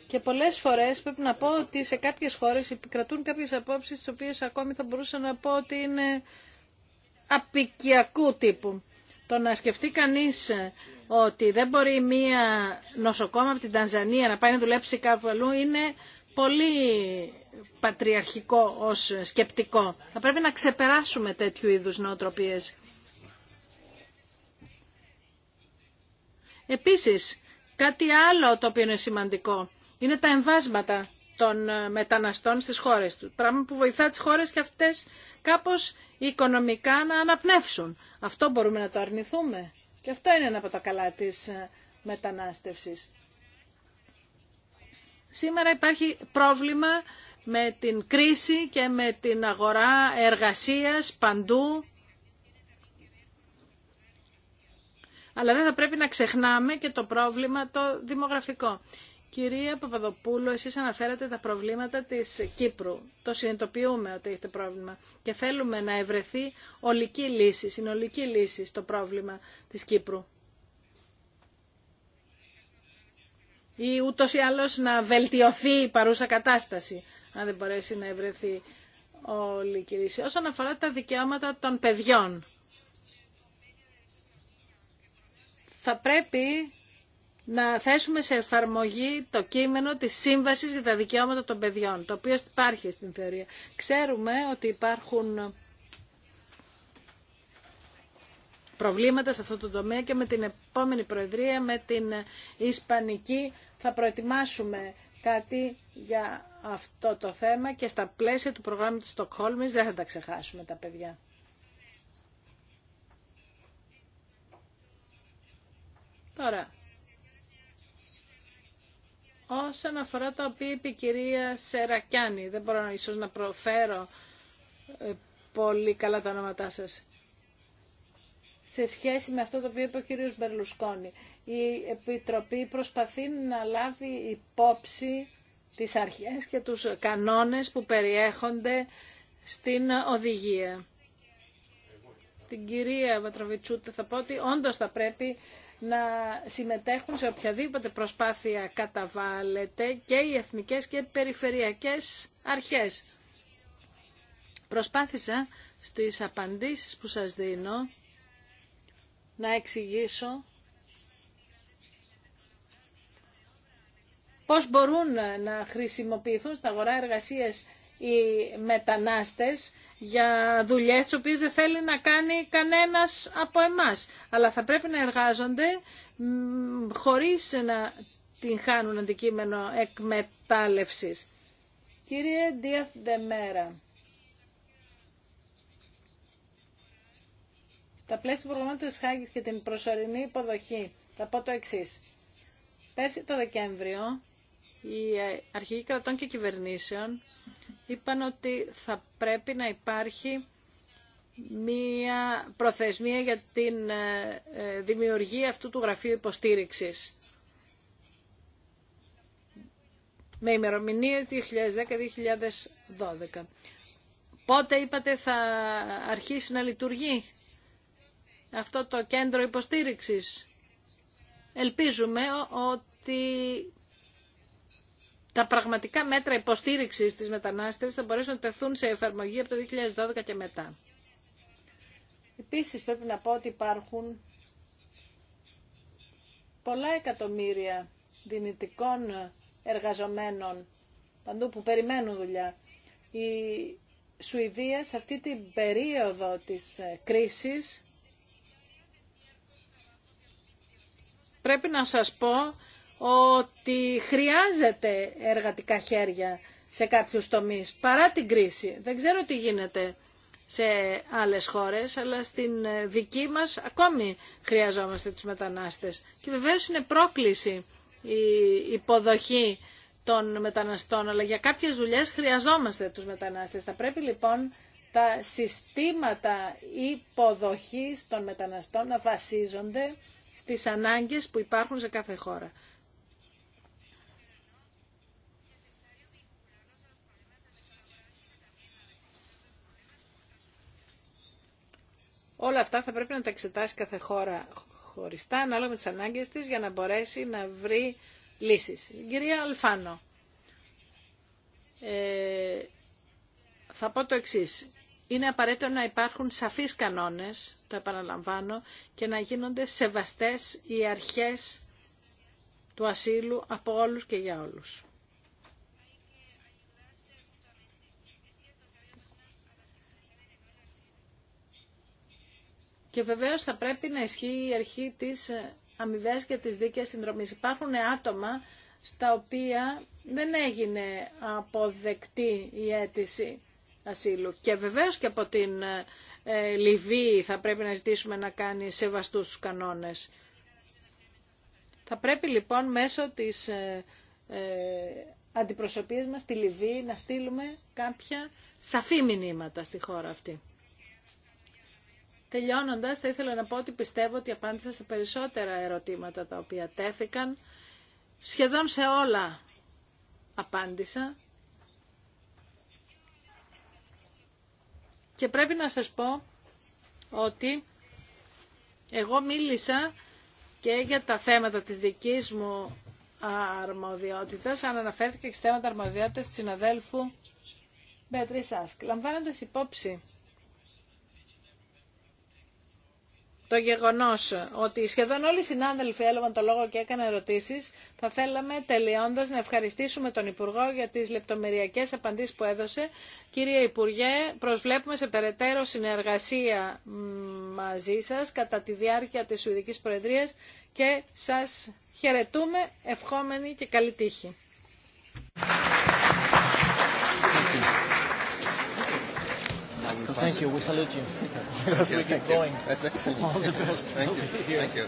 S2: Και πολλές φορές πρέπει να πω ότι σε κάποιες χώρες επικρατούν κάποιες απόψεις τις οποίες ακόμη θα μπορούσα να πω ότι είναι απικιακού τύπου. Το να σκεφτεί κανείς ότι δεν μπορεί μία νοσοκόμα από την Τανζανία να πάει να δουλέψει κάπου αλλού είναι πολύ πατριαρχικό ως σκεπτικό. Θα πρέπει να ξεπεράσουμε τέτοιου είδους νοοτροπίες. Επίσης, κάτι άλλο το οποίο είναι σημαντικό είναι τα εμβάσματα των μεταναστών στις χώρες του. Πράγμα που βοηθά τις χώρες και αυτές κάπως οικονομικά να αναπνεύσουν. Αυτό μπορούμε να το αρνηθούμε. Και αυτό είναι ένα από τα καλά της ε, μετανάστευσης. Σήμερα υπάρχει πρόβλημα με την κρίση και με την αγορά εργασίας παντού. Αλλά δεν θα πρέπει να ξεχνάμε και το πρόβλημα το δημογραφικό. Κυρία Παπαδοπούλου, εσείς αναφέρατε τα προβλήματα της Κύπρου. Το συνειδητοποιούμε ότι έχετε πρόβλημα και θέλουμε να ευρεθεί ολική λύση, συνολική λύση στο πρόβλημα της Κύπρου. Ή ούτως ή άλλως να βελτιωθεί η παρούσα κατάσταση, αν δεν μπορέσει να ευρεθεί ολική λύση. Όσον αφορά τα δικαιώματα των παιδιών, θα πρέπει να θέσουμε σε εφαρμογή το κείμενο της Σύμβασης για τα Δικαιώματα των Παιδιών, το οποίο υπάρχει στην θεωρία. Ξέρουμε ότι υπάρχουν προβλήματα σε αυτό το τομέα και με την επόμενη Προεδρία, με την Ισπανική, θα προετοιμάσουμε κάτι για αυτό το θέμα και στα πλαίσια του προγράμματος Στοκχόλμης δεν θα τα ξεχάσουμε τα παιδιά. Τώρα, όσον αφορά το οποία είπε η κυρία Σερακιάνη. Δεν μπορώ ίσως να προφέρω ε, πολύ καλά τα ονόματά σας. Σε σχέση με αυτό το οποίο είπε ο κύριος Μπερλουσκόνη, η Επιτροπή προσπαθεί να λάβει υπόψη τις αρχές και τους κανόνες που περιέχονται στην οδηγία. Στην κυρία Βατροβιτσούτε θα πω ότι όντως θα πρέπει να συμμετέχουν σε οποιαδήποτε προσπάθεια καταβάλλεται και οι εθνικές και περιφερειακές αρχές. Προσπάθησα στις απαντήσεις που σας δίνω να εξηγήσω πώς μπορούν να χρησιμοποιηθούν στα αγορά εργασίας οι μετανάστες για δουλειές τις οποίες δεν θέλει να κάνει κανένας από εμάς. Αλλά θα πρέπει να εργάζονται χωρίς να την χάνουν αντικείμενο εκμετάλλευσης. Κύριε Δίαθ Δεμέρα, στα πλαίσια του προγραμμάτου της Χάγης και την προσωρινή υποδοχή, θα πω το εξής. Πέρσι το Δεκέμβριο οι ε, αρχηγοί κρατών και κυβερνήσεων είπαν ότι θα πρέπει να υπάρχει μία προθεσμία για την ε, ε, δημιουργία αυτού του γραφείου υποστήριξης. Με ημερομηνίες 2010-2012. Πότε είπατε θα αρχίσει να λειτουργεί αυτό το κέντρο υποστήριξης. Ελπίζουμε ότι τα πραγματικά μέτρα υποστήριξη τη μετανάστευση θα μπορέσουν να τεθούν σε εφαρμογή από το 2012 και μετά. Επίσης πρέπει να πω ότι υπάρχουν πολλά εκατομμύρια δυνητικών εργαζομένων παντού που περιμένουν δουλειά. Η Σουηδία σε αυτή την περίοδο της κρίσης πρέπει να σας πω ότι χρειάζεται εργατικά χέρια σε κάποιους τομείς, παρά την κρίση. Δεν ξέρω τι γίνεται σε άλλες χώρες, αλλά στην δική μας ακόμη χρειαζόμαστε τους μετανάστες. Και βεβαίως είναι πρόκληση η υποδοχή των μεταναστών, αλλά για κάποιες δουλειές χρειαζόμαστε τους μετανάστες. Θα πρέπει λοιπόν τα συστήματα υποδοχής των μεταναστών να βασίζονται στις ανάγκες που υπάρχουν σε κάθε χώρα. Όλα αυτά θα πρέπει να τα εξετάσει κάθε χώρα χωριστά, ανάλογα με τις ανάγκες της, για να μπορέσει να βρει λύσεις. κυρία Αλφάνο, ε, θα πω το εξής. Είναι απαραίτητο να υπάρχουν σαφείς κανόνες, το επαναλαμβάνω, και να γίνονται σεβαστές οι αρχές του ασύλου από όλους και για όλους. Και βεβαίω θα πρέπει να ισχύει η αρχή της αμοιβέ και της δίκαια συνδρομή. Υπάρχουν άτομα στα οποία δεν έγινε αποδεκτή η αίτηση ασύλου. Και βεβαίως και από την ε, Λιβύη θα πρέπει να ζητήσουμε να κάνει σεβαστούς τους κανόνες. Θα πρέπει λοιπόν μέσω της ε, ε αντιπροσωπείας μας στη Λιβύη να στείλουμε κάποια σαφή μηνύματα στη χώρα αυτή. Τελειώνοντας, θα ήθελα να πω ότι πιστεύω ότι απάντησα σε περισσότερα ερωτήματα τα οποία τέθηκαν. Σχεδόν σε όλα απάντησα. Και πρέπει να σας πω ότι εγώ μίλησα και για τα θέματα της δικής μου αρμοδιότητας, αν αναφέρθηκε και στις θέματα αρμοδιότητας της συναδέλφου Μπέτρη Σάσκ. Λαμβάνοντας υπόψη το γεγονό ότι σχεδόν όλοι οι συνάδελφοι έλαβαν το λόγο και έκαναν ερωτήσεις, θα θέλαμε τελειώντας να ευχαριστήσουμε τον Υπουργό για τις λεπτομεριακέ απαντήσεις που έδωσε. Κύριε Υπουργέ, προσβλέπουμε σε περαιτέρω συνεργασία μαζί σας κατά τη διάρκεια της Σουηδική προεδρία και σας χαιρετούμε ευχόμενοι και καλή τύχη.
S1: Thank you. We salute you. you. we keep going. That's excellent. All the best. Thank you. Thank you.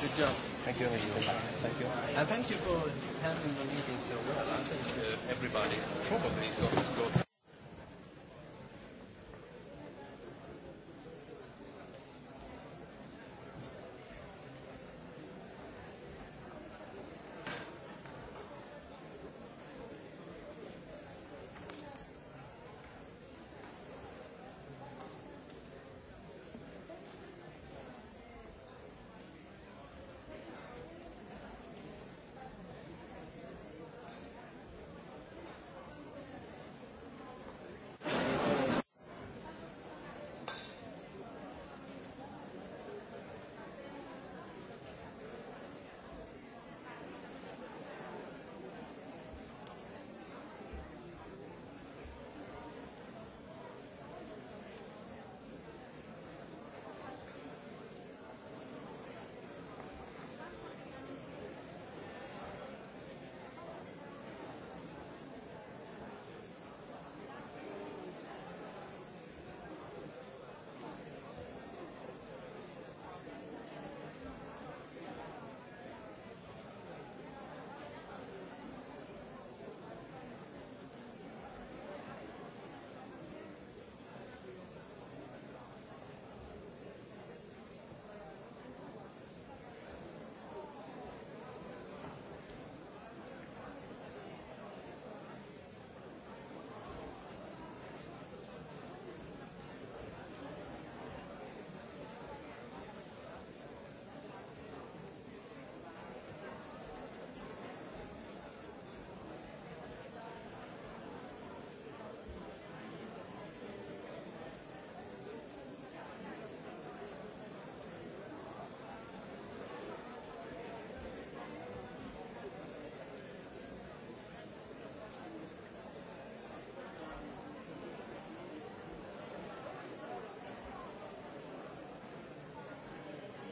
S1: Good job. Thank you. Thank you. And thank you for handling the meeting so well. I think everybody probably got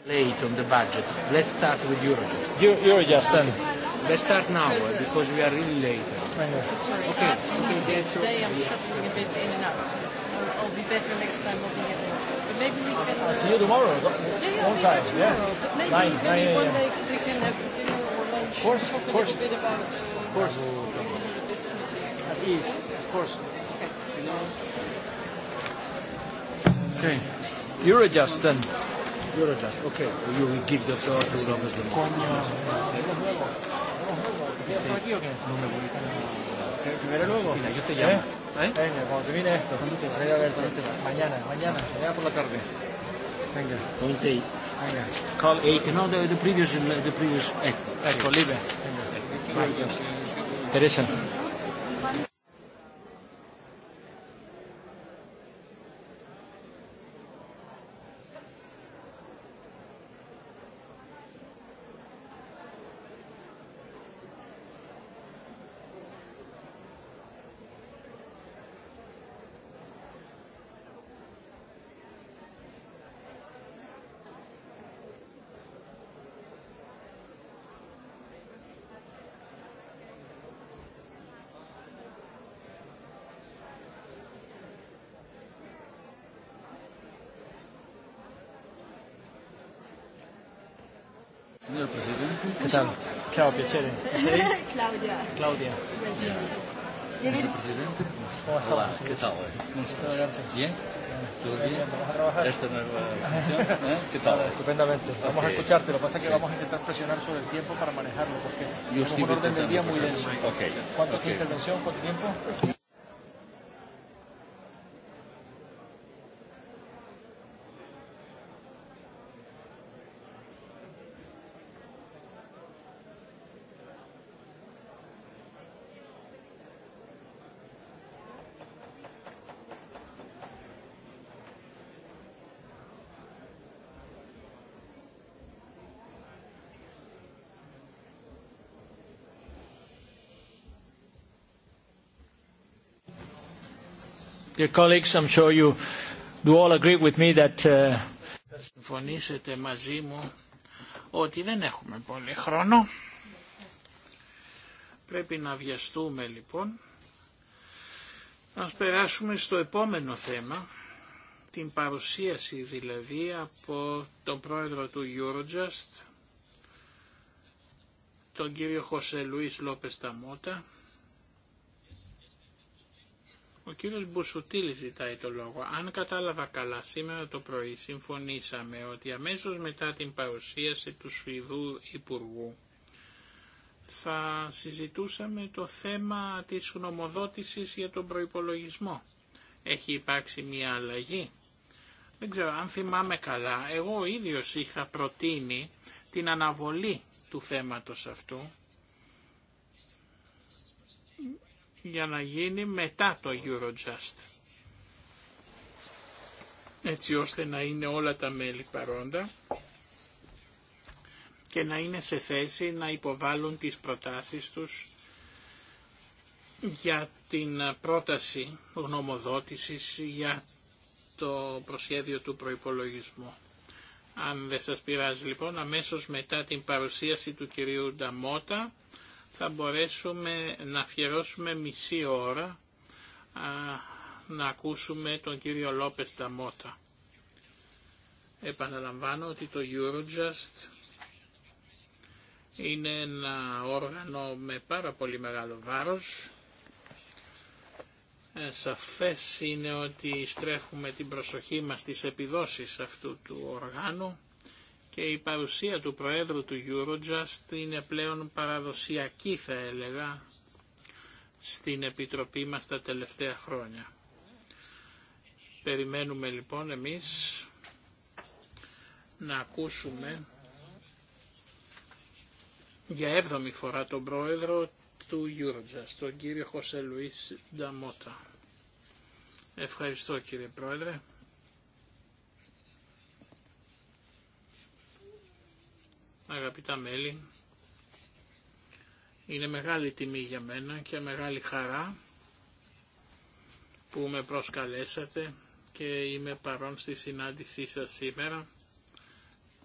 S1: late on the budget. Let's start with Eurojust. Eurojust, then. Let's start now because we are really late. Sorry.
S5: Okay. today I'm shuttling a bit in and out. I'll be better next time. I'll be here. But maybe we can. I'll see you tomorrow.
S1: Yeah, yeah, maybe, one day
S5: we can have dinner or lunch. Of course, of course. A bit about. Of course. At ease.
S1: Of course. Okay. Okay. Eurojust then. Eurojust. Okay, you will give the floor to López Mañana, mañana, por la tarde. Call eight No, the, the previous, the previous. Eh, Libre. Teresa. Ciao, piacere. Claudia. Claudia. Presidente. Hola, ¿qué tal? ¿Cómo estás? Bien. ¿Todo bien? Vamos a trabajar. Esta nueva ¿eh? estupendamente. Vamos a escucharte. Lo que pasa es que vamos a intentar presionar sobre el tiempo para manejarlo, porque es un orden del día muy denso. ¿Cuánto es intervención? ¿Cuánto tiempo? Θα uh,
S4: συμφωνήσετε μαζί μου ότι δεν έχουμε πολύ χρόνο. Πρέπει να βιαστούμε λοιπόν. Ας περάσουμε στο επόμενο θέμα, την παρουσίαση δηλαδή από τον πρόεδρο του Eurojust, τον κύριο Χωσέ Λουίς Λόπες Ταμότα, ο κύριος Μπουσουτήλη ζητάει το λόγο. Αν κατάλαβα καλά, σήμερα το πρωί συμφωνήσαμε ότι αμέσως μετά την παρουσίαση του Σουηδού Υπουργού θα συζητούσαμε το θέμα της γνωμοδότησης για τον προϋπολογισμό. Έχει υπάρξει μια αλλαγή. Δεν ξέρω, αν θυμάμαι καλά, εγώ ο ίδιος είχα προτείνει την αναβολή του θέματος αυτού για να γίνει μετά το Eurojust. Έτσι ώστε να είναι όλα τα μέλη παρόντα και να είναι σε θέση να υποβάλουν τις προτάσεις τους για την πρόταση γνωμοδότησης για το προσχέδιο του προϋπολογισμού. Αν δεν σας πειράζει λοιπόν, αμέσως μετά την παρουσίαση του κυρίου Νταμότα θα μπορέσουμε να αφιερώσουμε μισή ώρα να ακούσουμε τον κύριο Λόπες Ταμότα. Επαναλαμβάνω ότι το Eurojust είναι ένα όργανο με πάρα πολύ μεγάλο βάρος. Ε, σαφές είναι ότι στρέφουμε την προσοχή μας στις επιδόσεις αυτού του οργάνου και η παρουσία του Προέδρου του Eurojust είναι πλέον παραδοσιακή θα έλεγα στην Επιτροπή μας τα τελευταία χρόνια. Περιμένουμε λοιπόν εμείς να ακούσουμε για έβδομη φορά τον Πρόεδρο του Eurojust, τον κύριο Χωσέ Λουίς Νταμότα. Ευχαριστώ κύριε Πρόεδρε. αγαπητά μέλη, είναι μεγάλη τιμή για μένα και μεγάλη χαρά που με προσκαλέσατε και είμαι παρόν στη συνάντησή σας σήμερα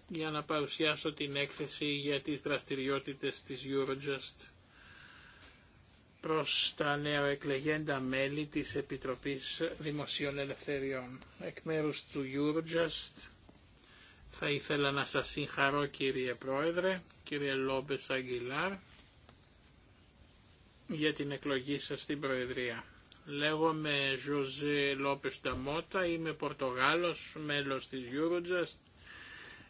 S4: για να παρουσιάσω την έκθεση για τις δραστηριότητες της Eurojust προς τα νεοεκλεγέντα μέλη της Επιτροπής Δημοσίων Ελευθεριών. Εκ μέρους του Eurojust θα ήθελα να σας συγχαρώ κύριε Πρόεδρε, κύριε Λόμπες Αγγιλάρ, για την εκλογή σας στην Προεδρία. Λέγομαι Ζωζέ Λόπες Νταμότα, είμαι Πορτογάλος, μέλος της Eurojust,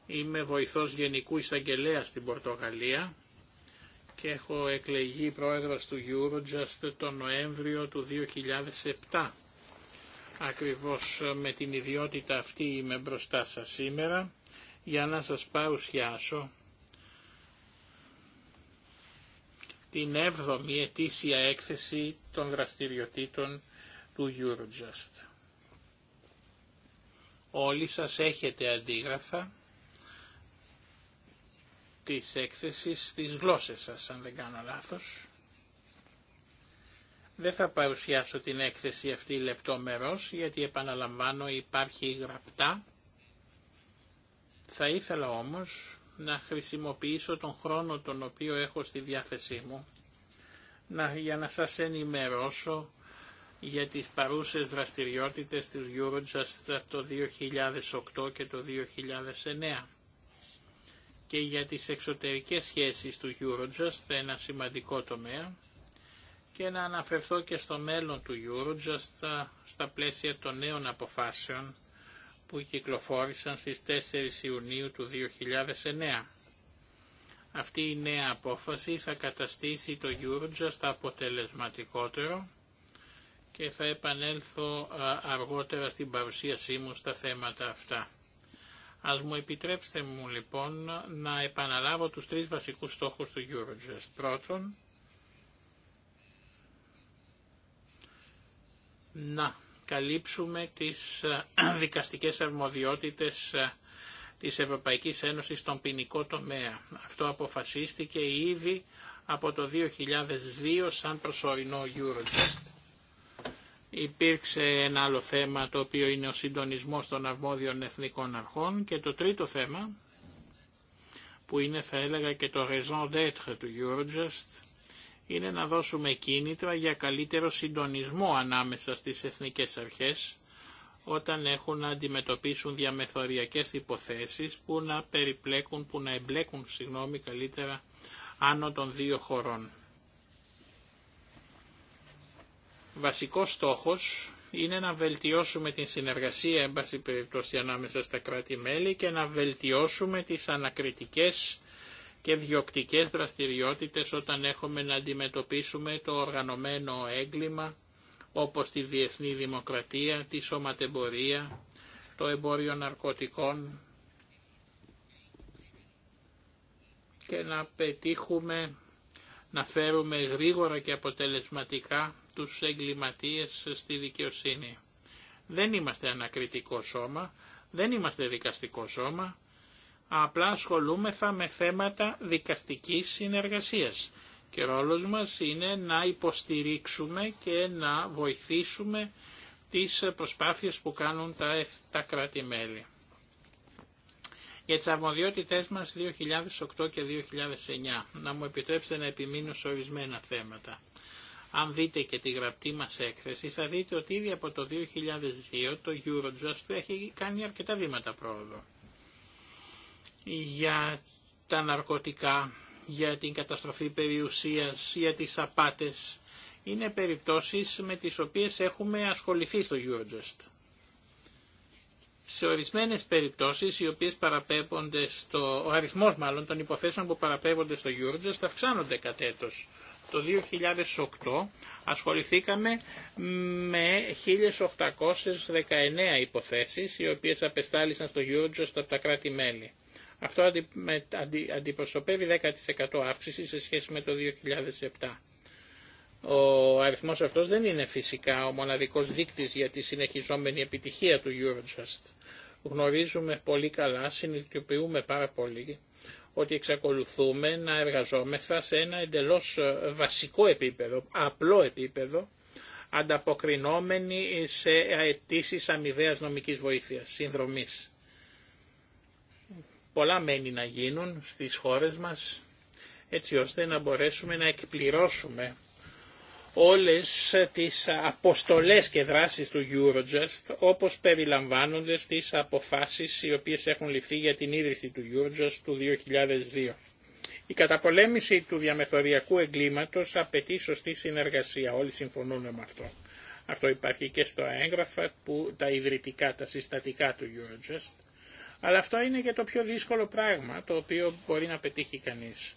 S4: είμαι βοηθός Γενικού Εισαγγελέα στην Πορτογαλία και έχω εκλεγεί πρόεδρος του Eurojust τον Νοέμβριο του 2007. Ακριβώς με την ιδιότητα αυτή είμαι μπροστά σας σήμερα για να σας παρουσιάσω την 7η ετήσια έκθεση των δραστηριοτήτων του Eurojust. Όλοι σας έχετε αντίγραφα της έκθεσης της γλώσσας, σας, αν δεν κάνω λάθος. Δεν θα παρουσιάσω την έκθεση αυτή λεπτόμερος, γιατί επαναλαμβάνω υπάρχει γραπτά θα ήθελα όμως να χρησιμοποιήσω τον χρόνο τον οποίο έχω στη διάθεσή μου να, για να σας ενημερώσω για τις παρούσες δραστηριότητες της Eurojust το 2008 και το 2009 και για τις εξωτερικές σχέσεις του Eurojust, ένα σημαντικό τομέα, και να αναφερθώ και στο μέλλον του Eurojust στα πλαίσια των νέων αποφάσεων που κυκλοφόρησαν στις 4 Ιουνίου του 2009. Αυτή η νέα απόφαση θα καταστήσει το Eurojust αποτελεσματικότερο και θα επανέλθω αργότερα στην παρουσίασή μου στα θέματα αυτά. Ας μου επιτρέψτε μου λοιπόν να επαναλάβω τους τρεις βασικούς στόχους του Eurojust. Πρώτον, να καλύψουμε τις ε, δικαστικές αρμοδιότητες ε, της Ευρωπαϊκής Ένωσης στον ποινικό τομέα. Αυτό αποφασίστηκε ήδη από το 2002 σαν προσωρινό Eurojust. Υπήρξε ένα άλλο θέμα το οποίο είναι ο συντονισμός των αρμόδιων εθνικών αρχών και το τρίτο θέμα που είναι θα έλεγα και το raison d'être του Eurojust είναι να δώσουμε κίνητρα για καλύτερο συντονισμό ανάμεσα στις εθνικές αρχές όταν έχουν να αντιμετωπίσουν διαμεθοριακές υποθέσεις που να περιπλέκουν, που να εμπλέκουν, συγγνώμη, καλύτερα άνω των δύο χωρών. Βασικός στόχος είναι να βελτιώσουμε την συνεργασία, εν πάση περιπτώσει, ανάμεσα στα κράτη-μέλη και να βελτιώσουμε τις ανακριτικές και διοκτικές δραστηριότητες όταν έχουμε να αντιμετωπίσουμε το οργανωμένο έγκλημα όπως τη διεθνή δημοκρατία, τη σωματεμπορία, το εμπόριο ναρκωτικών και να πετύχουμε να φέρουμε γρήγορα και αποτελεσματικά τους εγκληματίες στη δικαιοσύνη. Δεν είμαστε ανακριτικό σώμα, δεν είμαστε δικαστικό σώμα, απλά ασχολούμεθα με θέματα δικαστικής συνεργασίας και ρόλος μας είναι να υποστηρίξουμε και να βοηθήσουμε τις προσπάθειες που κάνουν τα, ε, τα κράτη-μέλη. Για τις αρμοδιότητές μας 2008 και 2009, να μου επιτρέψετε να επιμείνω σε ορισμένα θέματα. Αν δείτε και τη γραπτή μας έκθεση, θα δείτε ότι ήδη από το 2002 το Eurojust έχει κάνει αρκετά βήματα πρόοδο για τα ναρκωτικά, για την καταστροφή περιουσίας, για τις απάτες. Είναι περιπτώσεις με τις οποίες έχουμε ασχοληθεί στο Eurojust. Σε ορισμένες περιπτώσεις οι οποίες παραπέμπονται στο... ο αριθμός μάλλον των υποθέσεων που παραπέμπονται στο Eurojust αυξάνονται κατ' έτος. Το 2008 ασχοληθήκαμε με 1.819 υποθέσεις οι οποίες απεστάλησαν στο Eurojust από τα κράτη-μέλη. Αυτό αντιπροσωπεύει 10% αύξηση σε σχέση με το 2007. Ο αριθμός αυτός δεν είναι φυσικά ο μοναδικός δείκτης για τη συνεχιζόμενη επιτυχία του Eurojust. Γνωρίζουμε πολύ καλά, συνειδητοποιούμε πάρα πολύ ότι εξακολουθούμε να εργαζόμεθα σε ένα εντελώς ε, βασικό επίπεδο, απλό επίπεδο, ανταποκρινόμενοι σε αιτήσει αμοιβαία νομικής βοήθειας, συνδρομής. Πολλά μένει να γίνουν στις χώρες μας έτσι ώστε να μπορέσουμε να εκπληρώσουμε όλες τις αποστολές και δράσεις του Eurojust όπως περιλαμβάνονται στις αποφάσεις οι οποίες έχουν ληφθεί για την ίδρυση του Eurojust του 2002. Η καταπολέμηση του διαμεθοριακού εγκλήματος απαιτεί σωστή συνεργασία. Όλοι συμφωνούν με αυτό. Αυτό υπάρχει και στο έγγραφα που τα ιδρυτικά, τα συστατικά του Eurojust αλλά αυτό είναι και το πιο δύσκολο πράγμα το οποίο μπορεί να πετύχει κανείς.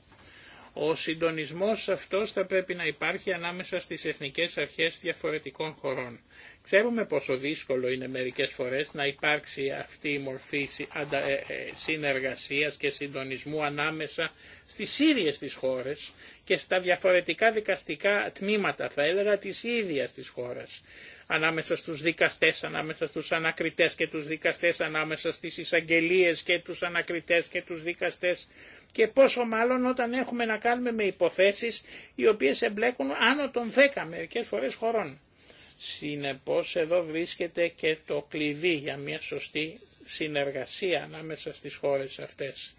S4: Ο συντονισμός αυτός θα πρέπει να υπάρχει ανάμεσα στις εθνικές αρχές διαφορετικών χωρών. Ξέρουμε πόσο δύσκολο είναι μερικές φορές να υπάρξει αυτή η μορφή ε, ε, συνεργασίας και συντονισμού ανάμεσα στις ίδιες τις χώρες και στα διαφορετικά δικαστικά τμήματα, θα έλεγα, της ίδιας της χώρας ανάμεσα στους δικαστές, ανάμεσα στους ανακριτές και τους δικαστές, ανάμεσα στις εισαγγελίε και τους ανακριτές και τους δικαστές και πόσο μάλλον όταν έχουμε να κάνουμε με υποθέσεις οι οποίες εμπλέκουν άνω των 10 μερικές φορές χωρών. Συνεπώς εδώ βρίσκεται και το κλειδί για μια σωστή συνεργασία ανάμεσα στις χώρες αυτές.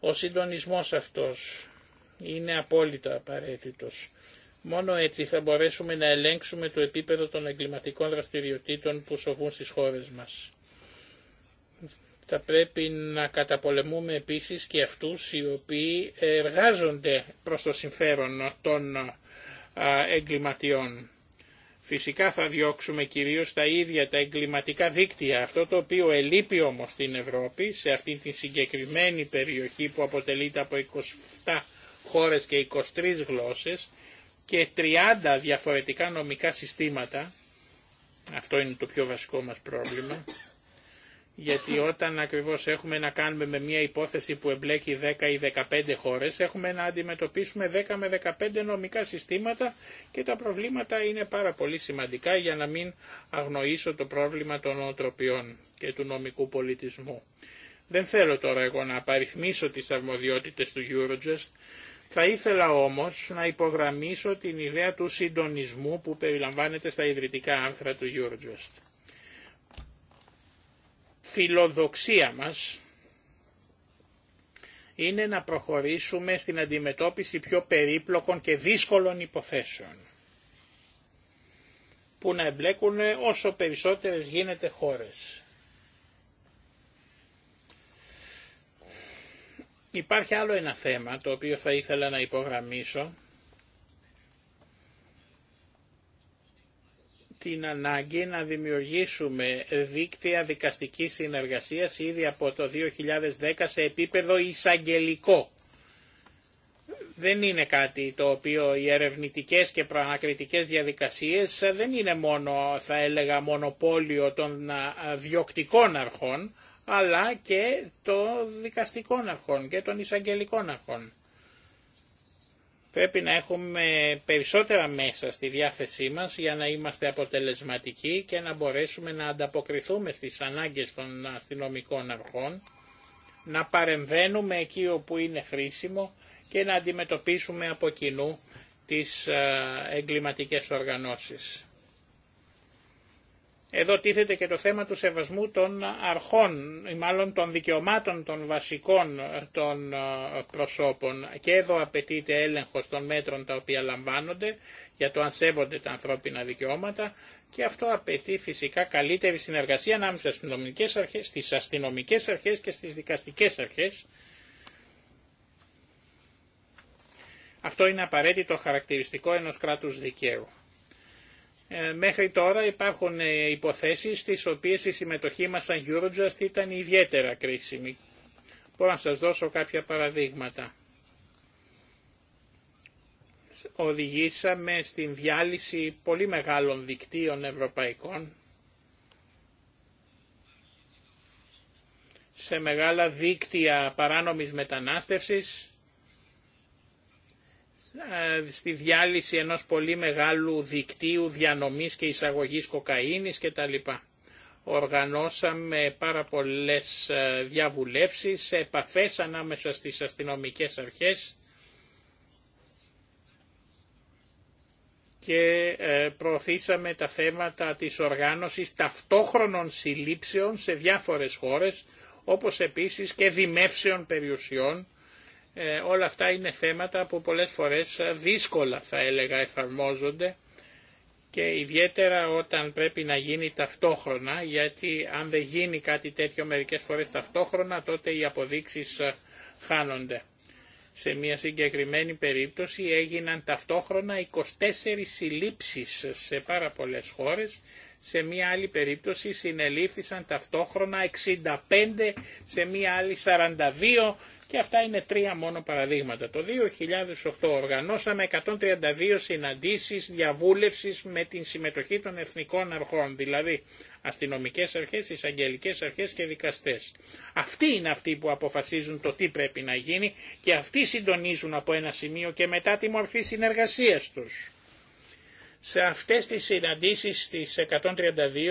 S4: Ο συντονισμός αυτός είναι απόλυτα απαραίτητος. Μόνο έτσι θα μπορέσουμε να ελέγξουμε το επίπεδο των εγκληματικών δραστηριοτήτων που σοβούν στις χώρες μας. Θα πρέπει να καταπολεμούμε επίσης και αυτούς οι οποίοι εργάζονται προς το συμφέρον των εγκληματιών. Φυσικά θα διώξουμε κυρίως τα ίδια τα εγκληματικά δίκτυα. Αυτό το οποίο ελείπει όμως στην Ευρώπη, σε αυτή τη συγκεκριμένη περιοχή που αποτελείται από 27 χώρες και 23 γλώσσες, και 30 διαφορετικά νομικά συστήματα, αυτό είναι το πιο βασικό μας πρόβλημα, γιατί όταν ακριβώς έχουμε να κάνουμε με μια υπόθεση που εμπλέκει 10 ή 15 χώρες, έχουμε να αντιμετωπίσουμε 10 με 15 νομικά συστήματα και τα προβλήματα είναι πάρα πολύ σημαντικά για να μην αγνοήσω το πρόβλημα των οτροπιών και του νομικού πολιτισμού. Δεν θέλω τώρα εγώ να απαριθμίσω τις αρμοδιότητες του Eurojust, θα ήθελα όμως να υπογραμμίσω την ιδέα του συντονισμού που περιλαμβάνεται στα ιδρυτικά άρθρα του Eurojust. Φιλοδοξία μας είναι να προχωρήσουμε στην αντιμετώπιση πιο περίπλοκων και δύσκολων υποθέσεων που να εμπλέκουν όσο περισσότερες γίνεται χώρες. Υπάρχει άλλο ένα θέμα το οποίο θα ήθελα να υπογραμμίσω. την ανάγκη να δημιουργήσουμε δίκτυα δικαστικής συνεργασίας ήδη από το 2010 σε επίπεδο εισαγγελικό. Δεν είναι κάτι το οποίο οι ερευνητικές και προανακριτικές διαδικασίες δεν είναι μόνο, θα έλεγα, μονοπόλιο των διοκτικών αρχών, αλλά και των δικαστικών αρχών και των εισαγγελικών αρχών. Πρέπει να έχουμε περισσότερα μέσα στη διάθεσή μας για να είμαστε αποτελεσματικοί και να μπορέσουμε να ανταποκριθούμε στις ανάγκες των αστυνομικών αρχών, να παρεμβαίνουμε εκεί όπου είναι χρήσιμο και να αντιμετωπίσουμε από κοινού τις ε, εγκληματικές οργανώσεις. Εδώ τίθεται και το θέμα του σεβασμού των αρχών, ή μάλλον των δικαιωμάτων των βασικών ε, των ε, προσώπων. Και εδώ απαιτείται έλεγχος των μέτρων τα οποία λαμβάνονται για το αν σέβονται τα ανθρώπινα δικαιώματα και αυτό απαιτεί φυσικά καλύτερη συνεργασία ανάμεσα στις αστυνομικές αρχές, στις αστυνομικές αρχές και στις δικαστικές αρχές. Αυτό είναι απαραίτητο χαρακτηριστικό ενός κράτους δικαίου. Ε, μέχρι τώρα υπάρχουν ε, υποθέσεις στις οποίες η συμμετοχή μας σαν Eurojust ήταν ιδιαίτερα κρίσιμη. Μπορώ να σας δώσω κάποια παραδείγματα. Οδηγήσαμε στην διάλυση πολύ μεγάλων δικτύων ευρωπαϊκών σε μεγάλα δίκτυα παράνομης μετανάστευσης ε, στη διάλυση ενός πολύ μεγάλου δικτύου διανομής και εισαγωγής κοκαίνης κτλ. Οργανώσαμε πάρα πολλές ε, διαβουλεύσεις, επαφές ανάμεσα στις αστυνομικές αρχές και ε, προωθήσαμε τα θέματα της οργάνωσης ταυτόχρονων συλλήψεων σε διάφορες χώρες, όπως επίσης και δημεύσεων περιουσιών, ε, όλα αυτά είναι θέματα που πολλές φορές δύσκολα θα έλεγα εφαρμόζονται και ιδιαίτερα όταν πρέπει να γίνει ταυτόχρονα γιατί αν δεν γίνει κάτι τέτοιο μερικές φορές ταυτόχρονα τότε οι αποδείξεις ε, χάνονται. Σε μια συγκεκριμένη περίπτωση έγιναν ταυτόχρονα 24 συλλήψεις σε πάρα πολλές χώρες. Σε μια άλλη περίπτωση συνελήφθησαν ταυτόχρονα 65, σε μια άλλη 42, και αυτά είναι τρία μόνο παραδείγματα. Το 2008 οργανώσαμε 132 συναντήσεις διαβούλευσης με την συμμετοχή των εθνικών αρχών, δηλαδή αστυνομικές αρχές, εισαγγελικές αρχές και δικαστές. Αυτοί είναι αυτοί που αποφασίζουν το τι πρέπει να γίνει και αυτοί συντονίζουν από ένα σημείο και μετά τη μορφή συνεργασίας τους. Σε αυτές τις συναντήσεις στις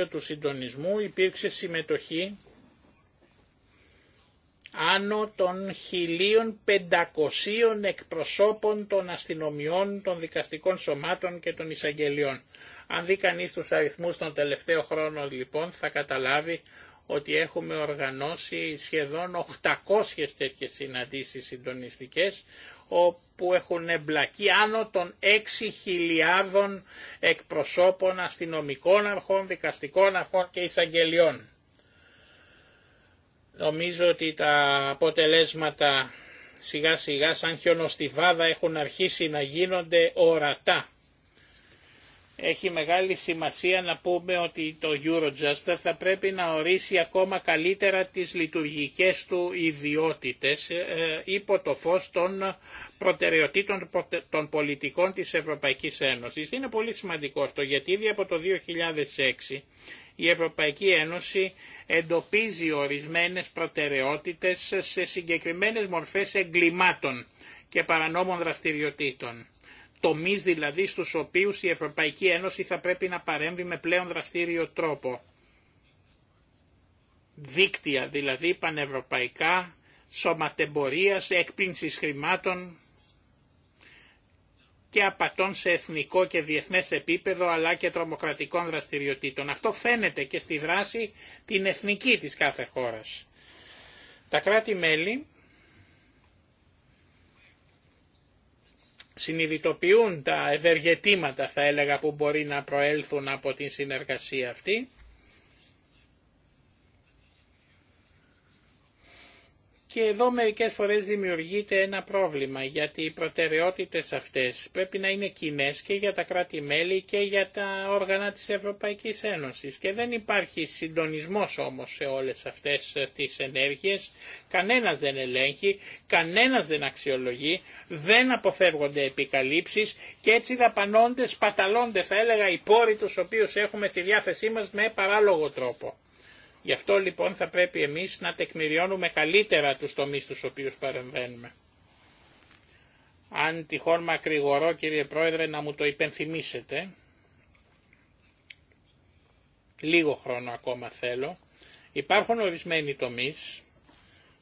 S4: 132 του συντονισμού υπήρξε συμμετοχή άνω των 1500 εκπροσώπων των αστυνομιών, των δικαστικών σωμάτων και των εισαγγελιών. Αν δει κανεί τους αριθμούς των τελευταίων χρόνων λοιπόν θα καταλάβει ότι έχουμε οργανώσει σχεδόν 800 τέτοιες συναντήσεις συντονιστικές όπου έχουν εμπλακεί άνω των 6.000 εκπροσώπων αστυνομικών αρχών, δικαστικών αρχών και εισαγγελιών. Νομίζω ότι τα αποτελέσματα σιγά σιγά σαν χιονοστιβάδα έχουν αρχίσει να γίνονται ορατά. Έχει μεγάλη σημασία να πούμε ότι το Eurojust θα πρέπει να ορίσει ακόμα καλύτερα τις λειτουργικές του ιδιότητες ε, υπό το φως των προτεραιοτήτων των πολιτικών της Ευρωπαϊκής Ένωσης. Είναι πολύ σημαντικό αυτό γιατί ήδη από το 2006 η Ευρωπαϊκή Ένωση εντοπίζει ορισμένες προτεραιότητες σε συγκεκριμένες μορφές εγκλημάτων και παρανόμων δραστηριοτήτων. Τομεί δηλαδή στους οποίους η Ευρωπαϊκή Ένωση θα πρέπει να παρέμβει με πλέον δραστήριο τρόπο. Δίκτυα δηλαδή πανευρωπαϊκά, σωματεμπορίας, έκπληνσης χρημάτων και απατών σε εθνικό και διεθνές επίπεδο αλλά και τρομοκρατικών δραστηριοτήτων. Αυτό φαίνεται και στη δράση την εθνική της κάθε χώρας. Τα κράτη-μέλη συνειδητοποιούν τα ευεργετήματα θα έλεγα που μπορεί να προέλθουν από την συνεργασία αυτή Και εδώ μερικές φορές δημιουργείται ένα πρόβλημα γιατί οι προτεραιότητες αυτές πρέπει να είναι κοινέ και για τα κράτη-μέλη και για τα όργανα της Ευρωπαϊκής Ένωσης και δεν υπάρχει συντονισμός όμως σε όλες αυτές τις ενέργειες, κανένας δεν ελέγχει, κανένας δεν αξιολογεί, δεν αποφεύγονται επικαλύψεις και έτσι δαπανώνται, σπαταλώνται θα έλεγα οι πόροι τους οποίους έχουμε στη διάθεσή μας με παράλογο τρόπο. Γι' αυτό λοιπόν θα πρέπει εμείς να τεκμηριώνουμε καλύτερα τους τομείς τους οποίους παρεμβαίνουμε. Αν τυχόν μακρηγορώ κύριε Πρόεδρε να μου το υπενθυμίσετε, λίγο χρόνο ακόμα θέλω, υπάρχουν ορισμένοι τομείς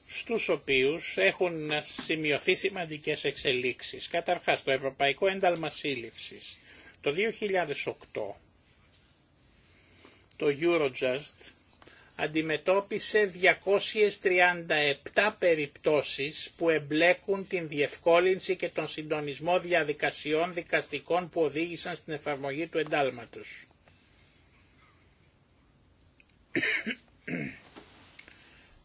S4: στους οποίους έχουν σημειωθεί σημαντικές εξελίξεις. Καταρχάς το Ευρωπαϊκό Ένταλμα Σύλληψης. Το 2008 το Eurojust αντιμετώπισε 237 περιπτώσεις που εμπλέκουν την διευκόλυνση και τον συντονισμό διαδικασιών δικαστικών που οδήγησαν στην εφαρμογή του εντάλματος.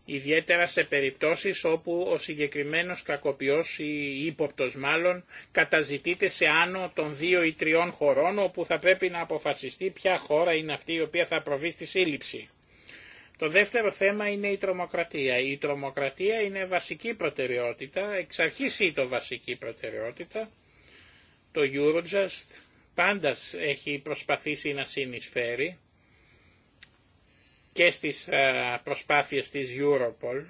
S4: Ιδιαίτερα σε περιπτώσεις όπου ο συγκεκριμένος κακοποιός ή ύποπτος μάλλον καταζητείται σε άνω των δύο ή τριών χωρών όπου θα πρέπει να αποφασιστεί ποια χώρα είναι αυτή η οποία θα προβεί στη σύλληψη. Το δεύτερο θέμα είναι η τρομοκρατία. Η τρομοκρατία είναι βασική προτεραιότητα, εξ αρχής ήταν βασική προτεραιότητα. Το Eurojust πάντα έχει προσπαθήσει να συνεισφέρει και στις προσπάθειες της Europol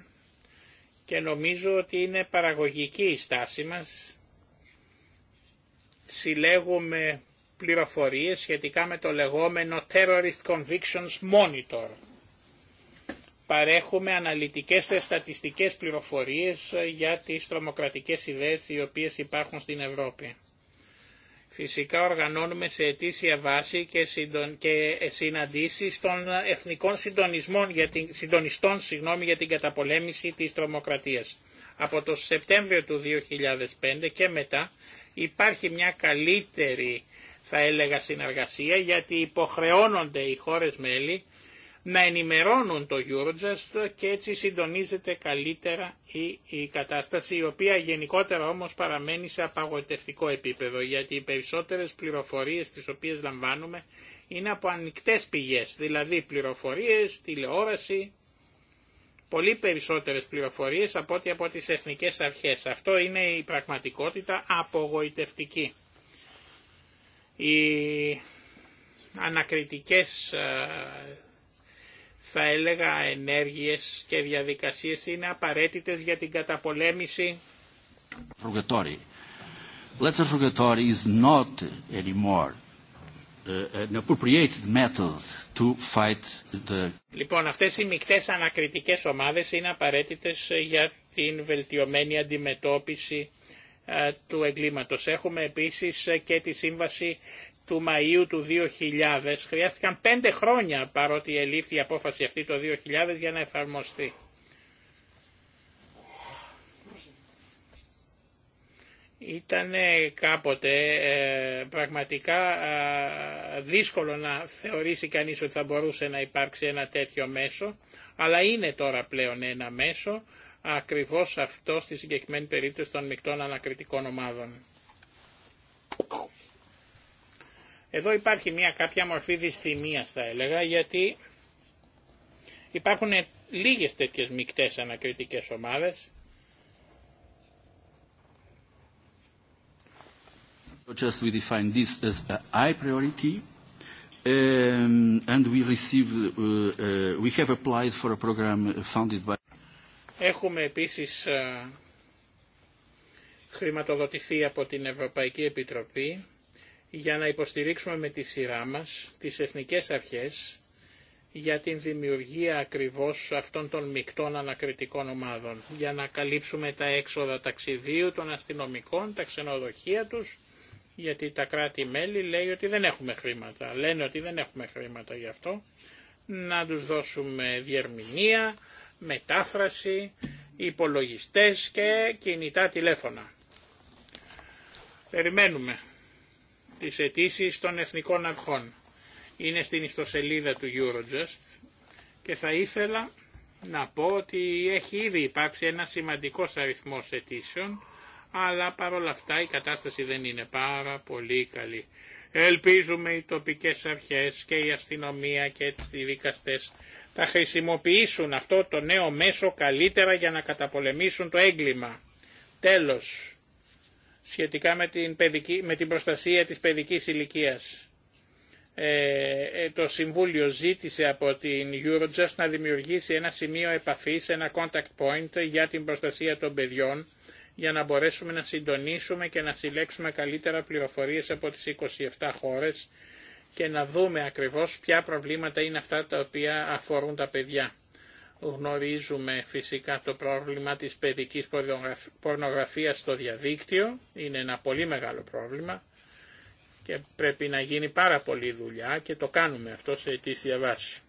S4: και νομίζω ότι είναι παραγωγική η στάση μας. Συλλέγουμε πληροφορίες σχετικά με το λεγόμενο Terrorist Convictions Monitor παρέχουμε αναλυτικές στατιστικές πληροφορίες ε, για τις τρομοκρατικές ιδέες οι οποίες υπάρχουν στην Ευρώπη. Φυσικά οργανώνουμε σε αιτήσια βάση και, συντον, και συναντήσεις των εθνικών συντονισμών για την, συντονιστών συγγνώμη, για την καταπολέμηση της τρομοκρατίας. Από το Σεπτέμβριο του 2005 και μετά υπάρχει μια καλύτερη θα έλεγα συνεργασία γιατί υποχρεώνονται οι χώρες μέλη να ενημερώνουν το Eurojust και έτσι συντονίζεται καλύτερα η, η κατάσταση, η οποία γενικότερα όμως παραμένει σε απαγοητευτικό επίπεδο, γιατί οι περισσότερες πληροφορίες τις οποίες λαμβάνουμε είναι από ανοιχτές πηγές, δηλαδή πληροφορίες, τηλεόραση, πολύ περισσότερες πληροφορίες από ό,τι από τις εθνικές αρχές. Αυτό είναι η πραγματικότητα απογοητευτική. Οι ανακριτικές ε, θα έλεγα ενέργειες και διαδικασίες είναι απαραίτητες για την καταπολέμηση
S1: Φρουγετόρι. is not anymore ε, to fight the...
S4: Λοιπόν, αυτές οι μικτές ανακριτικές ομάδες είναι απαραίτητες για την βελτιωμένη αντιμετώπιση ε, του εγκλήματος. Έχουμε επίσης ε, και τη σύμβαση του Μαΐου του 2000 χρειάστηκαν πέντε χρόνια παρότι ελήφθη η απόφαση αυτή το 2000 για να εφαρμοστεί. Ήταν κάποτε ε, πραγματικά δύσκολο να θεωρήσει κανείς ότι θα μπορούσε να υπάρξει ένα τέτοιο μέσο, αλλά είναι τώρα πλέον ένα μέσο, ακριβώς αυτό στη συγκεκριμένη περίπτωση των μεικτών ανακριτικών ομάδων. Εδώ υπάρχει μια κάποια μορφή δυσθυμίας θα έλεγα γιατί υπάρχουν λίγες τέτοιες μικτές ανακριτικές ομάδες Έχουμε επίσης ε, χρηματοδοτηθεί από την Ευρωπαϊκή Επιτροπή για να υποστηρίξουμε με τη σειρά μας τις εθνικές αρχές για την δημιουργία ακριβώς αυτών των μεικτών ανακριτικών ομάδων, για να καλύψουμε τα έξοδα ταξιδίου των αστυνομικών, τα ξενοδοχεία τους, γιατί τα κράτη-μέλη λέει ότι δεν έχουμε χρήματα, λένε ότι δεν έχουμε χρήματα γι' αυτό, να τους δώσουμε διερμηνία, μετάφραση, υπολογιστές και κινητά τηλέφωνα. Περιμένουμε τις αιτήσει των εθνικών αρχών. Είναι στην ιστοσελίδα του Eurojust και θα ήθελα να πω ότι έχει ήδη υπάρξει ένα σημαντικό αριθμό αιτήσεων, αλλά παρόλα αυτά η κατάσταση δεν είναι πάρα πολύ καλή. Ελπίζουμε οι τοπικές αρχές και η αστυνομία και οι δικαστές θα χρησιμοποιήσουν αυτό το νέο μέσο καλύτερα για να καταπολεμήσουν το έγκλημα. Τέλος σχετικά με την, παιδική, με την προστασία της παιδικής ηλικίας. Ε, ε, το Συμβούλιο ζήτησε από την Eurojust να δημιουργήσει ένα σημείο επαφής, ένα contact point για την προστασία των παιδιών, για να μπορέσουμε να συντονίσουμε και να συλλέξουμε καλύτερα πληροφορίες από τις 27 χώρες και να δούμε ακριβώς ποια προβλήματα είναι αυτά τα οποία αφορούν τα παιδιά. Γνωρίζουμε φυσικά το πρόβλημα της παιδικής πορνογραφίας στο διαδίκτυο, είναι ένα πολύ μεγάλο πρόβλημα και πρέπει να γίνει πάρα πολύ δουλειά και το κάνουμε αυτό σε αιτήσια βάση.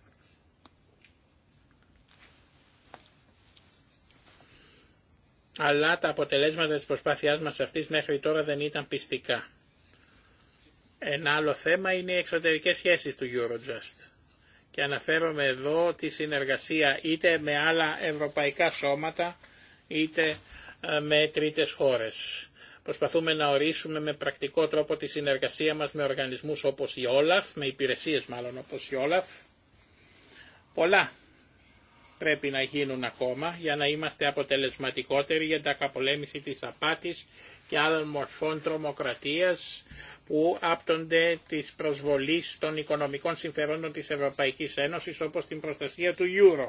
S4: αλλά τα αποτελέσματα της προσπάθειάς μας αυτής μέχρι τώρα δεν ήταν πιστικά. Ένα άλλο θέμα είναι οι εξωτερικές σχέσεις του Eurojust και αναφέρομαι εδώ τη συνεργασία είτε με άλλα ευρωπαϊκά σώματα είτε ε, με τρίτες χώρες. Προσπαθούμε να ορίσουμε με πρακτικό τρόπο τη συνεργασία μας με οργανισμούς όπως η Όλαφ, με υπηρεσίες μάλλον όπως η Όλαφ. Πολλά πρέπει να γίνουν ακόμα για να είμαστε αποτελεσματικότεροι για την καπολέμηση της απάτης και άλλων μορφών τρομοκρατίας που άπτονται της προσβολής των οικονομικών συμφερόντων της Ευρωπαϊκής Ένωσης όπως την προστασία του Euro.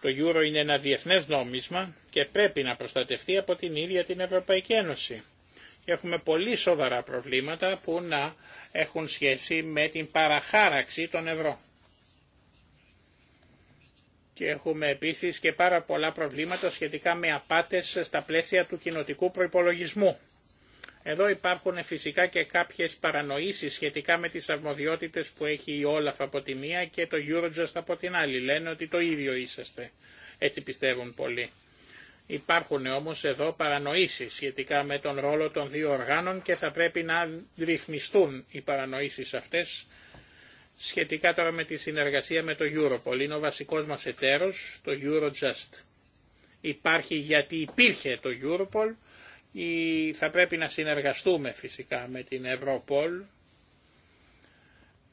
S4: Το Euro είναι ένα διεθνές νόμισμα και πρέπει να προστατευτεί από την ίδια την Ευρωπαϊκή Ένωση. έχουμε πολύ σοβαρά προβλήματα που να έχουν σχέση με την παραχάραξη των ευρώ. Και έχουμε επίσης και πάρα πολλά προβλήματα σχετικά με απάτες στα πλαίσια του κοινοτικού προϋπολογισμού. Εδώ υπάρχουν φυσικά και κάποιες παρανοήσεις σχετικά με τις αρμοδιότητες που έχει η Όλαφ από τη μία και το Eurojust από την άλλη. Λένε ότι το ίδιο είσαστε. Έτσι πιστεύουν πολλοί. Υπάρχουν όμως εδώ παρανοήσεις σχετικά με τον ρόλο των δύο οργάνων και θα πρέπει να ρυθμιστούν οι παρανοήσεις αυτές σχετικά τώρα με τη συνεργασία με το Europol. Είναι ο βασικός μας εταίρος, το Eurojust. Υπάρχει γιατί υπήρχε το Europol ή θα πρέπει να συνεργαστούμε φυσικά με την Ευρωπόλ,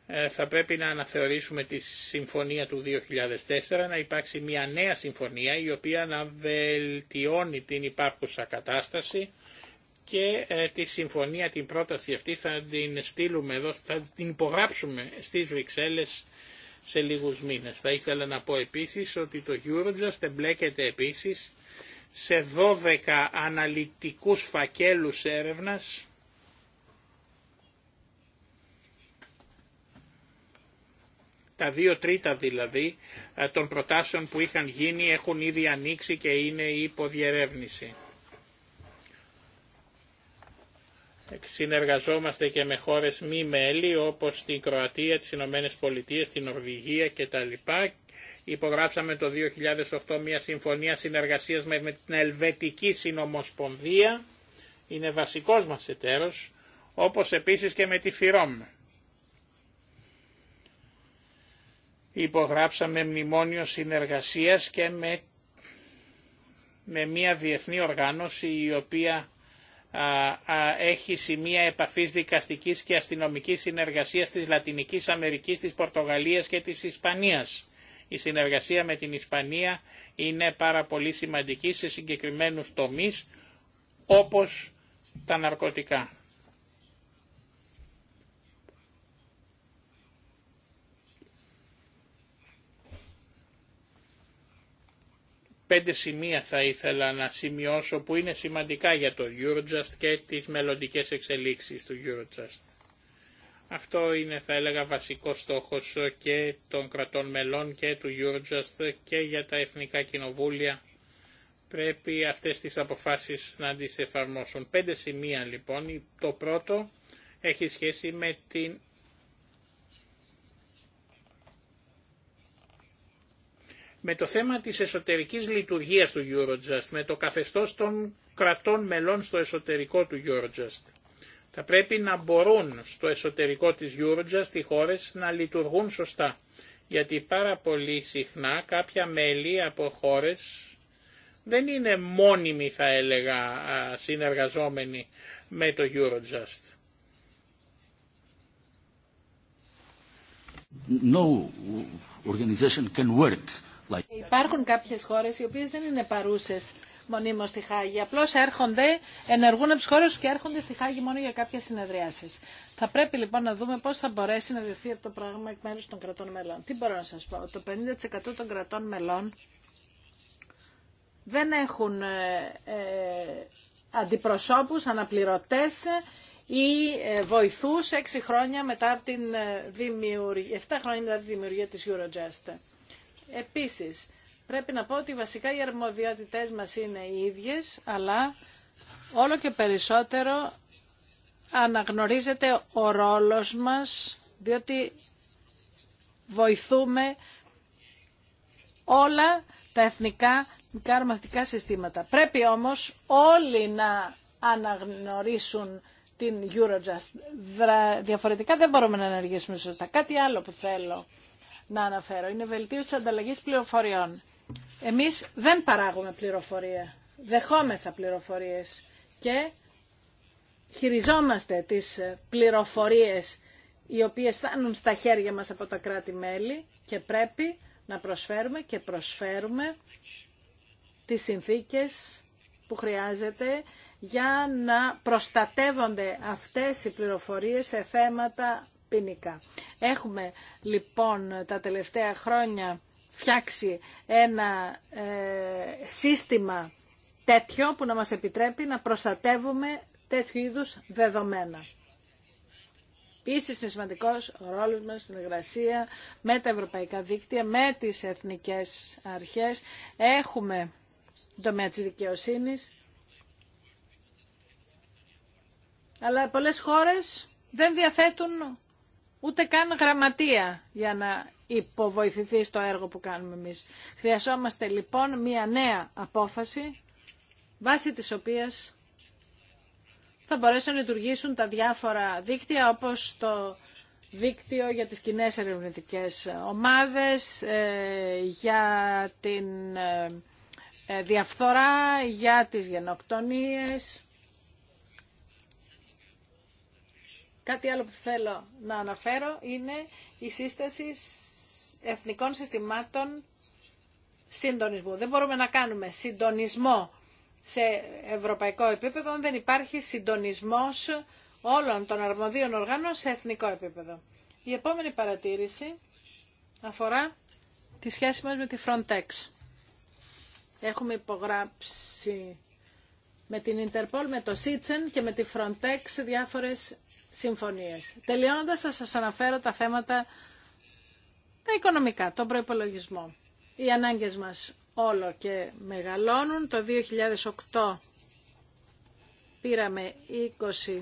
S4: ε, θα πρέπει να αναθεωρήσουμε τη συμφωνία του 2004, να υπάρξει μια νέα συμφωνία η οποία να βελτιώνει την υπάρχουσα κατάσταση και ε, τη συμφωνία, την πρόταση αυτή θα την στείλουμε εδώ, θα την υπογράψουμε στις Βρυξέλλες σε λίγους μήνες. Θα ήθελα να πω επίσης ότι το Eurojust εμπλέκεται επίσης σε 12 αναλυτικούς φακέλους έρευνας τα δύο τρίτα δηλαδή ε, των προτάσεων που είχαν γίνει έχουν ήδη ανοίξει και είναι υποδιερεύνηση. Συνεργαζόμαστε και με χώρες μη μέλη όπως την Κροατία, τις Ηνωμένες Πολιτείες, την Νορβηγία κτλ. Υπογράψαμε το 2008 μια συμφωνία συνεργασίας με την Ελβετική Συνομοσπονδία, είναι βασικός μας εταίρος, όπως επίσης και με τη Φιρόμ. Υπογράψαμε μνημόνιο συνεργασίας και με, μια διεθνή οργάνωση η οποία έχει σημεία επαφής δικαστικής και αστυνομικής συνεργασίας της Λατινικής Αμερικής, της Πορτογαλίας και της Ισπανίας. Η συνεργασία με την Ισπανία είναι πάρα πολύ σημαντική σε συγκεκριμένους τομείς όπως τα ναρκωτικά. πέντε σημεία θα ήθελα να σημειώσω που είναι σημαντικά για το Eurojust και τις μελλοντικές εξελίξεις του Eurojust. Αυτό είναι θα έλεγα βασικό στόχος και των κρατών μελών και του Eurojust και για τα εθνικά κοινοβούλια. Πρέπει αυτές τις αποφάσεις να τις εφαρμόσουν. Πέντε σημεία λοιπόν. Το πρώτο έχει σχέση με την με το θέμα της εσωτερικής λειτουργίας του Eurojust, με το καθεστώς των κρατών μελών στο εσωτερικό του Eurojust. Θα πρέπει να μπορούν στο εσωτερικό της Eurojust οι χώρες να λειτουργούν σωστά. Γιατί πάρα πολύ συχνά κάποια μέλη από χώρες δεν είναι μόνιμοι θα έλεγα συνεργαζόμενοι με το Eurojust.
S2: Υπάρχουν κάποιες χώρες οι οποίες δεν είναι παρούσες μονίμω στη Χάγη. Απλώ έρχονται, ενεργούν από του χώρε και έρχονται στη Χάγη μόνο για κάποιες συνεδριάσεις. Θα πρέπει λοιπόν να δούμε πώς θα μπορέσει να διευθύνει αυτό το πράγμα εκ μέρου των κρατών μελών. Τι μπορώ να σας πω, το 50% των κρατών μελών δεν έχουν ε, ε, αντιπροσώπους, αναπληρωτές ή ε, βοηθούς 6 χρόνια μετά την δημιουργία, 7 χρόνια μετά τη δημιουργία της Eurojust. Επίσης, Πρέπει να πω ότι βασικά οι αρμοδιότητές μας είναι οι ίδιες, αλλά όλο και περισσότερο αναγνωρίζεται ο ρόλος μας, διότι βοηθούμε όλα τα εθνικά καρμαθητικά συστήματα. Πρέπει όμως όλοι να αναγνωρίσουν την Eurojust. Διαφορετικά δεν μπορούμε να ενεργήσουμε σωστά. Κάτι άλλο που θέλω να αναφέρω είναι βελτίωση της ανταλλαγής πληροφοριών. Εμείς δεν παράγουμε πληροφορία, δεχόμεθα πληροφορίες και χειριζόμαστε τις πληροφορίες οι οποίες φτάνουν στα χέρια μας από τα κράτη-μέλη και πρέπει να προσφέρουμε και προσφέρουμε τις συνθήκες που χρειάζεται για να προστατεύονται αυτές οι πληροφορίες σε θέματα ποινικά. Έχουμε λοιπόν τα τελευταία χρόνια φτιάξει ένα ε, σύστημα τέτοιο που να μας επιτρέπει να προστατεύουμε τέτοιου είδους δεδομένα. Επίση είναι σημαντικό ο ρόλο μα στην εργασία με τα ευρωπαϊκά δίκτυα, με τι εθνικέ αρχέ. Έχουμε το τομέα τη δικαιοσύνη. Αλλά πολλές χώρες δεν διαθέτουν ούτε καν γραμματεία για να υποβοηθηθεί στο έργο που κάνουμε εμείς. Χρειαζόμαστε λοιπόν μια νέα απόφαση βάσει της οποίας θα μπορέσουν να λειτουργήσουν τα διάφορα δίκτυα όπως το δίκτυο για τις κοινέ ερευνητικέ ομάδες, ε, για την ε, ε, διαφθορά, για τις γενοκτονίες. Κάτι άλλο που θέλω να αναφέρω είναι η σύσταση εθνικών συστημάτων συντονισμού. Δεν μπορούμε να κάνουμε συντονισμό σε ευρωπαϊκό επίπεδο αν δεν υπάρχει συντονισμός όλων των αρμοδίων οργάνων σε εθνικό επίπεδο. Η επόμενη παρατήρηση αφορά τη σχέση μας με τη Frontex. Έχουμε υπογράψει με την Interpol, με το CITSEN και με τη Frontex διάφορες συμφωνίες. Τελειώνοντας θα σας αναφέρω τα θέματα τα οικονομικά, τον προϋπολογισμό. Οι ανάγκες μας όλο και μεγαλώνουν. Το 2008 πήραμε 20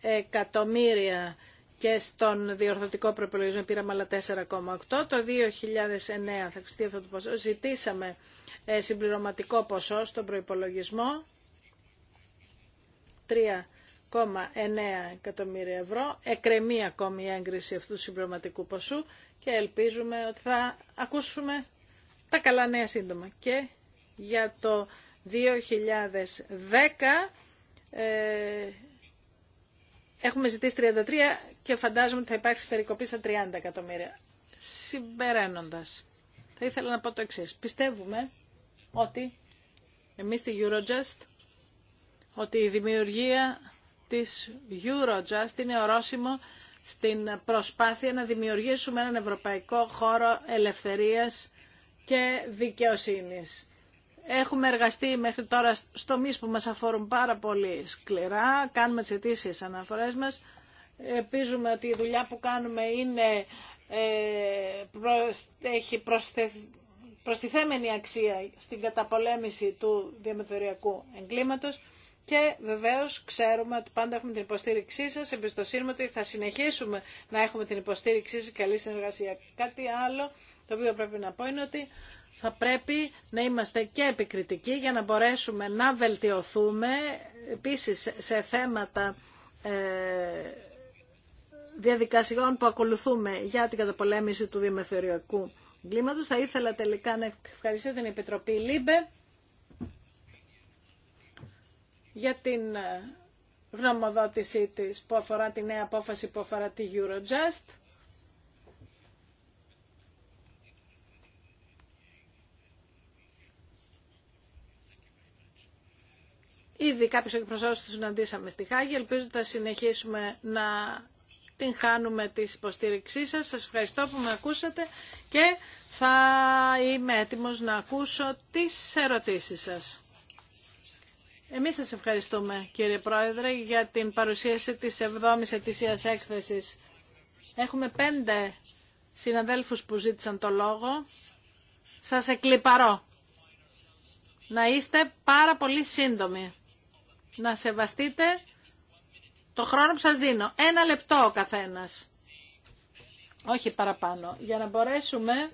S2: εκατομμύρια και στον διορθωτικό προϋπολογισμό πήραμε άλλα 4,8. Το 2009 θα ξεστεί αυτό το ποσό. Ζητήσαμε ε, συμπληρωματικό ποσό στον προϋπολογισμό. 3 εκατομμύρια ευρώ. Εκρεμεί ακόμη η έγκριση αυτού του συμπληρωματικού ποσού και ελπίζουμε ότι θα ακούσουμε τα καλά νέα σύντομα. Και για το 2010 ε, έχουμε ζητήσει 33 και φαντάζομαι ότι θα υπάρξει περικοπή στα 30 εκατομμύρια. Συμπεραίνοντας, θα ήθελα να πω το εξή. Πιστεύουμε ότι εμείς στη Eurojust ότι η δημιουργία της Eurojust είναι ορόσημο στην προσπάθεια να δημιουργήσουμε έναν ευρωπαϊκό χώρο ελευθερίας και δικαιοσύνης. Έχουμε εργαστεί μέχρι τώρα στο μίσ που μας αφορούν πάρα πολύ σκληρά, κάνουμε τις αιτήσεις αναφορές μας. Ελπίζουμε ότι η δουλειά που κάνουμε είναι, ε, έχει προστιθέμενη αξία στην καταπολέμηση του διαμεθοριακού εγκλήματος και βεβαίω ξέρουμε ότι πάντα έχουμε την υποστήριξή σα. Εμπιστοσύνη ότι θα συνεχίσουμε να έχουμε την υποστήριξή σα. Καλή συνεργασία. Κάτι άλλο το οποίο πρέπει να πω είναι ότι θα πρέπει να είμαστε και επικριτικοί για να μπορέσουμε να βελτιωθούμε επίσης σε θέματα ε, διαδικασιών που ακολουθούμε για την καταπολέμηση του διαμεθοριακού κλίματος. Θα ήθελα τελικά να ευχαριστήσω την Επιτροπή ΛΥΜΠΕ για την ε, γνωμοδότησή της που αφορά τη νέα απόφαση που αφορά τη Eurojust. Ήδη κάποιους εκπροσώπους τους συναντήσαμε στη Χάγη. Ελπίζω ότι θα συνεχίσουμε να την χάνουμε τη υποστήριξή σας. Σας ευχαριστώ που με ακούσατε και θα είμαι έτοιμος να ακούσω τις ερωτήσεις σας. Εμείς σας ευχαριστούμε κύριε Πρόεδρε για την παρουσίαση της 7 η ετησίας έκθεσης. Έχουμε πέντε συναδέλφους που ζήτησαν το λόγο. Σας εκλυπαρώ να είστε πάρα πολύ σύντομοι. Να σεβαστείτε το χρόνο που σας δίνω. Ένα λεπτό ο καθένας. Όχι παραπάνω. Για να μπορέσουμε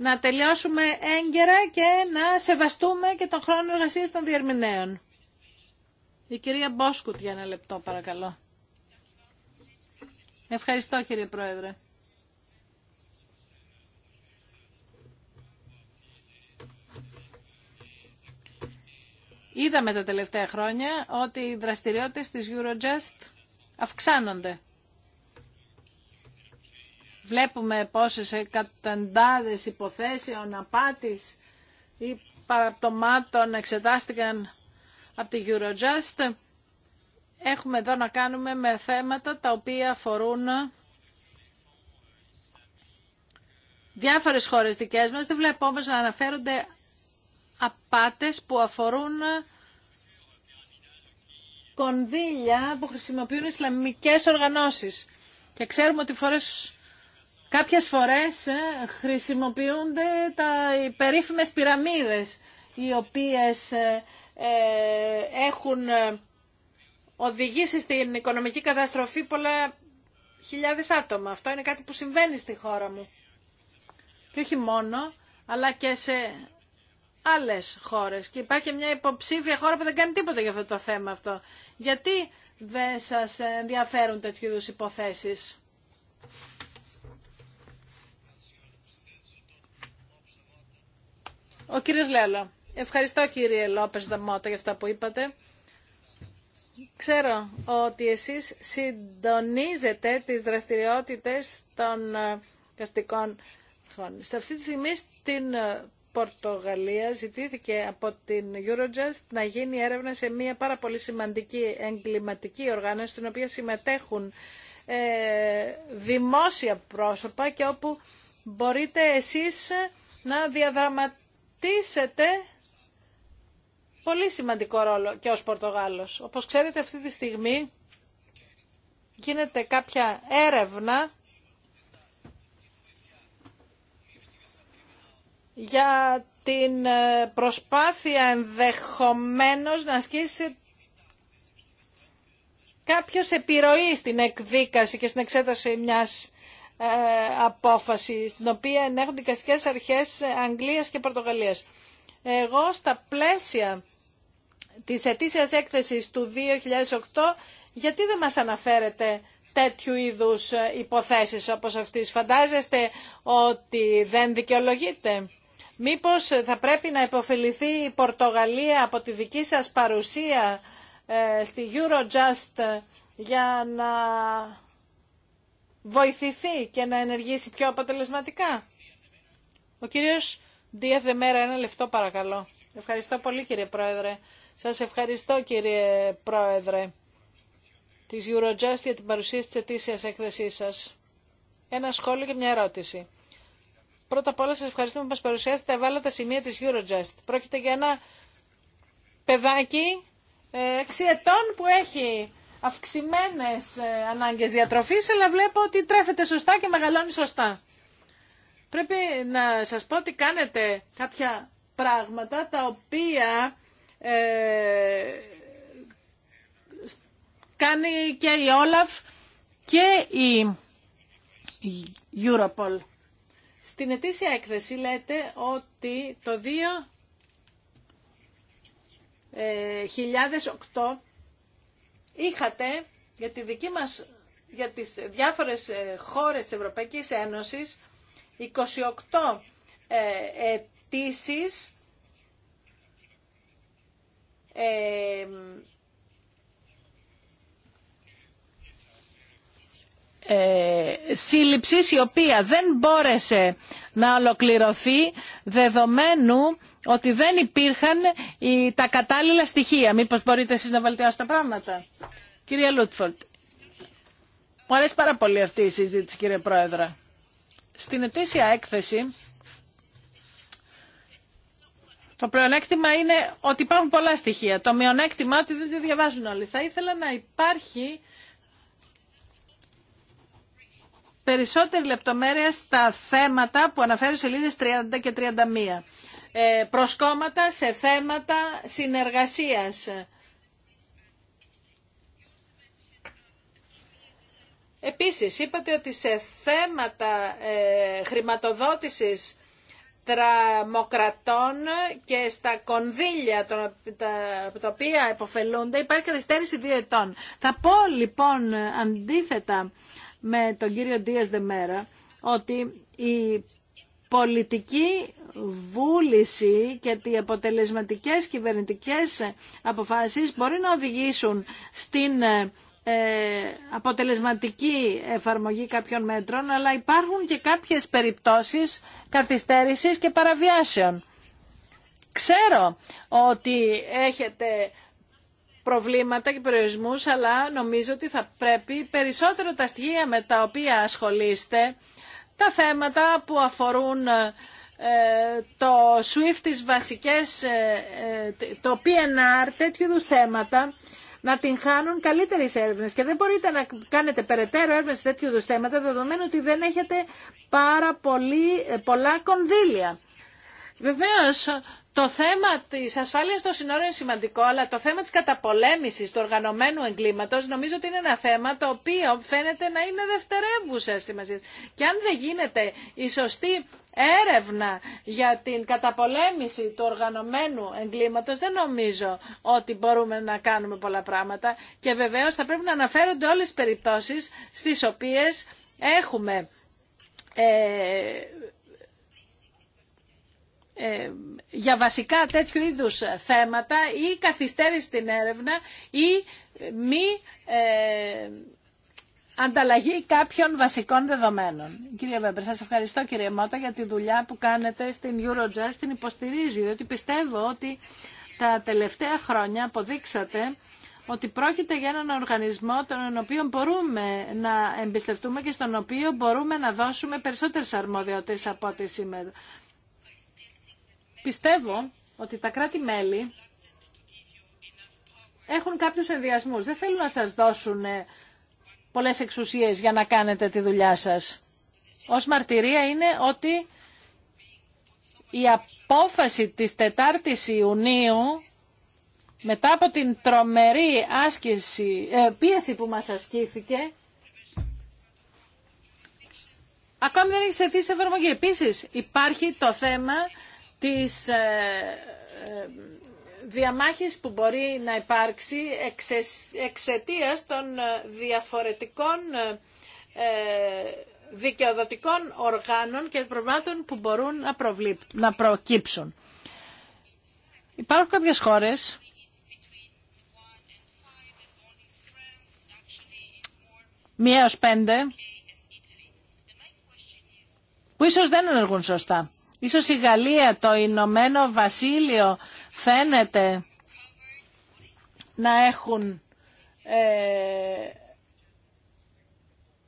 S2: να τελειώσουμε έγκαιρα και να σεβαστούμε και τον χρόνο εργασία των διερμηνέων. Η κυρία Μπόσκουτ για ένα λεπτό παρακαλώ. Ευχαριστώ κύριε Πρόεδρε. Είδαμε τα τελευταία χρόνια ότι οι δραστηριότητες της Eurojust αυξάνονται βλέπουμε πόσες εκατοντάδες υποθέσεων απάτης ή παραπτωμάτων εξετάστηκαν από τη Eurojust. Έχουμε εδώ να κάνουμε με θέματα τα οποία αφορούν διάφορες χώρες δικές μας. Δεν βλέπω όμως να αναφέρονται απάτες που αφορούν κονδύλια που χρησιμοποιούν Ισλαμικές οργανώσεις. Και ξέρουμε ότι φορές Κάποιες φορές ε, χρησιμοποιούνται τα, οι περίφημες πυραμίδες, οι οποίες ε, ε, έχουν οδηγήσει στην οικονομική καταστροφή πολλά χιλιάδες άτομα. Αυτό είναι κάτι που συμβαίνει στη χώρα μου. Και όχι μόνο, αλλά και σε άλλες χώρες. Και υπάρχει μια υποψήφια χώρα που δεν κάνει τίποτα για αυτό το θέμα αυτό. Γιατί δεν σας ενδιαφέρουν τέτοιου υποθέσεις. Ο κύριος Λέλο. Ευχαριστώ κύριε Λόπες Δαμότα για αυτά που είπατε. Ξέρω ότι εσείς συντονίζετε τις δραστηριότητες των ε, καστικών αρχών. Σε αυτή τη στιγμή στην ε, Πορτογαλία ζητήθηκε από την Eurojust να γίνει έρευνα σε μια πάρα πολύ σημαντική εγκληματική οργάνωση στην οποία συμμετέχουν ε, δημόσια πρόσωπα και όπου μπορείτε εσείς να διαδραματίσετε αναπτύσσεται πολύ σημαντικό ρόλο και ως Πορτογάλος. Όπως ξέρετε αυτή τη στιγμή γίνεται κάποια έρευνα για την ε, προσπάθεια ενδεχομένως να ασκήσει κάποιος επιρροή στην εκδίκαση και στην εξέταση μιας ε, απόφαση στην οποία έχουν δικαστικές αρχές Αγγλίας και Πορτογαλίας. Εγώ στα πλαίσια της ετήσιας έκθεσης του 2008 γιατί δεν μας αναφέρετε τέτοιου είδους υποθέσεις όπως αυτής. Φαντάζεστε ότι δεν δικαιολογείται. Μήπως θα πρέπει να υποφεληθεί η Πορτογαλία από τη δική σας παρουσία ε, στη Eurojust για να βοηθηθεί και να ενεργήσει πιο αποτελεσματικά. Ο κύριος Δία Δεμέρα, ένα λεφτό παρακαλώ. Ευχαριστώ πολύ κύριε Πρόεδρε. Σας ευχαριστώ κύριε Πρόεδρε της Eurojust για την παρουσίαση της ετήσιας έκθεσής σας. Ένα σχόλιο και μια ερώτηση. Πρώτα απ' όλα σας ευχαριστούμε που μας παρουσιάσετε τα ευάλωτα σημεία της Eurojust. Πρόκειται για ένα παιδάκι 6 ε, ετών που έχει αυξημένες ε, ανάγκες διατροφής, αλλά βλέπω ότι τρέφεται σωστά και μεγαλώνει σωστά. Πρέπει να σας πω ότι κάνετε κάποια πράγματα τα οποία ε, κάνει και η Όλαφ και η Europol. Στην ετήσια έκθεση λέτε ότι το 2008 είχατε για τη δική μας, για τις διάφορες ε, χώρες της Ευρωπαϊκής Ένωσης 28 ε, αιτήσει ε, Ε, σύλληψης η οποία δεν μπόρεσε να ολοκληρωθεί δεδομένου ότι δεν υπήρχαν τα κατάλληλα στοιχεία. Μήπως μπορείτε εσείς να βελτιώσετε τα πράγματα. Κυρία Λούτφορντ, μου αρέσει πάρα πολύ αυτή η συζήτηση κύριε Πρόεδρα. Στην ετήσια έκθεση το πλεονέκτημα είναι ότι υπάρχουν πολλά στοιχεία. Το μειονέκτημα ότι δεν διαβάζουν όλοι. Θα ήθελα να υπάρχει περισσότερη λεπτομέρεια στα θέματα που αναφέρει σελίδες 30 και 31. Ε, προσκόμματα σε θέματα συνεργασίας. Επίσης, είπατε ότι σε θέματα ε, χρηματοδότησης τραμοκρατών και στα κονδύλια τα, τα οποία υποφελούνται υπάρχει καθυστέρηση δύο ετών. Θα πω λοιπόν αντίθετα με τον κύριο Δίας Δεμέρα ότι η πολιτική βούληση και οι αποτελεσματικές κυβερνητικές αποφάσεις μπορεί να οδηγήσουν στην ε, ε, αποτελεσματική εφαρμογή κάποιων μέτρων, αλλά υπάρχουν και κάποιες περιπτώσεις καθυστέρησης και παραβιάσεων. Ξέρω ότι έχετε προβλήματα και προορισμού, αλλά νομίζω ότι θα πρέπει περισσότερο τα στοιχεία με τα οποία ασχολείστε, τα θέματα που αφορούν ε, το SWIFT, τις βασικές, ε, ε, το PNR, τέτοιου είδου θέματα, να την χάνουν καλύτερε έρευνε. Και δεν μπορείτε να κάνετε περαιτέρω έρευνε σε τέτοιου είδου θέματα, δεδομένου ότι δεν έχετε πάρα πολύ, πολλά κονδύλια. Βεβαίω, το θέμα της ασφάλειας των συνόρων είναι σημαντικό, αλλά το θέμα της καταπολέμησης του οργανωμένου εγκλήματος νομίζω ότι είναι ένα θέμα το οποίο φαίνεται να είναι δευτερεύουσα σημασία. Και αν δεν γίνεται η σωστή έρευνα για την καταπολέμηση του οργανωμένου εγκλήματος δεν νομίζω ότι μπορούμε να κάνουμε πολλά πράγματα και βεβαίως θα πρέπει να αναφέρονται όλες τις περιπτώσεις στις οποίες έχουμε ε, ε, για βασικά τέτοιου είδους θέματα ή καθυστέρηση στην έρευνα ή μη ε, ανταλλαγή κάποιων βασικών δεδομένων. Κύριε Βέμπερ, σας ευχαριστώ κύριε Μότα για τη δουλειά που κάνετε στην Eurojust, την υποστηρίζει, διότι πιστεύω ότι τα τελευταία χρόνια αποδείξατε ότι πρόκειται για έναν οργανισμό τον οποίο μπορούμε να εμπιστευτούμε και στον οποίο μπορούμε να δώσουμε περισσότερες αρμοδιότητες από ό,τι σήμερα. Πιστεύω ότι τα κράτη-μέλη έχουν κάποιους ενδιασμούς. Δεν θέλουν να σας δώσουν ε, πολλές εξουσίες για να κάνετε τη δουλειά σας. Ως μαρτυρία είναι ότι η απόφαση της 4ης Ιουνίου μετά από την τρομερή άσκηση, ε, πίεση που μας ασκήθηκε ακόμη δεν έχει στεθεί σε εφαρμογή. υπάρχει το θέμα της ε, ε, διαμάχες που μπορεί να υπάρξει εξαιτίας των ε, διαφορετικών δικαιοδοτικών οργάνων και προβλημάτων που μπορούν να, προβλήπ, να προκύψουν. Υπάρχουν κάποιες χώρες μία έως πέντε που ίσως δεν ενεργούν σωστά. Ίσως η Γαλλία, το Ηνωμένο Βασίλειο φαίνεται να έχουν ε,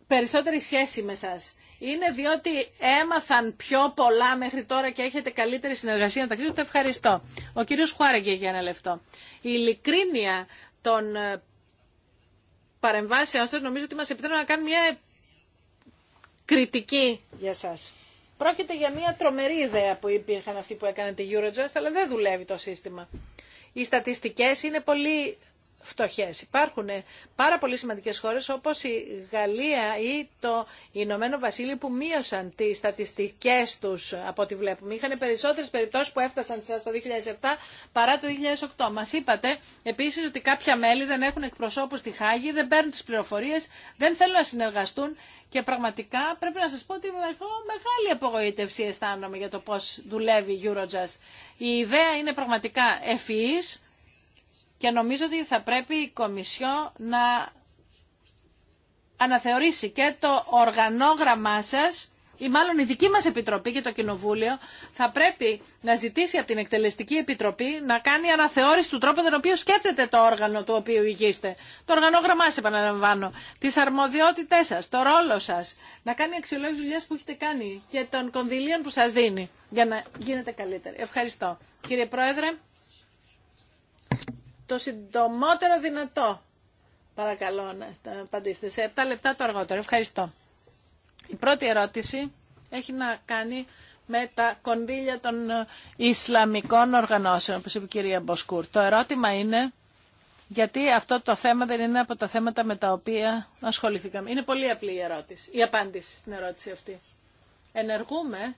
S2: περισσότερη σχέση με σας. Είναι διότι έμαθαν πιο πολλά μέχρι τώρα και έχετε καλύτερη συνεργασία μεταξύ του. Ευχαριστώ. Ο κύριος Χουάρεγγε για ένα λεπτό. Η ειλικρίνεια των ε, παρεμβάσεων σας νομίζω ότι μας επιτρέπει να κάνουμε μια κριτική για σας. Πρόκειται για μια τρομερή ιδέα που υπήρχαν αυτοί που έκανε τη Eurojust, αλλά δεν δουλεύει το σύστημα. Οι στατιστικές είναι πολύ φτωχές. Υπάρχουν πάρα πολύ σημαντικές χώρες όπως η Γαλλία ή το Ηνωμένο Βασίλειο που μείωσαν τις στατιστικές τους από ό,τι βλέπουμε. Είχαν περισσότερες περιπτώσεις που έφτασαν σε το 2007 παρά το 2008. Μας είπατε επίσης ότι κάποια μέλη δεν έχουν εκπροσώπους στη Χάγη, δεν παίρνουν τις πληροφορίες, δεν θέλουν να συνεργαστούν και πραγματικά πρέπει να σας πω ότι έχω μεγάλη απογοήτευση αισθάνομαι για το πώς δουλεύει η Eurojust. Η ιδέα είναι πραγματικά ευφυής, και νομίζω ότι θα πρέπει η Κομισιό να αναθεωρήσει και το οργανόγραμμά σας ή μάλλον η δική μας Επιτροπή και το Κοινοβούλιο θα πρέπει να ζητήσει από την Εκτελεστική Επιτροπή να κάνει αναθεώρηση του τρόπου τον οποίο σκέπτεται το όργανο του οποίου ηγείστε. Το οργανόγραμμά σας επαναλαμβάνω, τις αρμοδιότητές σας, το ρόλο σας, να κάνει αξιολόγηση δουλειά που έχετε κάνει και των κονδυλίων που σας δίνει για να γίνετε καλύτεροι. Ευχαριστώ. Κύριε Πρόεδρε το συντομότερο δυνατό. Παρακαλώ να απαντήσετε σε 7 λεπτά το αργότερο. Ευχαριστώ. Η πρώτη ερώτηση έχει να κάνει με τα κονδύλια των ε, Ισλαμικών οργανώσεων, όπως είπε η κυρία Μποσκούρ. Το ερώτημα είναι γιατί αυτό το θέμα δεν είναι από τα θέματα με τα οποία ασχοληθήκαμε. Είναι πολύ απλή η ερώτηση, η απάντηση στην ερώτηση αυτή. Ενεργούμε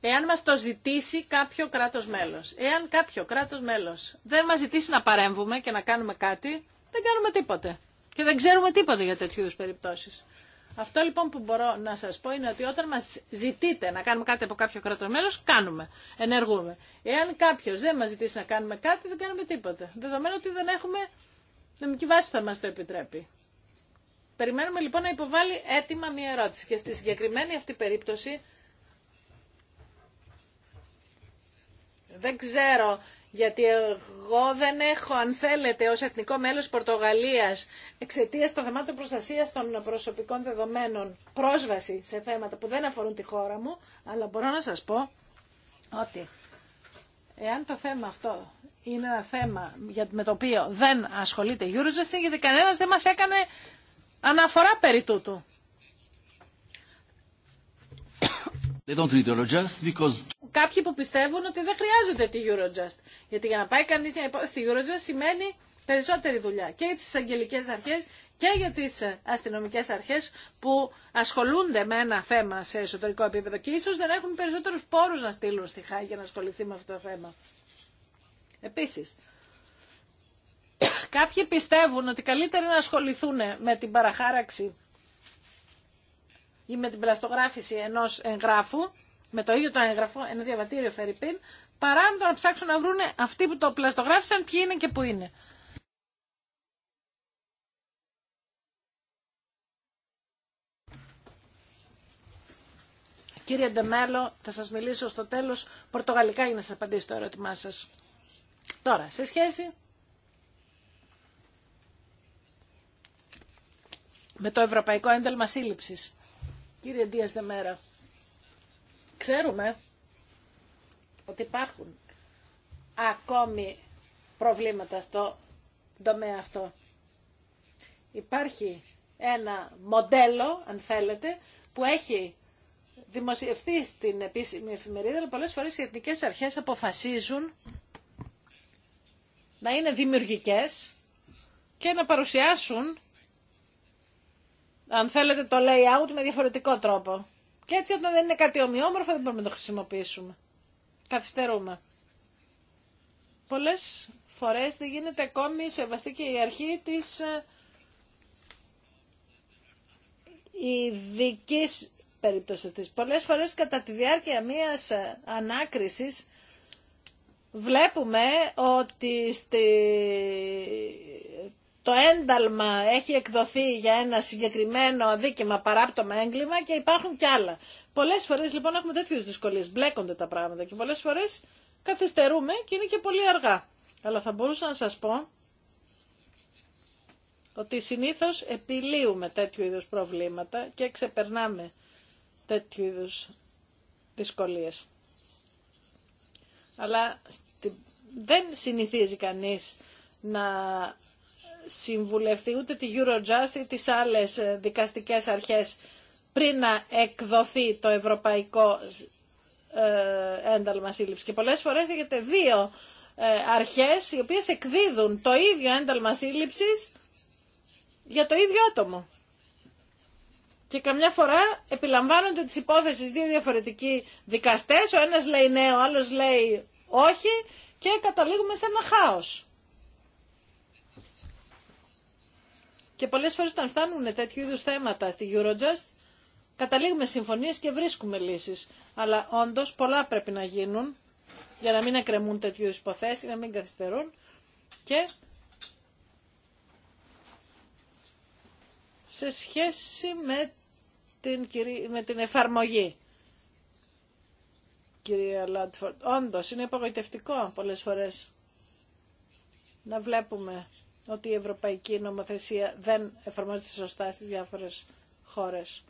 S2: εάν μας το ζητήσει κάποιο κράτος μέλος. Εάν κάποιο κράτος μέλος δεν μας ζητήσει να παρέμβουμε και να κάνουμε κάτι, δεν κάνουμε τίποτε. Και δεν ξέρουμε τίποτα για τέτοιου είδους περιπτώσεις. Αυτό λοιπόν που μπορώ να σας πω είναι ότι όταν μας ζητείτε να κάνουμε κάτι από κάποιο κράτος μέλος, κάνουμε, ενεργούμε. Εάν κάποιος δεν μας ζητήσει να κάνουμε κάτι, δεν κάνουμε τίποτε. Δεδομένου ότι δεν έχουμε νομική βάση που θα μας το επιτρέπει. Περιμένουμε λοιπόν να υποβάλει έτοιμα μία ερώτηση και στη συγκεκριμένη αυτή περίπτωση δεν ξέρω γιατί εγώ δεν έχω, αν θέλετε, ως εθνικό μέλος Πορτογαλίας εξαιτία των θεμάτων προστασία των προσωπικών δεδομένων πρόσβαση σε θέματα που δεν αφορούν τη χώρα μου, αλλά μπορώ να σας πω ότι εάν το θέμα αυτό είναι ένα θέμα με το οποίο δεν ασχολείται η Eurojust, γιατί κανένας δεν μας έκανε αναφορά περί τούτου κάποιοι που πιστεύουν ότι δεν χρειάζονται τη Eurojust. Γιατί για να πάει κανείς στη Eurojust σημαίνει περισσότερη δουλειά και για τι αγγελικές αρχέ και για τι ε, αστυνομικέ αρχέ που ασχολούνται με ένα θέμα σε εσωτερικό επίπεδο και ίσω δεν έχουν περισσότερου πόρου να στείλουν στη ΧΑΗ για να ασχοληθεί με αυτό το θέμα. Επίση, κάποιοι πιστεύουν ότι καλύτερα να ασχοληθούν με την παραχάραξη ή με την πλαστογράφηση ενός εγγράφου με το ίδιο το έγγραφο, ένα διαβατήριο Φερρυπίν, παρά να το να ψάξουν να βρούνε αυτοί που το πλαστογράφησαν ποιοι είναι και πού είναι. Κύριε Ντεμέλο, θα σας μιλήσω στο τέλος πορτογαλικά για να σας απαντήσω το ερώτημά σας. Τώρα, σε σχέση με το Ευρωπαϊκό Ένταλμα Σύλληψης. Κύριε Ντίας Δεμέρα, Ξέρουμε ότι υπάρχουν ακόμη προβλήματα στο τομέα αυτό. Υπάρχει ένα μοντέλο, αν θέλετε, που έχει δημοσιευθεί στην επίσημη εφημερίδα, αλλά πολλές φορές οι εθνικές αρχές αποφασίζουν να είναι δημιουργικές και να παρουσιάσουν, αν θέλετε, το layout με διαφορετικό τρόπο. Και έτσι όταν δεν είναι κάτι ομοιόμορφο δεν μπορούμε να το χρησιμοποιήσουμε. Καθυστερούμε. Πολλές φορές δεν γίνεται ακόμη σεβαστή και η αρχή της ε, ειδική περίπτωση αυτής. Πολλές φορές κατά τη διάρκεια μιας ε, ανάκρισης βλέπουμε ότι στη το ένταλμα έχει εκδοθεί για ένα συγκεκριμένο αδίκημα παράπτωμα έγκλημα και υπάρχουν κι άλλα. Πολλές φορές λοιπόν έχουμε τέτοιες δυσκολίες, μπλέκονται τα πράγματα και πολλές φορές καθυστερούμε και είναι και πολύ αργά. Αλλά θα μπορούσα να σας πω ότι συνήθως επιλύουμε τέτοιου είδους προβλήματα και ξεπερνάμε τέτοιου είδου δυσκολίε. Αλλά δεν συνηθίζει κανείς να συμβουλευτεί ούτε τη Eurojust ή τις άλλες ε, δικαστικές αρχές πριν να εκδοθεί το ευρωπαϊκό ε, ένταλμα σύλληψης. Και πολλές φορές έχετε δύο ε, αρχές οι οποίες εκδίδουν το ίδιο ένταλμα σύλληψης για το ίδιο άτομο. Και καμιά φορά επιλαμβάνονται τις υπόθεσεις δύο διαφορετικοί δικαστές, ο ένας λέει ναι, ο άλλος λέει όχι και καταλήγουμε σε ένα χάος. Και πολλέ φορέ όταν φτάνουν τέτοιου είδου θέματα στη Eurojust, καταλήγουμε συμφωνίε και βρίσκουμε λύσει. Αλλά όντω, πολλά πρέπει να γίνουν για να μην εκκρεμούν τέτοιου υποθέσει, να μην καθυστερούν και σε σχέση με την, εφαρμογή. Κυρία Λάντφορντ, όντως είναι απογοητευτικό πολλές φορές να βλέπουμε ότι η ευρωπαϊκή νομοθεσία δεν εφαρμόζεται σωστά στις διάφορες χώρες.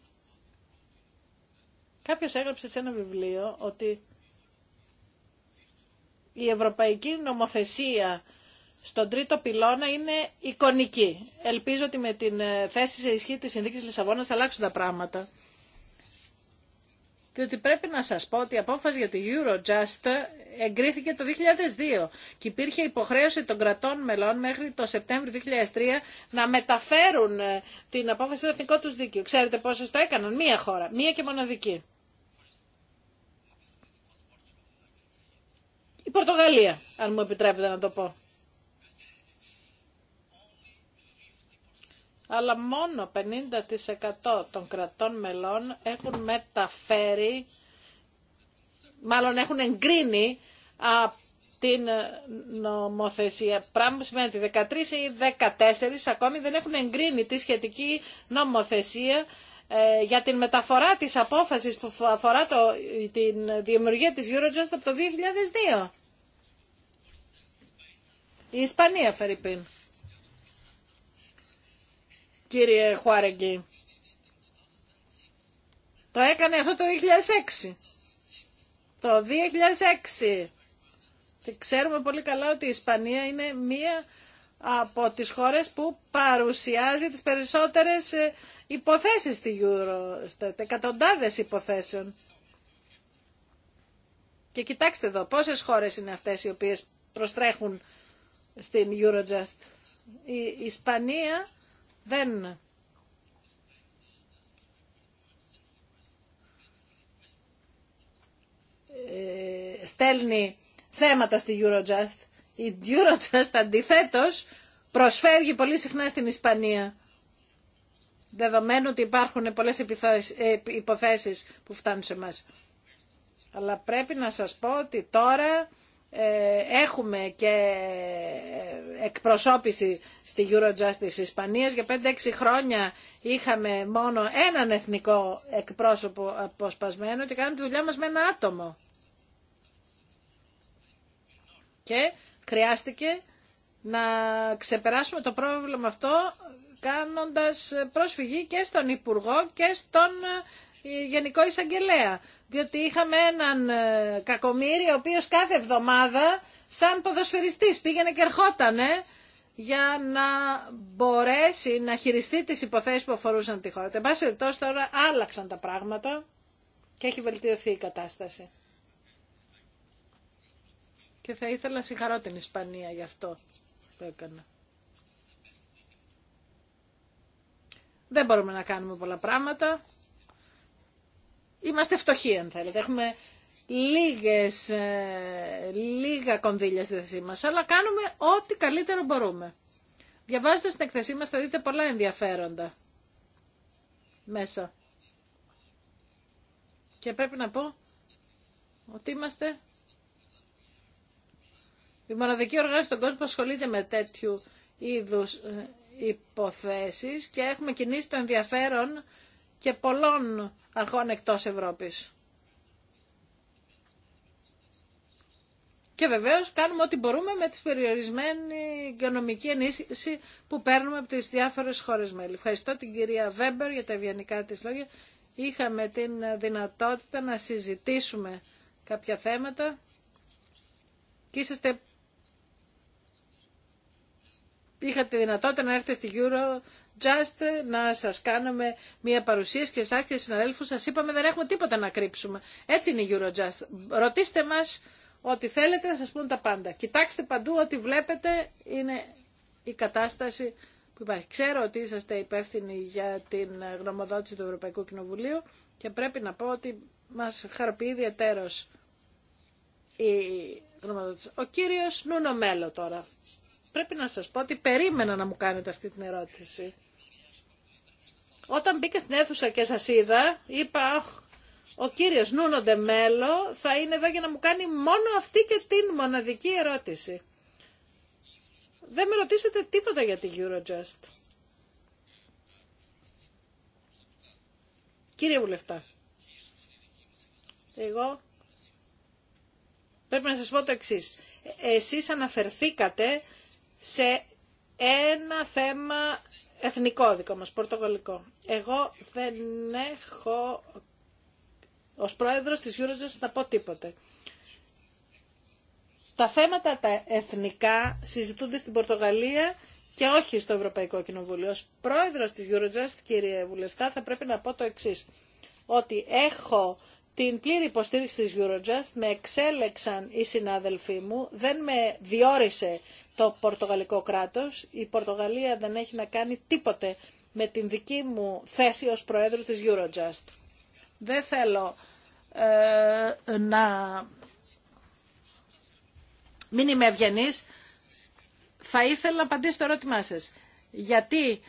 S2: Κάποιος έγραψε σε ένα βιβλίο ότι η ευρωπαϊκή νομοθεσία στον τρίτο πυλώνα είναι εικονική. Ελπίζω ότι με την ε, θέση σε ισχύ της Συνδίκης Λισαβόνας θα αλλάξουν τα πράγματα διότι πρέπει να σας πω ότι η απόφαση για τη Eurojust εγκρίθηκε το 2002 και υπήρχε υποχρέωση των κρατών μελών μέχρι το Σεπτέμβριο 2003 να μεταφέρουν ε, την απόφαση στο εθνικό τους δίκαιο. Ξέρετε πόσες το έκαναν, μία χώρα, μία και μοναδική. Η Πορτογαλία, αν μου επιτρέπετε να το πω. αλλά μόνο 50% των κρατών μελών έχουν μεταφέρει, μάλλον έχουν εγκρίνει από την νομοθεσία. Πράγμα που σημαίνει ότι 13 ή 14 ακόμη δεν έχουν εγκρίνει τη σχετική νομοθεσία ε, για την μεταφορά της απόφασης που αφορά το, την δημιουργία της Eurojust από το 2002. Η Ισπανία, Φερρυπίν κύριε Χουάρεγγι. Το έκανε αυτό το 2006. Το 2006. Και ξέρουμε πολύ καλά ότι η Ισπανία είναι μία από τις χώρες που παρουσιάζει τις περισσότερες ε, υποθέσεις στη Eurostat, εκατοντάδες υποθέσεων. Και κοιτάξτε εδώ, πόσες χώρες είναι αυτές οι οποίες προστρέχουν στην Eurojust. Η Ισπανία δεν ε, στέλνει θέματα στη Eurojust. Η Eurojust αντιθέτως προσφεύγει πολύ συχνά στην Ισπανία. Δεδομένου ότι υπάρχουν πολλές ε, υποθέσεις που φτάνουν σε μας. Αλλά πρέπει να σας πω ότι τώρα ε, έχουμε και εκπροσώπηση στη Eurojust της Ισπανίας. Για 5-6 χρόνια είχαμε μόνο έναν εθνικό εκπρόσωπο αποσπασμένο και κάνουμε τη δουλειά μας με ένα άτομο. Και χρειάστηκε να ξεπεράσουμε το πρόβλημα αυτό κάνοντας πρόσφυγη και στον Υπουργό και στον ε, Γενικό Εισαγγελέα διότι είχαμε έναν ε, κακομύρι ο οποίος κάθε εβδομάδα σαν ποδοσφαιριστής πήγαινε και ερχότανε για να μπορέσει να χειριστεί τις υποθέσεις που αφορούσαν τη χώρα. Εν πάση περιπτώσει τώρα άλλαξαν τα πράγματα και έχει βελτιωθεί η κατάσταση. Και θα ήθελα να συγχαρώ την Ισπανία γι' αυτό που έκανα. Δεν μπορούμε να κάνουμε πολλά πράγματα είμαστε φτωχοί αν θέλετε. Έχουμε λίγες, ε, λίγα κονδύλια στη θέση μας, αλλά κάνουμε ό,τι καλύτερο μπορούμε. Διαβάζοντας την εκθεσή μας θα δείτε πολλά ενδιαφέροντα μέσα. Και πρέπει να πω ότι είμαστε η μοναδική οργάνωση στον κόσμο που ασχολείται με τέτοιου είδους ε, υποθέσεις και έχουμε κινήσει το ενδιαφέρον και πολλών αρχών εκτός Ευρώπης. Και βεβαίως κάνουμε ό,τι μπορούμε με τις περιορισμένη οικονομική ενίσχυση που παίρνουμε από τις διάφορες χώρες μέλη. Ευχαριστώ την κυρία Βέμπερ για τα ευγενικά της λόγια. Είχαμε την δυνατότητα να συζητήσουμε κάποια θέματα και είσαστε είχατε τη δυνατότητα να έρθετε στη Euro Just να σας κάνουμε μια παρουσίαση και εσάς και συναδέλφους σας είπαμε δεν έχουμε τίποτα να κρύψουμε. Έτσι είναι η Eurojust. Ρωτήστε μας ό,τι θέλετε να σας πούν τα πάντα. Κοιτάξτε παντού ό,τι βλέπετε είναι η κατάσταση που υπάρχει. Ξέρω ότι είσαστε υπεύθυνοι για την γνωμοδότηση του Ευρωπαϊκού Κοινοβουλίου και πρέπει να πω ότι μας χαροποιεί ιδιαίτερω η γνωμοδότηση. Ο κύριος Νούνο Μέλο τώρα. Πρέπει να σας πω ότι περίμενα να μου κάνετε αυτή την ερώτηση. Όταν μπήκα στην αίθουσα και σας είδα, είπα, ο κύριος Νούνοντε Μέλο θα είναι εδώ για να μου κάνει μόνο αυτή και την μοναδική ερώτηση. Δεν με ρωτήσατε τίποτα για την Eurojust. Κύριε Βουλευτά, εγώ πρέπει να σας πω το εξής. Εσείς αναφερθήκατε σε ένα θέμα εθνικό δικό μας, πορτογαλικό. Εγώ δεν έχω ως πρόεδρος της Eurojust να πω τίποτε. Τα θέματα τα εθνικά συζητούνται στην Πορτογαλία και όχι στο Ευρωπαϊκό Κοινοβούλιο. Ως πρόεδρος της Eurojust, κύριε Βουλευτά, θα πρέπει να πω το εξής. Ότι έχω την πλήρη υποστήριξη της Eurojust με εξέλεξαν οι συνάδελφοί μου, δεν με διόρισε το πορτογαλικό κράτος. Η Πορτογαλία δεν έχει να κάνει τίποτε με την δική μου θέση ως Προέδρου της Eurojust. Δεν θέλω ε, να μην είμαι ευγενής. Θα ήθελα να απαντήσω το ερώτημά σας. Γιατί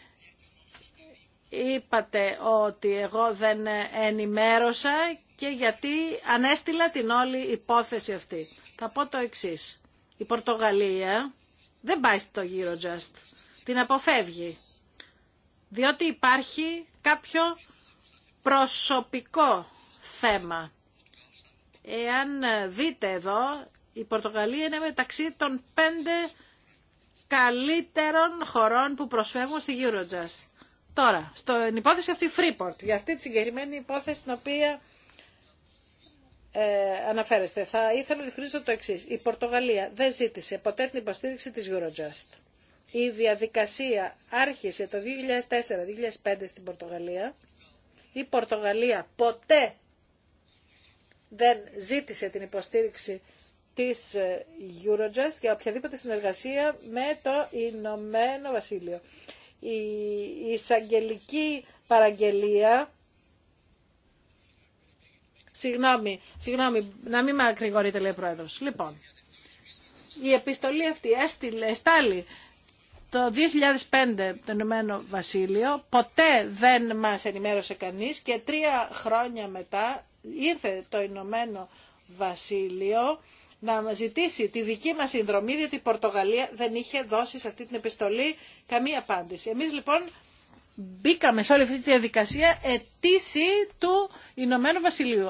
S2: είπατε ότι εγώ δεν ενημέρωσα και γιατί ανέστηλα την όλη υπόθεση αυτή. Θα πω το εξή. Η Πορτογαλία δεν πάει στο Eurojust. Την αποφεύγει. Διότι υπάρχει κάποιο προσωπικό θέμα. Εάν δείτε εδώ, η Πορτογαλία είναι μεταξύ των πέντε καλύτερων χωρών που προσφεύγουν στη Eurojust. Τώρα, στην υπόθεση αυτή Freeport, για αυτή τη συγκεκριμένη υπόθεση την οποία ε, αναφέρεστε. Θα ήθελα να διευκρινίσω το εξή. Η Πορτογαλία δεν ζήτησε ποτέ την υποστήριξη της Eurojust. Η διαδικασία άρχισε το 2004-2005 στην Πορτογαλία. Η Πορτογαλία ποτέ δεν ζήτησε την υποστήριξη της ε, Eurojust για οποιαδήποτε συνεργασία με το Ηνωμένο Βασίλειο. Η εισαγγελική παραγγελία Συγγνώμη, συγγνώμη, να μην με ακρηγορείτε, λέει ο πρόεδρο. Λοιπόν, η επιστολή αυτή έστειλε, στάλει το 2005 το Ηνωμένο Βασίλειο, ποτέ δεν μας ενημέρωσε κανείς και τρία χρόνια μετά ήρθε το Ηνωμένο Βασίλειο να μας ζητήσει τη δική μας συνδρομή, διότι η Πορτογαλία δεν είχε δώσει σε αυτή την επιστολή καμία απάντηση. Εμείς λοιπόν μπήκαμε σε όλη αυτή τη διαδικασία ετήσι του Ηνωμένου Βασιλείου.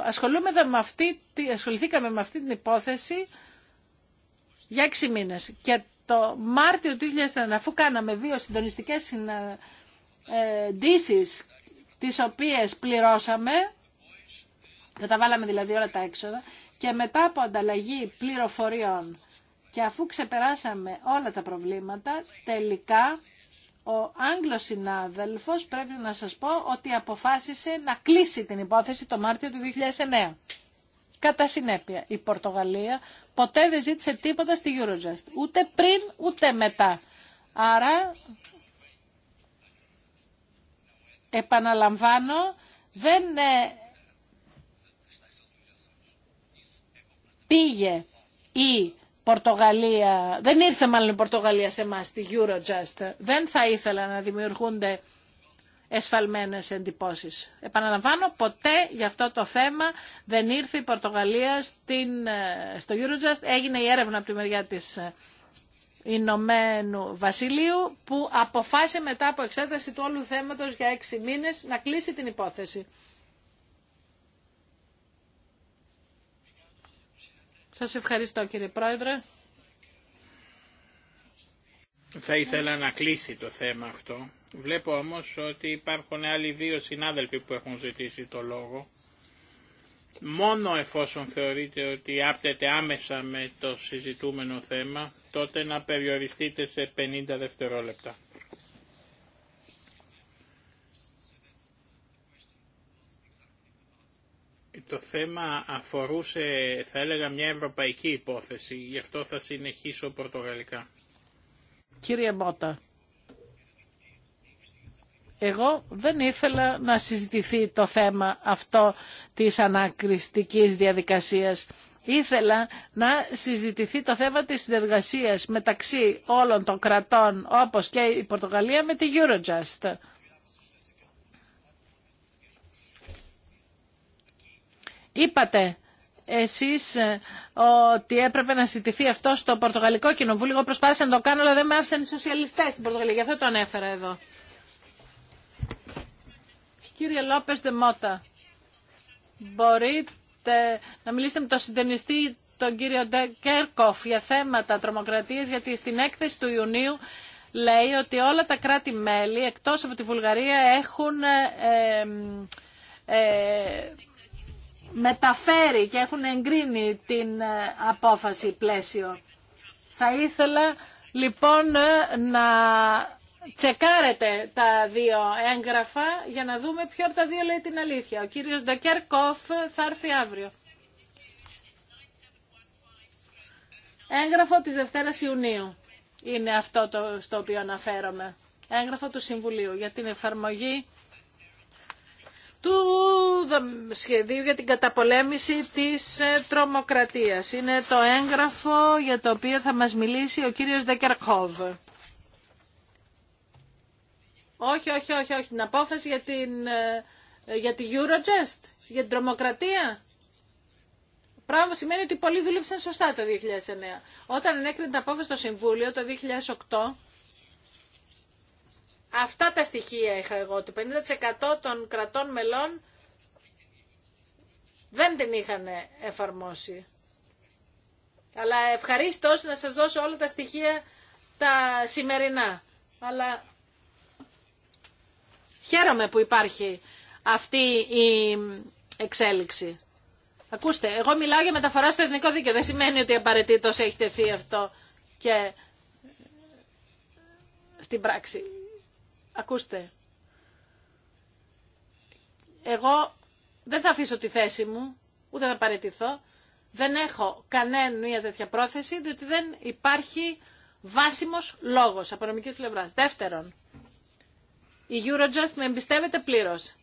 S2: Με αυτή, ασχοληθήκαμε με αυτή την υπόθεση για έξι μήνες. Και το Μάρτιο του 2000 αφού κάναμε δύο συντονιστικές συναντήσεις, ε, τις οποίες πληρώσαμε, καταβάλαμε δηλαδή όλα τα έξοδα, και μετά από ανταλλαγή πληροφοριών και αφού ξεπεράσαμε όλα τα προβλήματα, τελικά ο Άγγλος συνάδελφος πρέπει να σας πω ότι αποφάσισε να κλείσει την υπόθεση το Μάρτιο του 2009. Κατά συνέπεια, η Πορτογαλία ποτέ δεν ζήτησε τίποτα στη Eurojust, ούτε πριν ούτε μετά. Άρα, επαναλαμβάνω, δεν ε, πήγε η Πορτογαλία, δεν ήρθε μάλλον η Πορτογαλία σε εμά στη Eurojust. Δεν θα ήθελα να δημιουργούνται εσφαλμένες εντυπώσεις. Επαναλαμβάνω, ποτέ για αυτό το θέμα δεν ήρθε η Πορτογαλία στην, ε, στο Eurojust. Έγινε η έρευνα από τη μεριά της ε, Ηνωμένου Βασιλείου που αποφάσισε μετά από εξέταση του όλου θέματος για έξι μήνες να κλείσει την υπόθεση. Σας ευχαριστώ κύριε Πρόεδρε.
S4: Θα ήθελα να κλείσει το θέμα αυτό. Βλέπω όμως ότι υπάρχουν άλλοι δύο συνάδελφοι που έχουν ζητήσει το λόγο. Μόνο εφόσον θεωρείτε ότι άπτεται άμεσα με το συζητούμενο θέμα, τότε να περιοριστείτε σε 50 δευτερόλεπτα. το θέμα αφορούσε, θα έλεγα, μια ευρωπαϊκή υπόθεση. Γι' αυτό θα συνεχίσω πορτογαλικά.
S2: Κύριε Μπότα, εγώ δεν ήθελα να συζητηθεί το θέμα αυτό της ανακριστικής διαδικασίας. Ήθελα να συζητηθεί το θέμα της συνεργασίας μεταξύ όλων των κρατών, όπως και η Πορτογαλία, με τη Eurojust. Είπατε εσείς ε, ότι έπρεπε να συζητηθεί αυτό στο Πορτογαλικό Κοινοβούλιο. Εγώ προσπάθησα να το κάνω, αλλά δεν με άφησαν οι σοσιαλιστές στην Πορτογαλία. Γι' αυτό το ανέφερα εδώ. Κύριε Λόπες Δεμότα, μπορείτε να μιλήσετε με τον συντενιστή, τον κύριο Κέρκοφ για θέματα τρομοκρατίας, γιατί στην έκθεση του Ιουνίου λέει ότι όλα τα κράτη-μέλη, εκτός από τη Βουλγαρία, έχουν... Ε, ε, ε μεταφέρει και έχουν εγκρίνει την ε, απόφαση πλαίσιο. Θα ήθελα λοιπόν ε, να τσεκάρετε τα δύο έγγραφα για να δούμε ποιο από τα δύο λέει την αλήθεια. Ο κύριος Ντοκέρκοφ θα έρθει αύριο. Έγγραφο της Δευτέρας Ιουνίου είναι αυτό το, στο οποίο αναφέρομαι. Έγγραφο του Συμβουλίου για την εφαρμογή του σχεδίου για την καταπολέμηση της ε, τρομοκρατίας. Είναι το έγγραφο για το οποίο θα μας μιλήσει ο κύριος Δεκερκόβ. Όχι, όχι, όχι, όχι. Την απόφαση για, την, ε, για τη Eurojust, για την τρομοκρατία. Πράγμα σημαίνει ότι πολλοί δούλεψαν σωστά το 2009. Όταν ενέκρινε την απόφαση στο Συμβούλιο το 2008, Αυτά τα στοιχεία είχα εγώ. Το 50% των κρατών μελών δεν την είχαν εφαρμόσει. Αλλά ευχαρίστως να σας δώσω όλα τα στοιχεία τα σημερινά. Αλλά χαίρομαι που υπάρχει αυτή η εξέλιξη. Ακούστε, εγώ μιλάω για μεταφορά στο εθνικό δίκαιο. Δεν σημαίνει ότι απαραίτητο έχει τεθεί αυτό και στην πράξη. Ακούστε. Εγώ δεν θα αφήσω τη θέση μου, ούτε θα παραιτηθώ. Δεν έχω κανένα τέτοια πρόθεση, διότι δεν υπάρχει βάσιμος λόγος από νομική πλευρά. Δεύτερον, η Eurojust με εμπιστεύεται πλήρως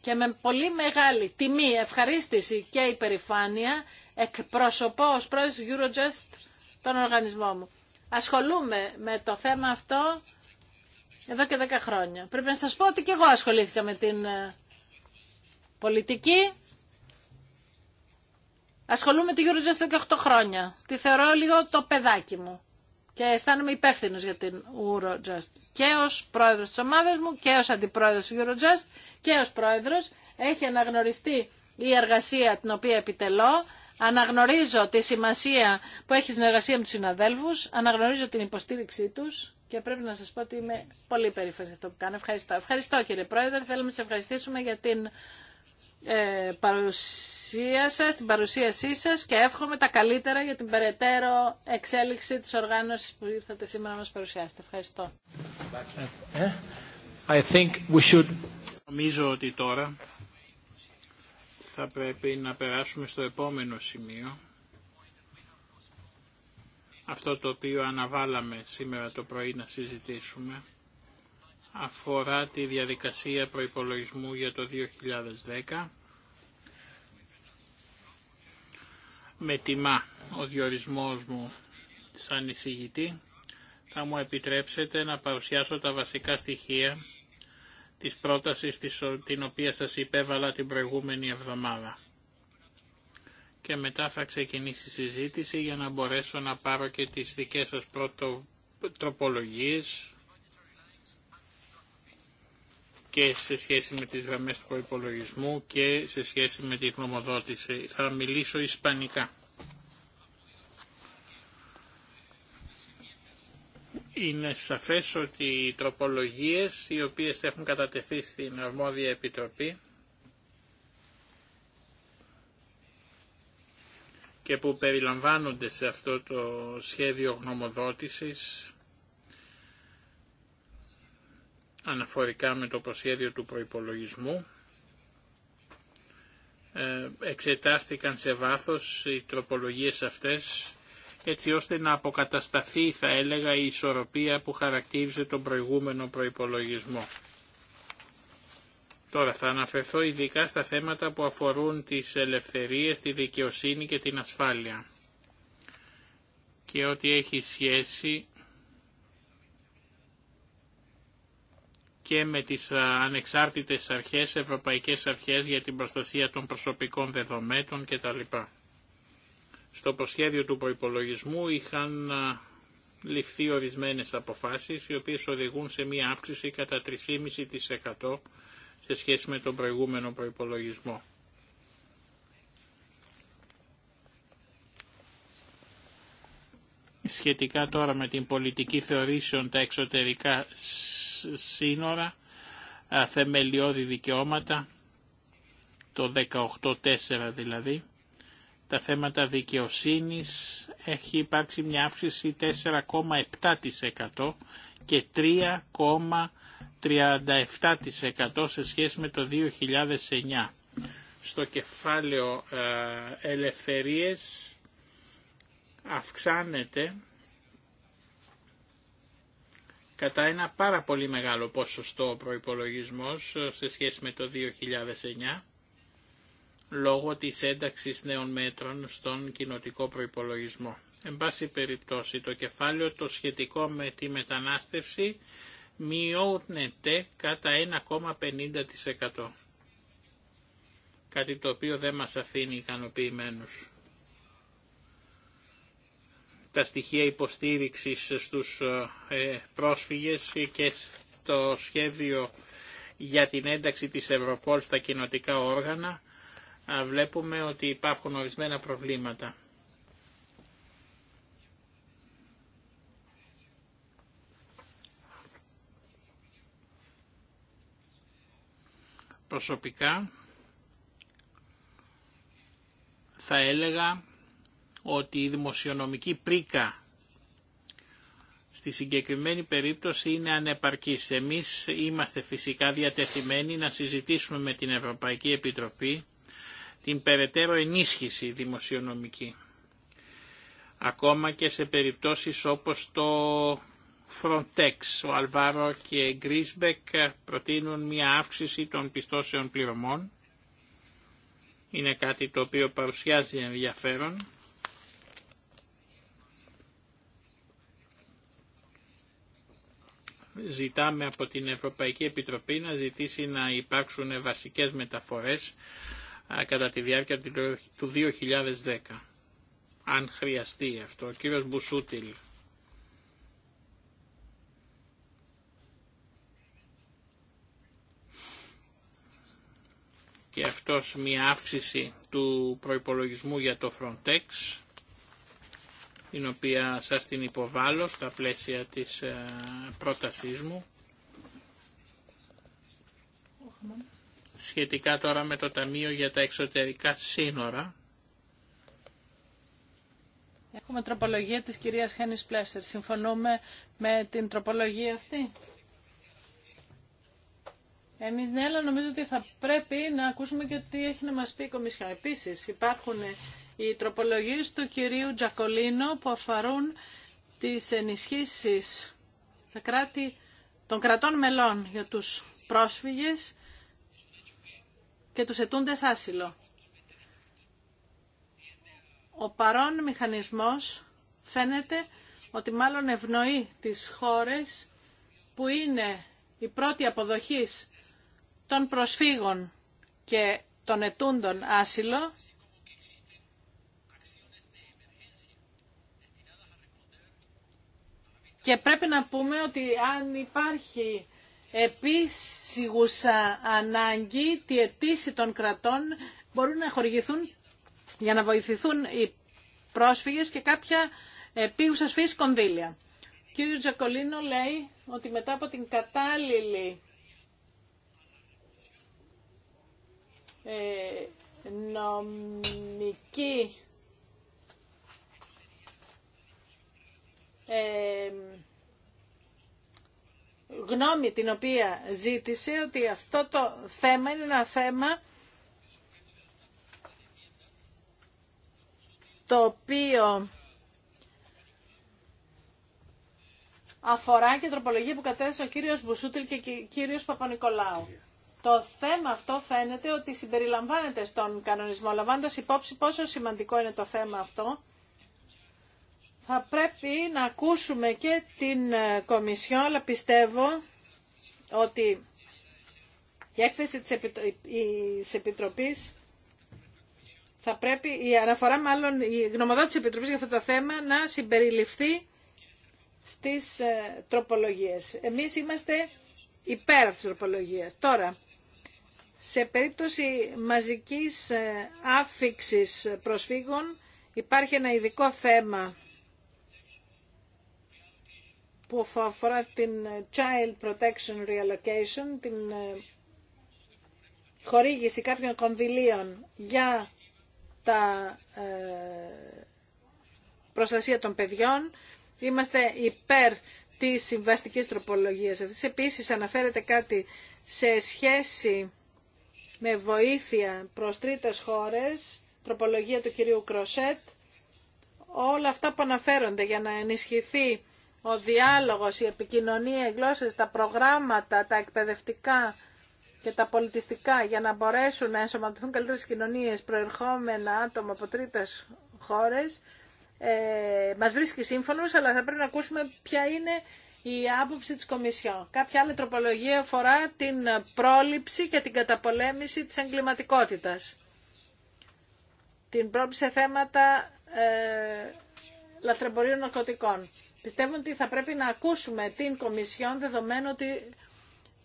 S2: και με πολύ μεγάλη τιμή, ευχαρίστηση και υπερηφάνεια εκπροσωπώ ως πρόεδρος Eurojust τον οργανισμό μου. Ασχολούμαι με το θέμα αυτό εδώ και δέκα χρόνια. Πρέπει να σας πω ότι και εγώ ασχολήθηκα με την ε, πολιτική. Ασχολούμαι τη Eurojust εδώ και χρόνια. Τη θεωρώ λίγο το παιδάκι μου. Και αισθάνομαι υπεύθυνο για την Eurojust. Και ω πρόεδρο τη ομάδα μου και ω αντιπρόεδρο τη Eurojust και ω πρόεδρο έχει αναγνωριστεί η εργασία την οποία επιτελώ. Αναγνωρίζω τη σημασία που έχει συνεργασία με του συναδέλφου. Αναγνωρίζω την υποστήριξή του. Και πρέπει να σας πω ότι είμαι πολύ περήφανη αυτό που κάνω. Ευχαριστώ. Ευχαριστώ κύριε Πρόεδρε. Θέλουμε να σας ευχαριστήσουμε για την ε, παρουσία σας, την παρουσίασή σας και εύχομαι τα καλύτερα για την περαιτέρω εξέλιξη της οργάνωσης που ήρθατε σήμερα να μας παρουσιάσετε. Ευχαριστώ.
S1: Ε, ε, I think we should... Νομίζω
S4: ότι τώρα θα πρέπει να περάσουμε στο επόμενο σημείο αυτό το οποίο αναβάλαμε σήμερα το πρωί να συζητήσουμε αφορά τη διαδικασία προϋπολογισμού για το 2010 με τιμά ο διορισμός μου σαν εισηγητή θα μου επιτρέψετε να παρουσιάσω τα βασικά στοιχεία της πρότασης την οποία σας υπέβαλα την προηγούμενη εβδομάδα και μετά θα ξεκινήσει η συζήτηση για να μπορέσω να πάρω και τις δικές σας πρώτο τροπολογίες και σε σχέση με τις γραμμές του προϋπολογισμού και σε σχέση με τη γνωμοδότηση. Θα μιλήσω ισπανικά. Είναι σαφές ότι οι τροπολογίες οι οποίες έχουν κατατεθεί στην αρμόδια επιτροπή και που περιλαμβάνονται σε αυτό το σχέδιο γνωμοδότησης αναφορικά με το προσχέδιο του προϋπολογισμού. Ε, εξετάστηκαν σε βάθος οι τροπολογίες αυτές έτσι ώστε να αποκατασταθεί θα έλεγα η ισορροπία που χαρακτήριζε τον προηγούμενο προϋπολογισμό. Τώρα θα αναφερθώ ειδικά στα θέματα που αφορούν τις ελευθερίες, τη δικαιοσύνη και την ασφάλεια και ότι έχει σχέση και με τις ανεξάρτητες αρχές, ευρωπαϊκές αρχές για την προστασία των προσωπικών δεδομένων κτλ. Στο προσχέδιο του προϋπολογισμού είχαν ληφθεί ορισμένες αποφάσεις οι οποίες οδηγούν σε μία αύξηση κατά 3,5% σε σχέση με τον προηγούμενο προϋπολογισμό. Σχετικά τώρα με την πολιτική θεωρήσεων τα εξωτερικά σύνορα, θεμελιώδη δικαιώματα, το 18-4 δηλαδή, τα θέματα δικαιοσύνης έχει υπάρξει μια αύξηση 4,7% και 3, 37% σε σχέση με το 2009. Στο κεφάλαιο ε, ελευθερίες αυξάνεται κατά ένα πάρα πολύ μεγάλο ποσοστό ο προϋπολογισμός ε, σε σχέση με το 2009 λόγω της ένταξης νέων μέτρων στον κοινοτικό προϋπολογισμό. Εν πάση περιπτώσει, το κεφάλαιο το σχετικό με τη μετανάστευση μειώνεται κατά 1,50%. Κάτι το οποίο δεν μας αφήνει ικανοποιημένους. Τα στοιχεία υποστήριξης στους ε, πρόσφυγες και το σχέδιο για την ένταξη της Ευρωπόλ στα κοινοτικά όργανα βλέπουμε ότι υπάρχουν ορισμένα προβλήματα. προσωπικά θα έλεγα ότι η δημοσιονομική πρίκα στη συγκεκριμένη περίπτωση είναι ανεπαρκής. Εμείς είμαστε φυσικά διατεθειμένοι να συζητήσουμε με την Ευρωπαϊκή Επιτροπή την περαιτέρω ενίσχυση δημοσιονομική. Ακόμα και σε περιπτώσεις όπως το Frontex. Ο Αλβάρο και Γκρίσμπεκ προτείνουν μια αύξηση των πιστώσεων πληρωμών. Είναι κάτι το οποίο παρουσιάζει ενδιαφέρον. Ζητάμε από την Ευρωπαϊκή Επιτροπή να ζητήσει να υπάρξουν βασικές μεταφορές κατά τη διάρκεια του 2010 αν χρειαστεί αυτό. Ο κύριος Μπουσούτιλ. και αυτός μια αύξηση του προϋπολογισμού για το Frontex την οποία σας την υποβάλλω στα πλαίσια της ε, πρότασής μου σχετικά τώρα με το Ταμείο για τα Εξωτερικά Σύνορα.
S2: Έχουμε τροπολογία της κυρίας Χένης Πλέσσερ. Συμφωνούμε με την τροπολογία αυτή. Εμείς ναι, αλλά νομίζω ότι θα πρέπει να ακούσουμε και τι έχει να μας πει η Κομισιόν. Επίσης υπάρχουν οι τροπολογίες του κυρίου Τζακολίνο που αφορούν τις ενισχύσεις τα κράτη των κρατών μελών για τους πρόσφυγες και τους ετούντες άσυλο. Ο παρόν μηχανισμός φαίνεται ότι μάλλον ευνοεί τις χώρες που είναι η πρώτη αποδοχής των προσφύγων και των ετούντων άσυλο και πρέπει να πούμε ότι αν υπάρχει επίσηγουσα ανάγκη τη αιτήση των κρατών μπορούν να χορηγηθούν για να βοηθηθούν οι πρόσφυγες και κάποια επίγουσας φύση κονδύλια. Κύριο Τζακολίνο λέει ότι μετά από την κατάλληλη Ε, νομική ε, γνώμη την οποία ζήτησε ότι αυτό το θέμα είναι ένα θέμα το οποίο αφορά και τροπολογία που κατέθεσε ο κύριος Μπουσούτιλ και ο κύριος το θέμα αυτό φαίνεται ότι συμπεριλαμβάνεται στον κανονισμό. Λαμβάνοντα υπόψη πόσο σημαντικό είναι το θέμα αυτό, θα πρέπει να ακούσουμε και την ε, Κομισιό, αλλά πιστεύω ότι η έκθεση της Επιτροπής θα πρέπει, η αναφορά μάλλον, η γνωμοδότηση της Επιτροπής για αυτό το θέμα να συμπεριληφθεί στις ε, τροπολογίες. Εμείς είμαστε υπέρ αυτής της τροπολογίας. Τώρα, σε περίπτωση μαζικής ε, άφηξης προσφύγων υπάρχει ένα ειδικό θέμα που αφορά την ε, Child Protection Reallocation, την ε, χορήγηση κάποιων κονδυλίων για τα προστασία των παιδιών. Είμαστε υπέρ της συμβαστικής τροπολογίας αυτής. Επίσης αναφέρεται κάτι σε σχέση με βοήθεια προς τρίτες χώρες, τροπολογία του κυρίου Κροσέτ, όλα αυτά που αναφέρονται για να ενισχυθεί ο διάλογος, η επικοινωνία, οι γλώσσες, τα προγράμματα, τα εκπαιδευτικά και τα πολιτιστικά για να μπορέσουν να ενσωματωθούν καλύτερες κοινωνίες προερχόμενα άτομα από τρίτες χώρες, ε, μας βρίσκει σύμφωνος, αλλά θα πρέπει να ακούσουμε ποια είναι η άποψη της Κομισιόν. Κάποια άλλη τροπολογία αφορά την πρόληψη και την καταπολέμηση της εγκληματικότητα. Την πρόληψη σε θέματα ε, λαθρεμπορίων ναρκωτικών. Πιστεύω ότι θα πρέπει να ακούσουμε την Κομισιόν δεδομένου ότι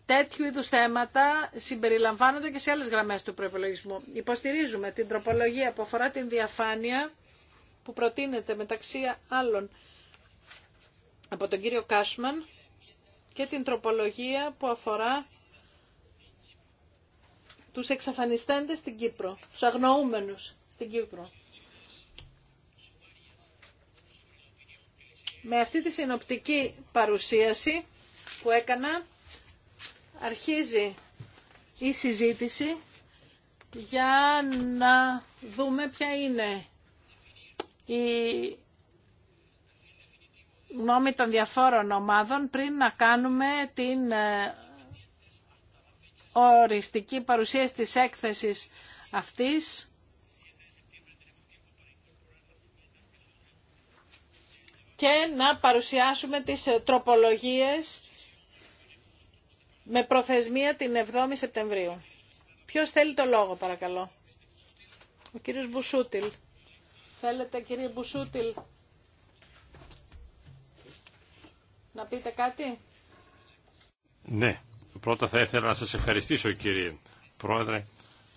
S2: τέτοιου είδους θέματα συμπεριλαμβάνονται και σε άλλες γραμμές του προπολογισμού. Υποστηρίζουμε την τροπολογία που αφορά την διαφάνεια που προτείνεται μεταξύ άλλων από τον κύριο Κάσμαν και την τροπολογία που αφορά τους εξαφανιστέντες στην Κύπρο, τους αγνοούμενους στην Κύπρο. Με αυτή τη συνοπτική παρουσίαση που έκανα αρχίζει η συζήτηση για να δούμε ποια είναι η γνώμη των διαφόρων ομάδων πριν να κάνουμε την ε, οριστική παρουσίαση της έκθεσης αυτής. και να παρουσιάσουμε τις ε, τροπολογίες με προθεσμία την 7η Σεπτεμβρίου. Ποιος θέλει το λόγο παρακαλώ. Ο κύριος Μπουσούτιλ. Θέλετε κύριε Μπουσούτιλ να πείτε κάτι.
S3: Ναι, πρώτα θα ήθελα να σας ευχαριστήσω κύριε Πρόεδρε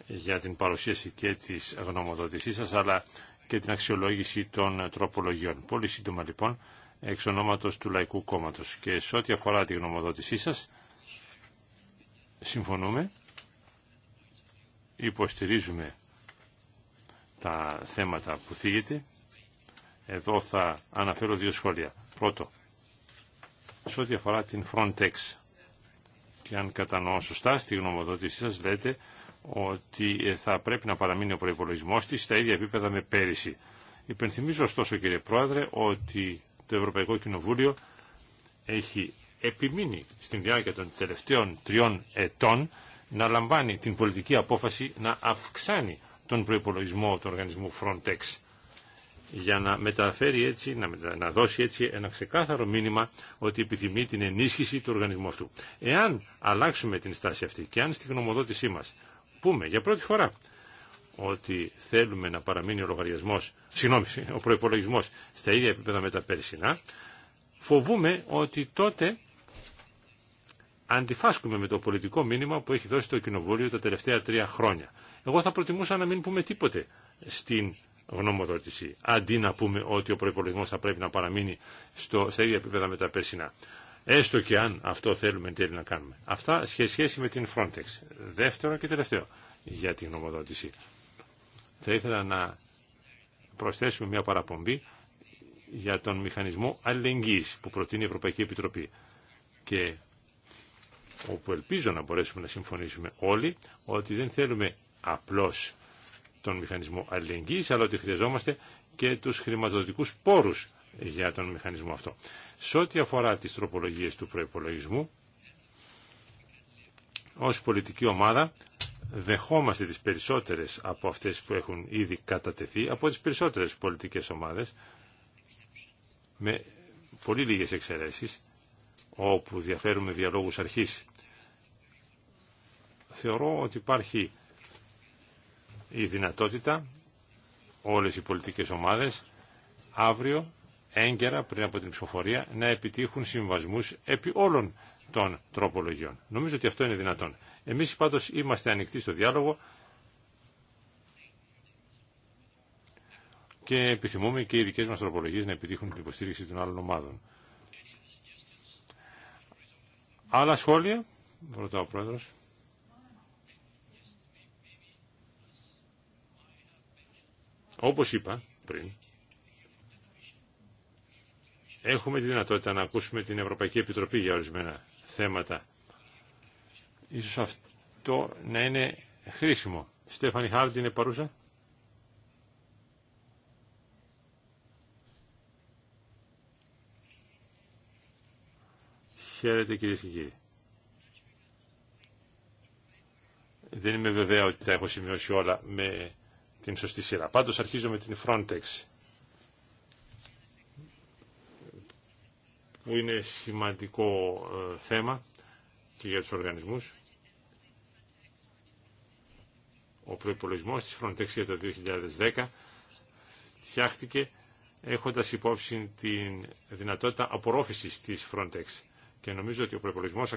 S3: για την παρουσίαση και της γνωμοδοτησής σας αλλά και την αξιολόγηση των τροπολογιών. Πολύ σύντομα λοιπόν, εξ ονόματος του Λαϊκού Κόμματος. Και σε ό,τι αφορά τη γνωμοδότησή σας, συμφωνούμε, υποστηρίζουμε τα θέματα που θίγεται. Εδώ θα αναφέρω δύο σχόλια. Πρώτο, σε ό,τι αφορά την Frontex. Και αν κατανοώ σωστά, στη γνωμοδότησή σας λέτε ότι ε, θα πρέπει να παραμείνει ο προπολογισμό τη στα ίδια επίπεδα με πέρυσι. Υπενθυμίζω ωστόσο κύριε Πρόεδρε ότι το Ευρωπαϊκό Κοινοβούλιο έχει επιμείνει στην διάρκεια των τελευταίων τριών ετών να λαμβάνει την πολιτική απόφαση να αυξάνει τον προπολογισμό του οργανισμού Frontex για να μεταφέρει έτσι, να, δώσει έτσι ένα ξεκάθαρο μήνυμα ότι επιθυμεί την ενίσχυση του οργανισμού αυτού. Εάν αλλάξουμε την στάση αυτή και αν στη γνωμοδότησή μας πούμε για πρώτη φορά ότι θέλουμε να παραμείνει ο λογαριασμός, συγγνώμη, ο προϋπολογισμός στα ίδια επίπεδα με τα περσινά, φοβούμε ότι τότε αντιφάσκουμε με το πολιτικό μήνυμα που έχει δώσει το Κοινοβούλιο τα τελευταία τρία χρόνια. Εγώ θα προτιμούσα να μην πούμε τίποτε στην γνωμοδότηση, αντί να πούμε ότι ο προπολογισμό θα πρέπει να παραμείνει στο, στα ίδια επίπεδα με τα περσινά. Έστω και αν αυτό θέλουμε εν τέλει να κάνουμε. Αυτά σε σχέση με την Frontex. Δεύτερο και τελευταίο για την γνωμοδότηση. Θα ήθελα να προσθέσουμε μια παραπομπή για τον μηχανισμό αλληλεγγύης που προτείνει η Ευρωπαϊκή Επιτροπή και όπου ελπίζω να μπορέσουμε να συμφωνήσουμε όλοι ότι δεν θέλουμε απλώς τον μηχανισμό αλληλεγγύης, αλλά ότι χρειαζόμαστε και τους χρηματοδοτικούς πόρους για τον μηχανισμό αυτό. Σε ό,τι αφορά τις τροπολογίες του προϋπολογισμού, ως πολιτική ομάδα δεχόμαστε τις περισσότερες από αυτές που έχουν ήδη κατατεθεί, από τις περισσότερες πολιτικές ομάδες, με πολύ λίγες εξαιρέσεις, όπου διαφέρουμε διαλόγους αρχής. Θεωρώ ότι υπάρχει η δυνατότητα όλες οι πολιτικές ομάδες αύριο έγκαιρα πριν από την ψηφοφορία να επιτύχουν συμβασμούς επί όλων των τροπολογιών. Νομίζω ότι αυτό είναι δυνατόν. Εμείς πάντως είμαστε ανοιχτοί στο διάλογο και επιθυμούμε και οι δικές μας τροπολογίες να επιτύχουν την υποστήριξη των άλλων ομάδων. Άλλα σχόλια, ρωτά ο Πρόεδρος. Όπως είπα πριν, έχουμε τη δυνατότητα να ακούσουμε την Ευρωπαϊκή Επιτροπή για ορισμένα θέματα. Ίσως αυτό να είναι χρήσιμο. Στέφανη Χάρντ είναι παρούσα. Χαίρετε κυρίε και κύριοι. Δεν είμαι βεβαία ότι τα έχω σημειώσει όλα με την σωστή σειρά. Πάντως αρχίζω με την Frontex. που είναι σημαντικό ε, θέμα και για τους οργανισμούς. Ο προϋπολογισμός της Frontex για το 2010 φτιάχτηκε έχοντας υπόψη την δυνατότητα απορρόφησης της Frontex και νομίζω ότι ο προϋπολογισμός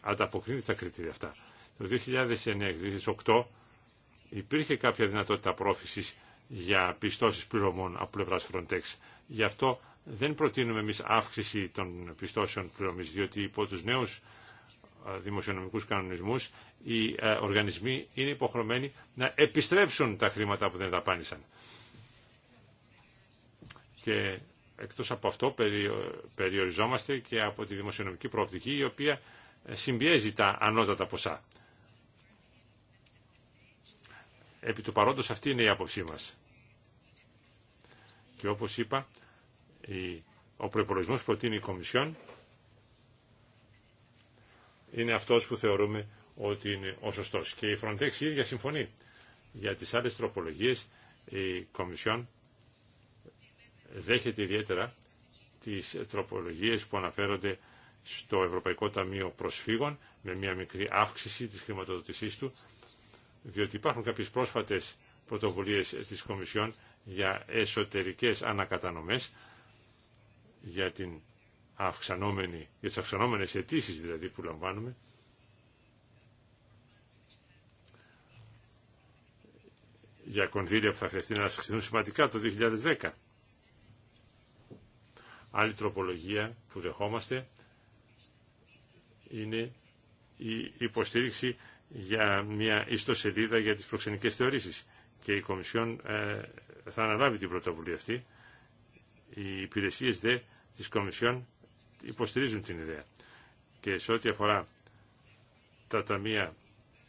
S3: ανταποκρίνεται τα κριτήρια αυτά. Το 2009-2008 υπήρχε κάποια δυνατότητα πρόφησης για πιστώσεις πληρωμών από πλευράς Frontex. Γι' αυτό δεν προτείνουμε εμείς αύξηση των πιστώσεων πληρωμής, διότι υπό τους νέους δημοσιονομικούς κανονισμούς οι οργανισμοί είναι υποχρεωμένοι να επιστρέψουν τα χρήματα που δεν δαπάνησαν. Και εκτός από αυτό περιοριζόμαστε και από τη δημοσιονομική προοπτική η οποία ε, συμπιέζει τα ανώτατα ποσά. Επί του παρόντος αυτή είναι η άποψή μας. Και όπως είπα, ο προπολογισμό που προτείνει η Κομισιόν είναι αυτός που θεωρούμε ότι είναι ο σωστός. Και η Frontex η ίδια συμφωνεί. Για τις άλλες τροπολογίες η Κομισιόν δέχεται ιδιαίτερα τις τροπολογίες που αναφέρονται στο Ευρωπαϊκό Ταμείο Προσφύγων με μια μικρή αύξηση της χρηματοδοτησής του διότι υπάρχουν κάποιες πρόσφατες πρωτοβουλίες της Κομισιόν για εσωτερικές ανακατανομές για, την αυξανόμενη, για τις αυξανόμενες αιτήσει δηλαδή που λαμβάνουμε για κονδύλια που θα χρειαστεί να αυξηθούν σημαντικά το 2010. Άλλη τροπολογία που δεχόμαστε είναι η υποστήριξη για μια ιστοσελίδα για τις προξενικές θεωρήσεις και η Κομισιόν ε, θα αναλάβει την πρωτοβουλία αυτή. Οι υπηρεσίες δε της Κομισιόν υποστηρίζουν την ιδέα. Και σε ό,τι αφορά τα ταμεία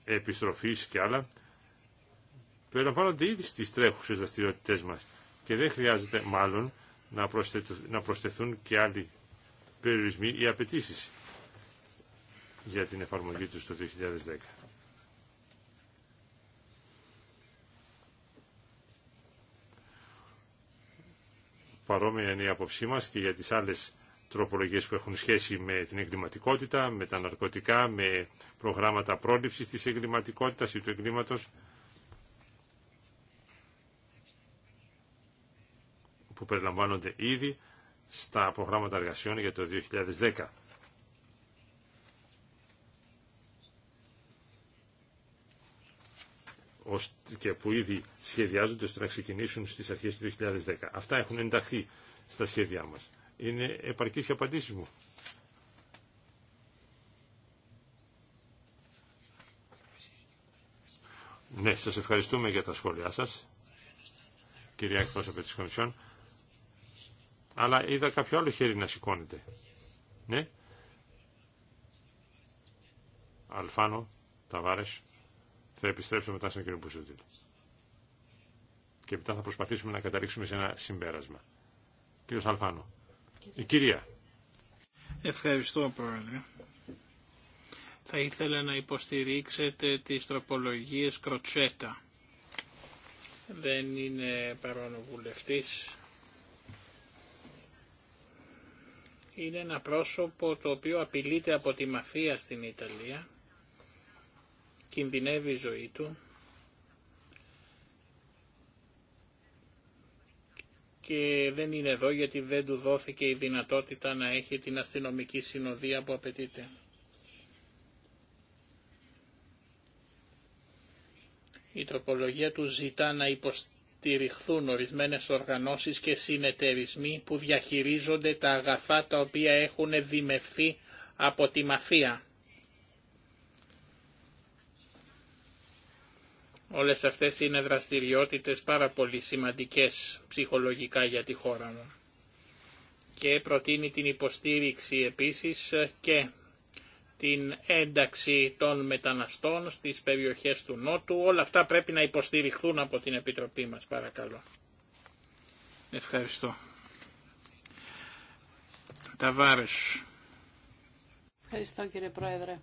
S3: επιστροφής και άλλα, περιλαμβάνονται ήδη στις τρέχουσες δραστηριότητε μας και δεν χρειάζεται μάλλον να, να προσθεθούν και άλλοι περιορισμοί ή απαιτήσει για την εφαρμογή του το 2010. παρόμοια είναι η άποψή μας και για τις άλλες τροπολογίες που έχουν σχέση με την εγκληματικότητα, με τα ναρκωτικά, με προγράμματα πρόληψης της εγκληματικότητας ή του εγκλήματος που περιλαμβάνονται ήδη στα προγράμματα εργασιών για το 2010. και που ήδη σχεδιάζονται ώστε να ξεκινήσουν στις αρχές του 2010. Αυτά έχουν ενταχθεί στα σχέδιά μας. Είναι επαρκής οι απαντήσεις μου. Ναι, σας ευχαριστούμε για τα σχόλιά σας, κυρία εκπρόσωπε της Κομισιόν. Αλλά είδα κάποιο άλλο χέρι να σηκώνεται. Ναι. Αλφάνο, Ταβάρες. Θα επιστρέψω μετά στον κύριο Μπουσούτη. Και μετά θα προσπαθήσουμε να καταλήξουμε σε ένα συμπέρασμα. Κύριος Αλφάνο. Η κυρία.
S4: Ευχαριστώ πρόεδρε. Θα ήθελα να υποστηρίξετε τις τροπολογίες Κροτσέτα. Δεν είναι παρόν ο βουλευτής. Είναι ένα πρόσωπο το οποίο απειλείται από τη μαφία στην Ιταλία κινδυνεύει η ζωή του και δεν είναι εδώ γιατί δεν του δόθηκε η δυνατότητα να έχει την αστυνομική συνοδεία που απαιτείται. Η τροπολογία του ζητά να υποστηριχθούν ορισμένες οργανώσεις και συνεταιρισμοί που διαχειρίζονται τα αγαθά τα οποία έχουν δημευθεί από τη μαφία. Όλες αυτές είναι δραστηριότητες πάρα πολύ σημαντικές ψυχολογικά για τη χώρα μου. Και προτείνει την υποστήριξη επίσης και την ένταξη των μεταναστών στις περιοχές του Νότου. Όλα αυτά πρέπει να υποστηριχθούν από την Επιτροπή μας, παρακαλώ. Ευχαριστώ. Ταβάρες.
S2: Ευχαριστώ κύριε Πρόεδρε.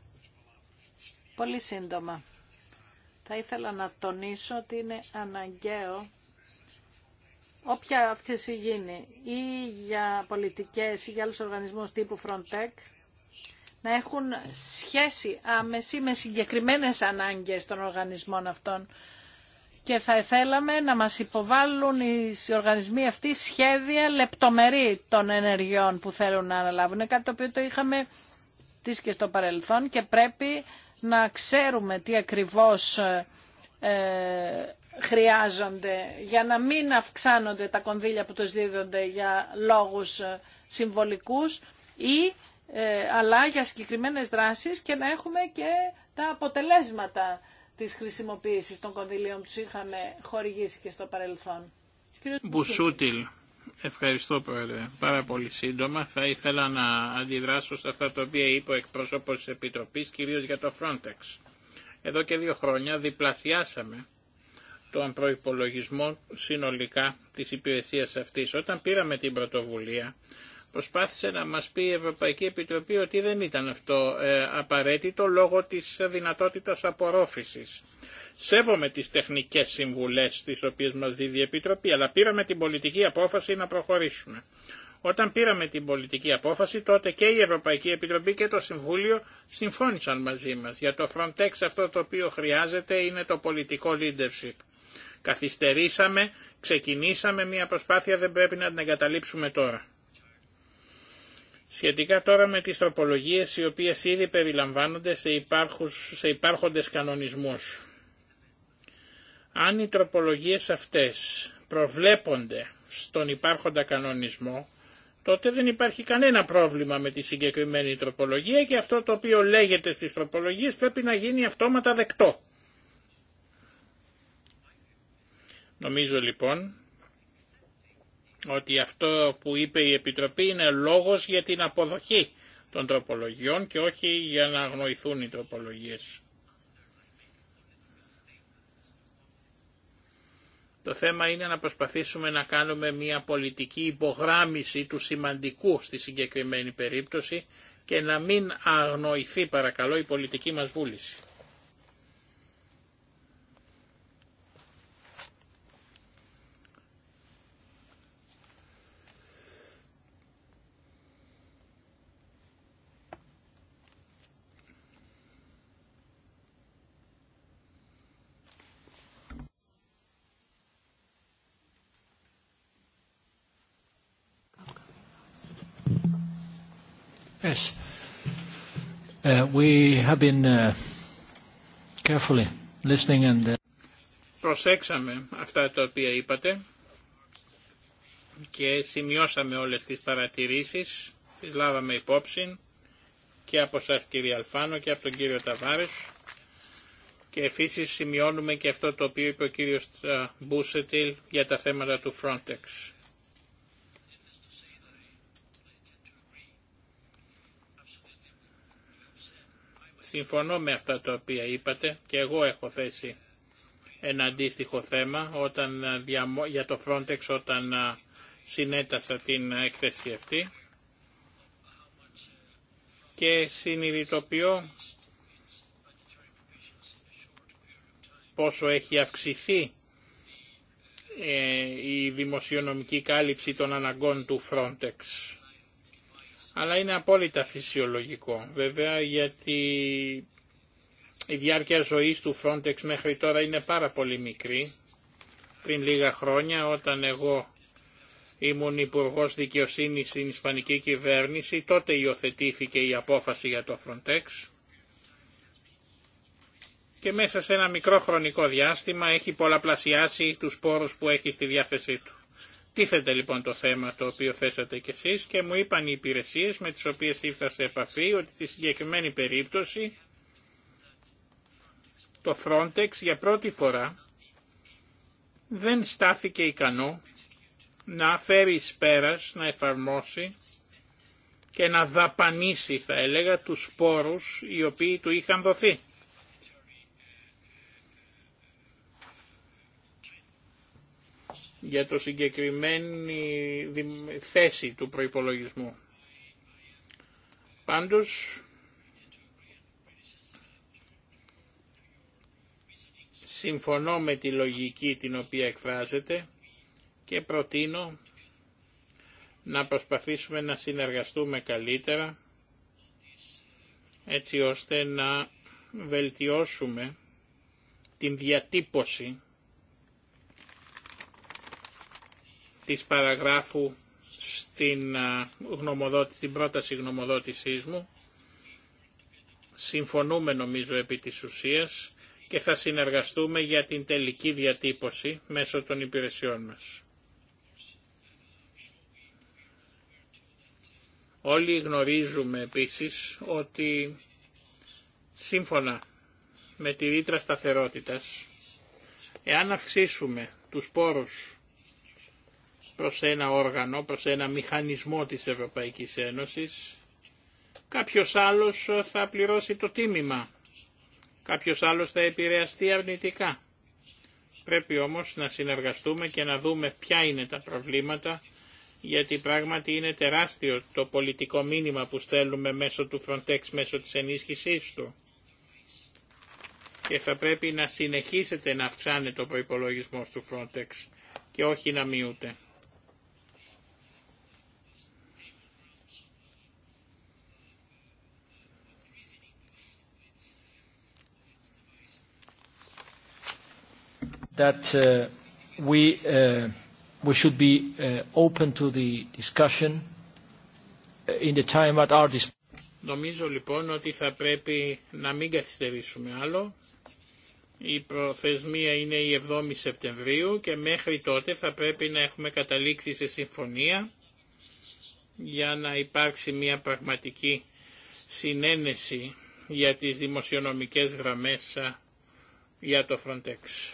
S2: Πολύ σύντομα θα ήθελα να τονίσω ότι είναι αναγκαίο όποια αύξηση γίνει ή για πολιτικές ή για άλλους οργανισμούς τύπου Frontec να έχουν σχέση άμεση με συγκεκριμένες ανάγκες των οργανισμών αυτών και θα θέλαμε να μας υποβάλουν οι οργανισμοί αυτοί σχέδια λεπτομερή των ενεργειών που θέλουν να αναλάβουν. Κάτι το οποίο το είχαμε της και στο παρελθόν και πρέπει να ξέρουμε τι ακριβώς ε, χρειάζονται για να μην αυξάνονται τα κονδύλια που τους δίδονται για λόγους ε, συμβολικούς ή ε, αλλά για συγκεκριμένες δράσεις και να έχουμε και τα αποτελέσματα της χρησιμοποίησης των κονδυλίων που τους είχαμε χορηγήσει και στο παρελθόν. Μπουσούτιλ.
S4: Ευχαριστώ Πρόεδρε. Πάρα πολύ σύντομα θα ήθελα να αντιδράσω σε αυτά τα οποία είπε ο εκπρόσωπος της Επιτροπής, κυρίως για το Frontex. Εδώ και δύο χρόνια διπλασιάσαμε τον προϋπολογισμό συνολικά της υπηρεσίας αυτής. Όταν πήραμε την πρωτοβουλία Προσπάθησε να μας πει η Ευρωπαϊκή Επιτροπή ότι δεν ήταν αυτό ε, απαραίτητο λόγω της δυνατότητας απορρόφησης. Σέβομαι τις τεχνικές συμβουλές τις οποίες μας δίδει η Επιτροπή, αλλά πήραμε την πολιτική απόφαση να προχωρήσουμε. Όταν πήραμε την πολιτική απόφαση, τότε και η Ευρωπαϊκή Επιτροπή και το Συμβούλιο συμφώνησαν μαζί μας. Για το Frontex αυτό το οποίο χρειάζεται είναι το πολιτικό leadership. Καθυστερήσαμε, ξεκινήσαμε μια προσπάθεια, δεν πρέπει να την εγκαταλείψουμε τώρα. Σχετικά τώρα με τις τροπολογίες οι οποίες ήδη περιλαμβάνονται σε, υπάρχους, σε υπάρχοντες κανονισμούς. Αν οι τροπολογίες αυτές προβλέπονται στον υπάρχοντα κανονισμό, τότε δεν υπάρχει κανένα πρόβλημα με τη συγκεκριμένη τροπολογία και αυτό το οποίο λέγεται στις τροπολογίες πρέπει να γίνει αυτόματα δεκτό. Νομίζω λοιπόν ότι αυτό που είπε η Επιτροπή είναι λόγος για την αποδοχή των τροπολογιών και όχι για να αγνοηθούν οι τροπολογίες. Το θέμα είναι να προσπαθήσουμε να κάνουμε μια πολιτική υπογράμμιση του σημαντικού στη συγκεκριμένη περίπτωση και να μην αγνοηθεί παρακαλώ η πολιτική μας βούληση.
S1: Yes. Uh, we have been uh, carefully listening and... Uh,
S4: Προσέξαμε αυτά τα οποία είπατε και σημειώσαμε όλες τις παρατηρήσεις, τις λάβαμε υπόψη και από σας κύριε Αλφάνο και από τον κύριο Ταβάρης και επίσης σημειώνουμε και αυτό το οποίο είπε ο κύριος ε, Μπούσετιλ για τα θέματα του Frontex. συμφωνώ με αυτά τα οποία είπατε και εγώ έχω θέσει ένα αντίστοιχο θέμα όταν, για το Frontex όταν συνέτασα την έκθεση αυτή και συνειδητοποιώ πόσο έχει αυξηθεί ε, η δημοσιονομική κάλυψη των αναγκών του Frontex αλλά είναι απόλυτα φυσιολογικό βέβαια γιατί η διάρκεια ζωής του Frontex μέχρι τώρα είναι πάρα πολύ μικρή. Πριν λίγα χρόνια όταν εγώ ήμουν υπουργό δικαιοσύνη στην Ισπανική κυβέρνηση, τότε υιοθετήθηκε η απόφαση για το Frontex και μέσα σε ένα μικρό χρονικό διάστημα έχει πολλαπλασιάσει τους πόρους που έχει στη διάθεσή του. Τίθεται λοιπόν το θέμα το οποίο θέσατε κι εσείς και μου είπαν οι υπηρεσίες με τις οποίες ήρθα σε επαφή ότι στη συγκεκριμένη περίπτωση το Frontex για πρώτη φορά δεν στάθηκε ικανό να φέρει εις πέρας, να εφαρμόσει και να δαπανίσει θα έλεγα τους σπόρους οι οποίοι του είχαν δοθεί. για το συγκεκριμένη θέση του προϋπολογισμού. Πάντως, συμφωνώ με τη λογική την οποία εκφράζεται και προτείνω να προσπαθήσουμε να συνεργαστούμε καλύτερα έτσι ώστε να βελτιώσουμε την διατύπωση της παραγράφου στην, πρόταση γνωμοδότησής μου. Συμφωνούμε νομίζω επί της ουσίας και θα συνεργαστούμε για την τελική διατύπωση μέσω των υπηρεσιών μας. Όλοι γνωρίζουμε επίσης ότι σύμφωνα με τη ρήτρα σταθερότητας, εάν αυξήσουμε τους πόρους προς ένα όργανο, προς ένα μηχανισμό της Ευρωπαϊκής Ένωσης, κάποιος άλλος θα πληρώσει το τίμημα, κάποιος άλλος θα επηρεαστεί αρνητικά. Πρέπει όμως να συνεργαστούμε και να δούμε ποια είναι τα προβλήματα, γιατί πράγματι είναι τεράστιο το πολιτικό μήνυμα που στέλνουμε μέσω του Frontex, μέσω της ενίσχυσής του. Και θα πρέπει να συνεχίσετε να αυξάνετε το προπολογισμό του Frontex και όχι να μειούτε.
S1: discussion
S4: Νομίζω λοιπόν ότι θα πρέπει να μην καθυστερήσουμε άλλο. Η προθεσμία είναι η 7η Σεπτεμβρίου και μέχρι τότε θα πρέπει να έχουμε καταλήξει σε συμφωνία για να υπάρξει μια πραγματική συνένεση για τις δημοσιονομικές γραμμές ε, για το Frontex.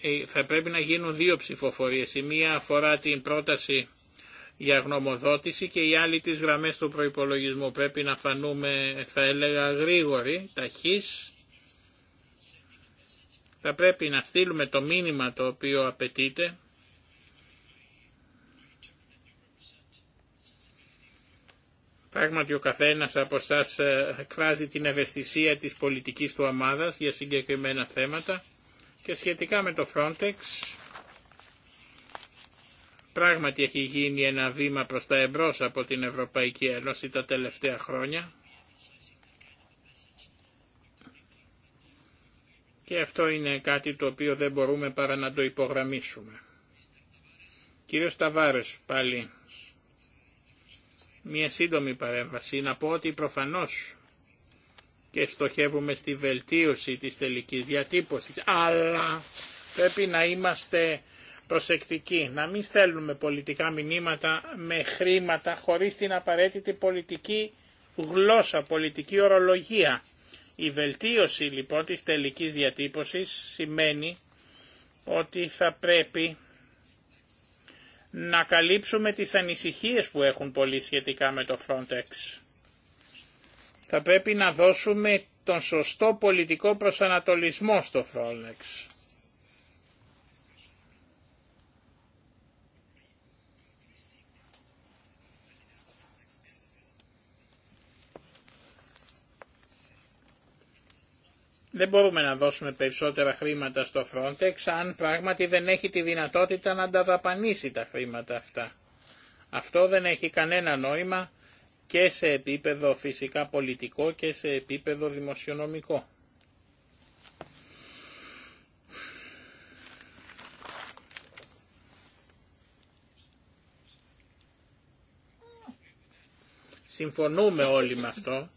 S4: Ε, θα πρέπει να γίνουν δύο ψηφοφορίες. Η μία αφορά την πρόταση για γνωμοδότηση και οι άλλοι τις γραμμές του προϋπολογισμού. Πρέπει να φανούμε, θα έλεγα, γρήγοροι, ταχείς. Θα πρέπει να στείλουμε το μήνυμα το οποίο απαιτείται. Πράγματι ο καθένας από εσά εκφράζει την ευαισθησία της πολιτικής του ομάδας για συγκεκριμένα θέματα. Και σχετικά με το Frontex, πράγματι έχει γίνει ένα βήμα προς τα εμπρός από την Ευρωπαϊκή Ένωση τα τελευταία χρόνια. Και αυτό είναι κάτι το οποίο δεν μπορούμε παρά να το υπογραμμίσουμε. Κύριος Ταβάρες, πάλι, μία σύντομη παρέμβαση. Να πω ότι προφανώς και στοχεύουμε στη βελτίωση της τελικής διατύπωσης, αλλά πρέπει να είμαστε προσεκτικοί, να μην στέλνουμε πολιτικά μηνύματα με χρήματα χωρίς την απαραίτητη πολιτική γλώσσα, πολιτική ορολογία. Η βελτίωση λοιπόν της τελικής διατύπωσης σημαίνει ότι θα πρέπει να καλύψουμε τις ανησυχίες που έχουν πολύ σχετικά με το Frontex. Θα πρέπει να δώσουμε τον σωστό πολιτικό προσανατολισμό στο Frontex. Δεν μπορούμε να δώσουμε περισσότερα χρήματα στο Frontex αν πράγματι δεν έχει τη δυνατότητα να τα δαπανίσει τα χρήματα αυτά. Αυτό δεν έχει κανένα νόημα και σε επίπεδο φυσικά πολιτικό και σε επίπεδο δημοσιονομικό. Συμφωνούμε όλοι με αυτό.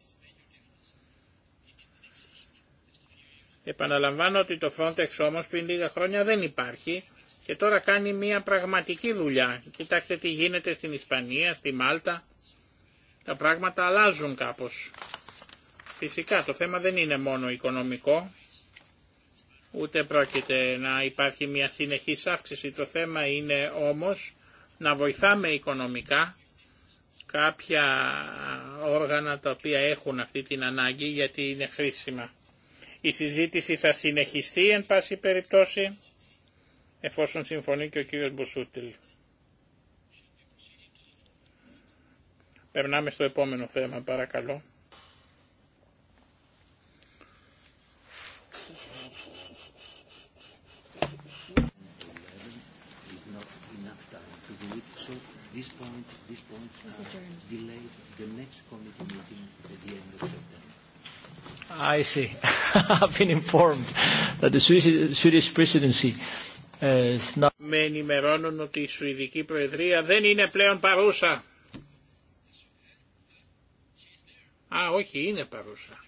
S4: Επαναλαμβάνω ότι το Frontex όμως πριν λίγα χρόνια δεν υπάρχει και τώρα κάνει μια πραγματική δουλειά. Κοιτάξτε τι γίνεται στην Ισπανία, στη Μάλτα. Τα πράγματα αλλάζουν κάπως. Φυσικά το θέμα δεν είναι μόνο οικονομικό, ούτε πρόκειται να υπάρχει μια συνεχής αύξηση. Το θέμα είναι όμως να βοηθάμε οικονομικά κάποια όργανα τα οποία έχουν αυτή την ανάγκη γιατί είναι χρήσιμα. Η συζήτηση θα συνεχιστεί εν πάση περιπτώσει εφόσον συμφωνεί και ο κύριος Μπουσούτιλ. Περνάμε στο επόμενο θέμα, παρακαλώ.
S1: Με ενημερώνουν ότι
S4: η Σουηδική Προεδρία δεν είναι πλέον παρούσα. Α, όχι, είναι παρούσα.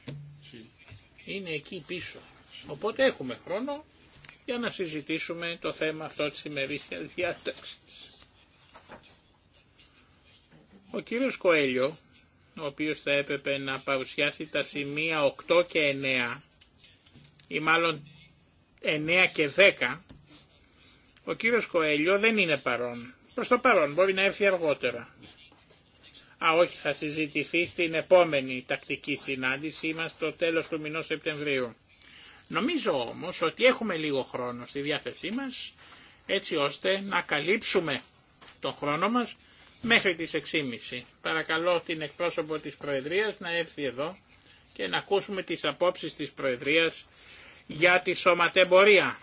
S4: Είναι εκεί πίσω. Οπότε έχουμε χρόνο για να συζητήσουμε το θέμα αυτό της ημερήσια διάταξης. Ο κύριος Κοέλιο, ο οποίος θα έπρεπε να παρουσιάσει τα σημεία 8 και 9, ή μάλλον 9 και 10, ο κύριος Κοέλιο δεν είναι παρόν. Προς το παρόν, μπορεί να έρθει αργότερα. Α, όχι, θα συζητηθεί στην επόμενη τακτική συνάντησή μας το τέλος του μηνός Σεπτεμβρίου. Νομίζω όμως ότι έχουμε λίγο χρόνο στη διάθεσή μας, έτσι ώστε να καλύψουμε τον χρόνο μας μέχρι τις 6.30. Παρακαλώ την εκπρόσωπο της Προεδρίας να έρθει εδώ και να ακούσουμε τις απόψεις της Προεδρίας για τη σωματεμπορία.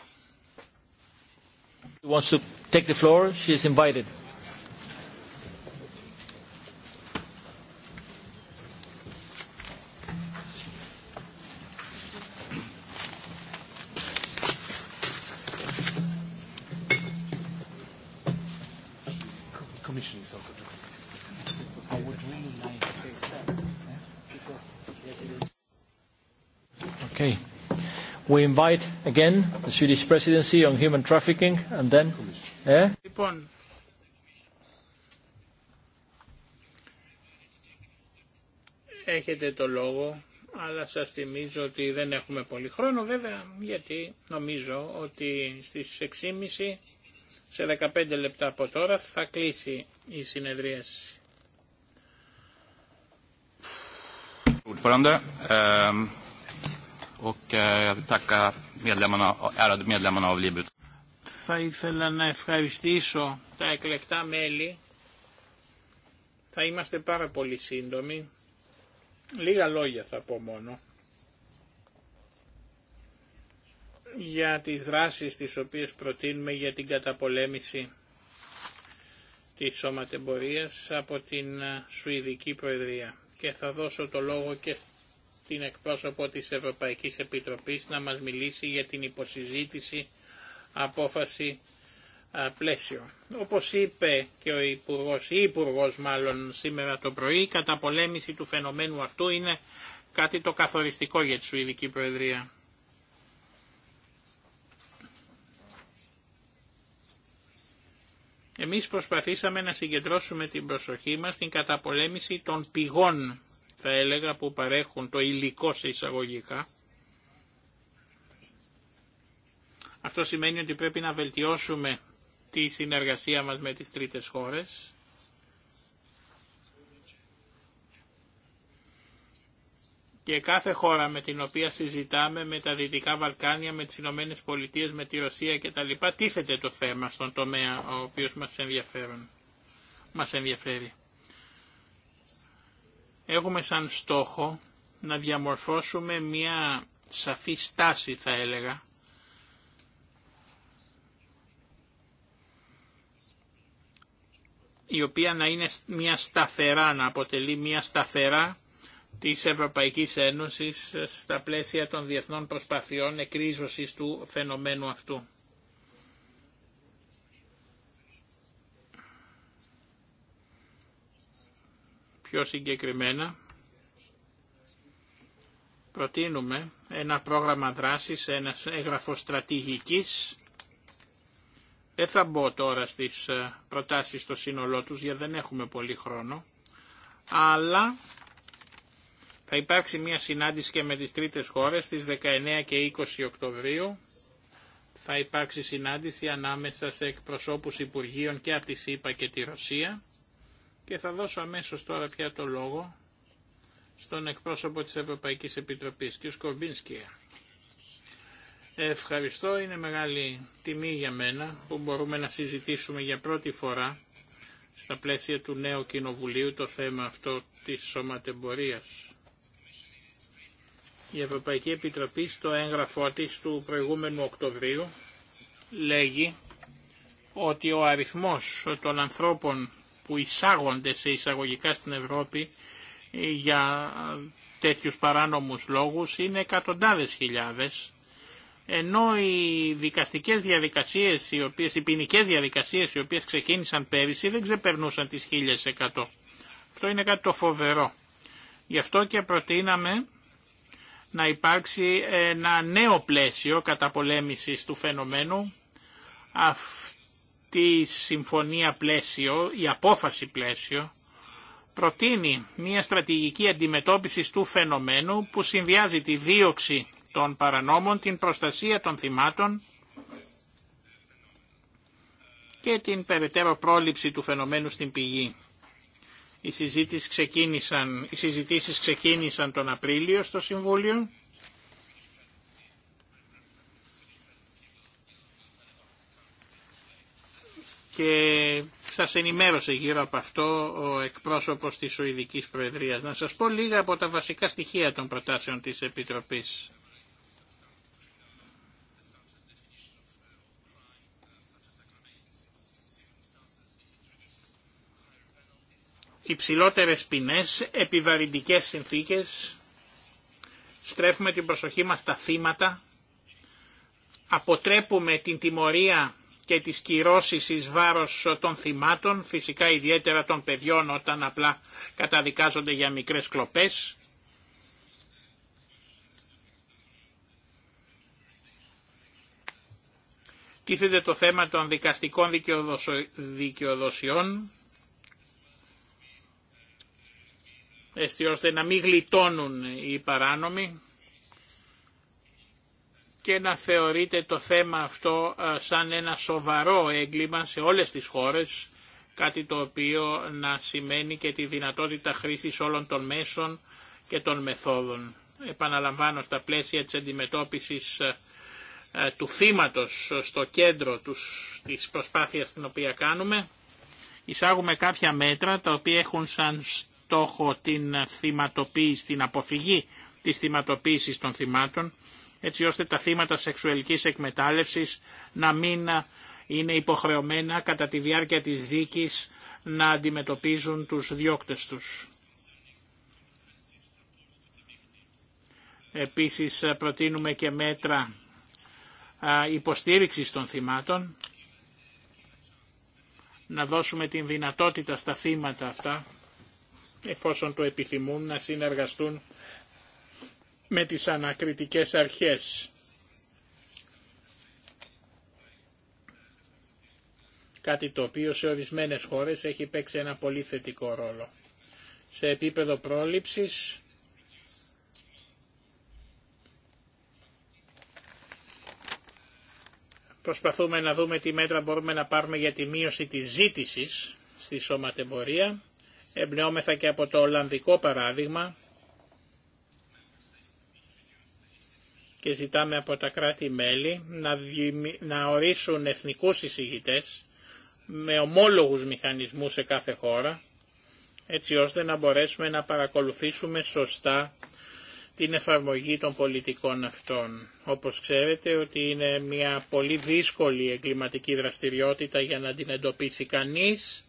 S1: We invite again the Swedish presidency on human trafficking and then...
S4: Λοιπόν, έχετε το λόγο, αλλά σας θυμίζω ότι δεν έχουμε πολύ χρόνο βέβαια, γιατί νομίζω ότι στις 6.30 σε 15 λεπτά από τώρα θα κλείσει η συνεδρίαση
S1: och eh, tacka
S4: Θα ήθελα να ευχαριστήσω τα εκλεκτά μέλη. Θα είμαστε πάρα πολύ σύντομοι. Λίγα λόγια θα πω μόνο. για τις δράσεις τις οποίες προτείνουμε για την καταπολέμηση της σώματεμπορίας από την ε, Σουηδική Προεδρία. Και θα δώσω το λόγο και την εκπρόσωπο της Ευρωπαϊκής Επιτροπής να μας μιλήσει για την υποσυζήτηση απόφαση πλαίσιο. Όπως είπε και ο Υπουργός, ή Υπουργός μάλλον σήμερα το πρωί, η καταπολέμηση του φαινομένου αυτού είναι κάτι το καθοριστικό για τη Σουηδική Προεδρία. Εμείς προσπαθήσαμε να συγκεντρώσουμε την προσοχή μας στην καταπολέμηση των πηγών θα έλεγα που παρέχουν το υλικό σε εισαγωγικά. Αυτό σημαίνει ότι πρέπει να βελτιώσουμε τη συνεργασία μας με τις τρίτες χώρες. Και κάθε χώρα με την οποία συζητάμε, με τα Δυτικά Βαλκάνια, με τις Ηνωμένε Πολιτείες, με τη Ρωσία κτλ. Τίθεται το θέμα στον τομέα ο οποίος μας Μας ενδιαφέρει έχουμε σαν στόχο να διαμορφώσουμε μια σαφή στάση θα έλεγα η οποία να είναι μια σταθερά, να αποτελεί μια σταθερά της Ευρωπαϊκής Ένωσης στα πλαίσια των διεθνών προσπαθειών εκρίζωσης του φαινομένου αυτού. πιο συγκεκριμένα προτείνουμε ένα πρόγραμμα δράσης, ένα έγγραφο στρατηγικής. Δεν θα μπω τώρα στις ε, προτάσεις στο σύνολό τους γιατί δεν έχουμε πολύ χρόνο, αλλά θα υπάρξει μια συνάντηση και με τις τρίτες χώρες στις 19 και 20 Οκτωβρίου. Θα υπάρξει συνάντηση ανάμεσα σε εκπροσώπους Υπουργείων και από τη ΣΥΠΑ και τη Ρωσία και θα δώσω αμέσως τώρα πια το λόγο στον εκπρόσωπο της Ευρωπαϊκής Επιτροπής, κ. Σκορμπίνσκι. Ευχαριστώ, είναι μεγάλη τιμή για μένα που μπορούμε να συζητήσουμε για πρώτη φορά στα πλαίσια του νέου κοινοβουλίου το θέμα αυτό της σωματεμπορίας. Η Ευρωπαϊκή Επιτροπή στο έγγραφό της του προηγούμενου Οκτωβρίου λέγει ότι ο αριθμός των ανθρώπων που εισάγονται σε εισαγωγικά στην Ευρώπη για τέτοιους παράνομους λόγους είναι εκατοντάδες χιλιάδες ενώ οι δικαστικές διαδικασίες, οι, οποίες, οι ποινικές διαδικασίες οι οποίες ξεκίνησαν πέρυσι δεν ξεπερνούσαν τις εκατό. Αυτό είναι κάτι το φοβερό. Γι' αυτό και προτείναμε να υπάρξει ένα νέο πλαίσιο καταπολέμησης του φαινομένου. Αυτό τη συμφωνία πλαίσιο, η απόφαση πλαίσιο, προτείνει μια στρατηγική αντιμετώπιση του φαινομένου που συνδυάζει τη δίωξη των παρανόμων, την προστασία των θυμάτων και την περαιτέρω πρόληψη του φαινομένου στην πηγή. Οι ξεκίνησαν, οι συζητήσεις ξεκίνησαν τον Απρίλιο στο Συμβούλιο και σας ενημέρωσε γύρω από αυτό ο εκπρόσωπος της Σουηδικής Προεδρίας. Να σας πω λίγα από τα βασικά στοιχεία των προτάσεων της Επιτροπής. Υψηλότερες ποινές, επιβαρυντικές συνθήκες, στρέφουμε την προσοχή μας στα θύματα, αποτρέπουμε την τιμωρία και της κυρώσεις εις βάρος των θυμάτων, φυσικά ιδιαίτερα των παιδιών όταν απλά καταδικάζονται για μικρές κλοπές. Τίθεται το θέμα των δικαστικών δικαιοδοσιών, έτσι ώστε να μην γλιτώνουν οι παράνομοι και να θεωρείται το θέμα αυτό σαν ένα σοβαρό έγκλημα σε όλες τις χώρες, κάτι το οποίο να σημαίνει και τη δυνατότητα χρήσης όλων των μέσων και των μεθόδων. Επαναλαμβάνω στα πλαίσια της αντιμετώπισης του θύματος στο κέντρο της προσπάθειας την οποία κάνουμε, εισάγουμε κάποια μέτρα τα οποία έχουν σαν στόχο την θυματοποίηση, την αποφυγή της θυματοποίησης των θυμάτων, έτσι ώστε τα θύματα σεξουαλικής εκμετάλλευσης να μην είναι υποχρεωμένα κατά τη διάρκεια της δίκης να αντιμετωπίζουν τους διώκτες τους. Επίσης προτείνουμε και μέτρα υποστήριξης των θυμάτων, να δώσουμε την δυνατότητα στα θύματα αυτά, εφόσον το επιθυμούν, να συνεργαστούν με τις ανακριτικές αρχές. Κάτι το οποίο σε ορισμένες χώρες έχει παίξει ένα πολύ θετικό ρόλο. Σε επίπεδο πρόληψης, προσπαθούμε να δούμε τι μέτρα μπορούμε να πάρουμε για τη μείωση της ζήτησης στη σωματεμπορία. Εμπνεώμεθα και από το Ολλανδικό παράδειγμα, και ζητάμε από τα κράτη-μέλη να, να ορίσουν εθνικούς εισηγητές με ομόλογους μηχανισμούς σε κάθε χώρα, έτσι ώστε να μπορέσουμε να παρακολουθήσουμε σωστά την εφαρμογή των πολιτικών αυτών. Όπως ξέρετε ότι είναι μια πολύ δύσκολη εγκληματική δραστηριότητα για να την εντοπίσει κανείς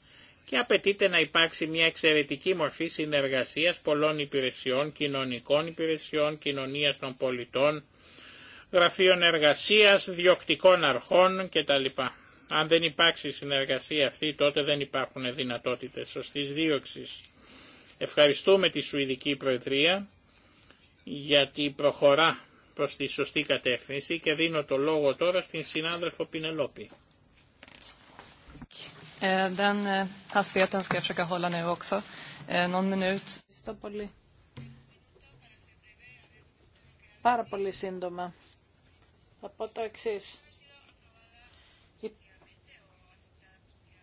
S4: και απαιτείται να υπάρξει μια εξαιρετική μορφή συνεργασίας πολλών υπηρεσιών, κοινωνικών υπηρεσιών, κοινωνίας των πολιτών, γραφείων εργασίας, διοκτικών αρχών κτλ. Αν δεν υπάρξει συνεργασία αυτή τότε δεν υπάρχουν δυνατότητες σωστής δίωξης. Ευχαριστούμε τη Σουηδική Προεδρία γιατί προχωρά προς τη σωστή κατεύθυνση και δίνω το λόγο τώρα στην συνάδελφο Πινελόπη.
S2: Πάρα πολύ σύντομα θα πω το εξή. Η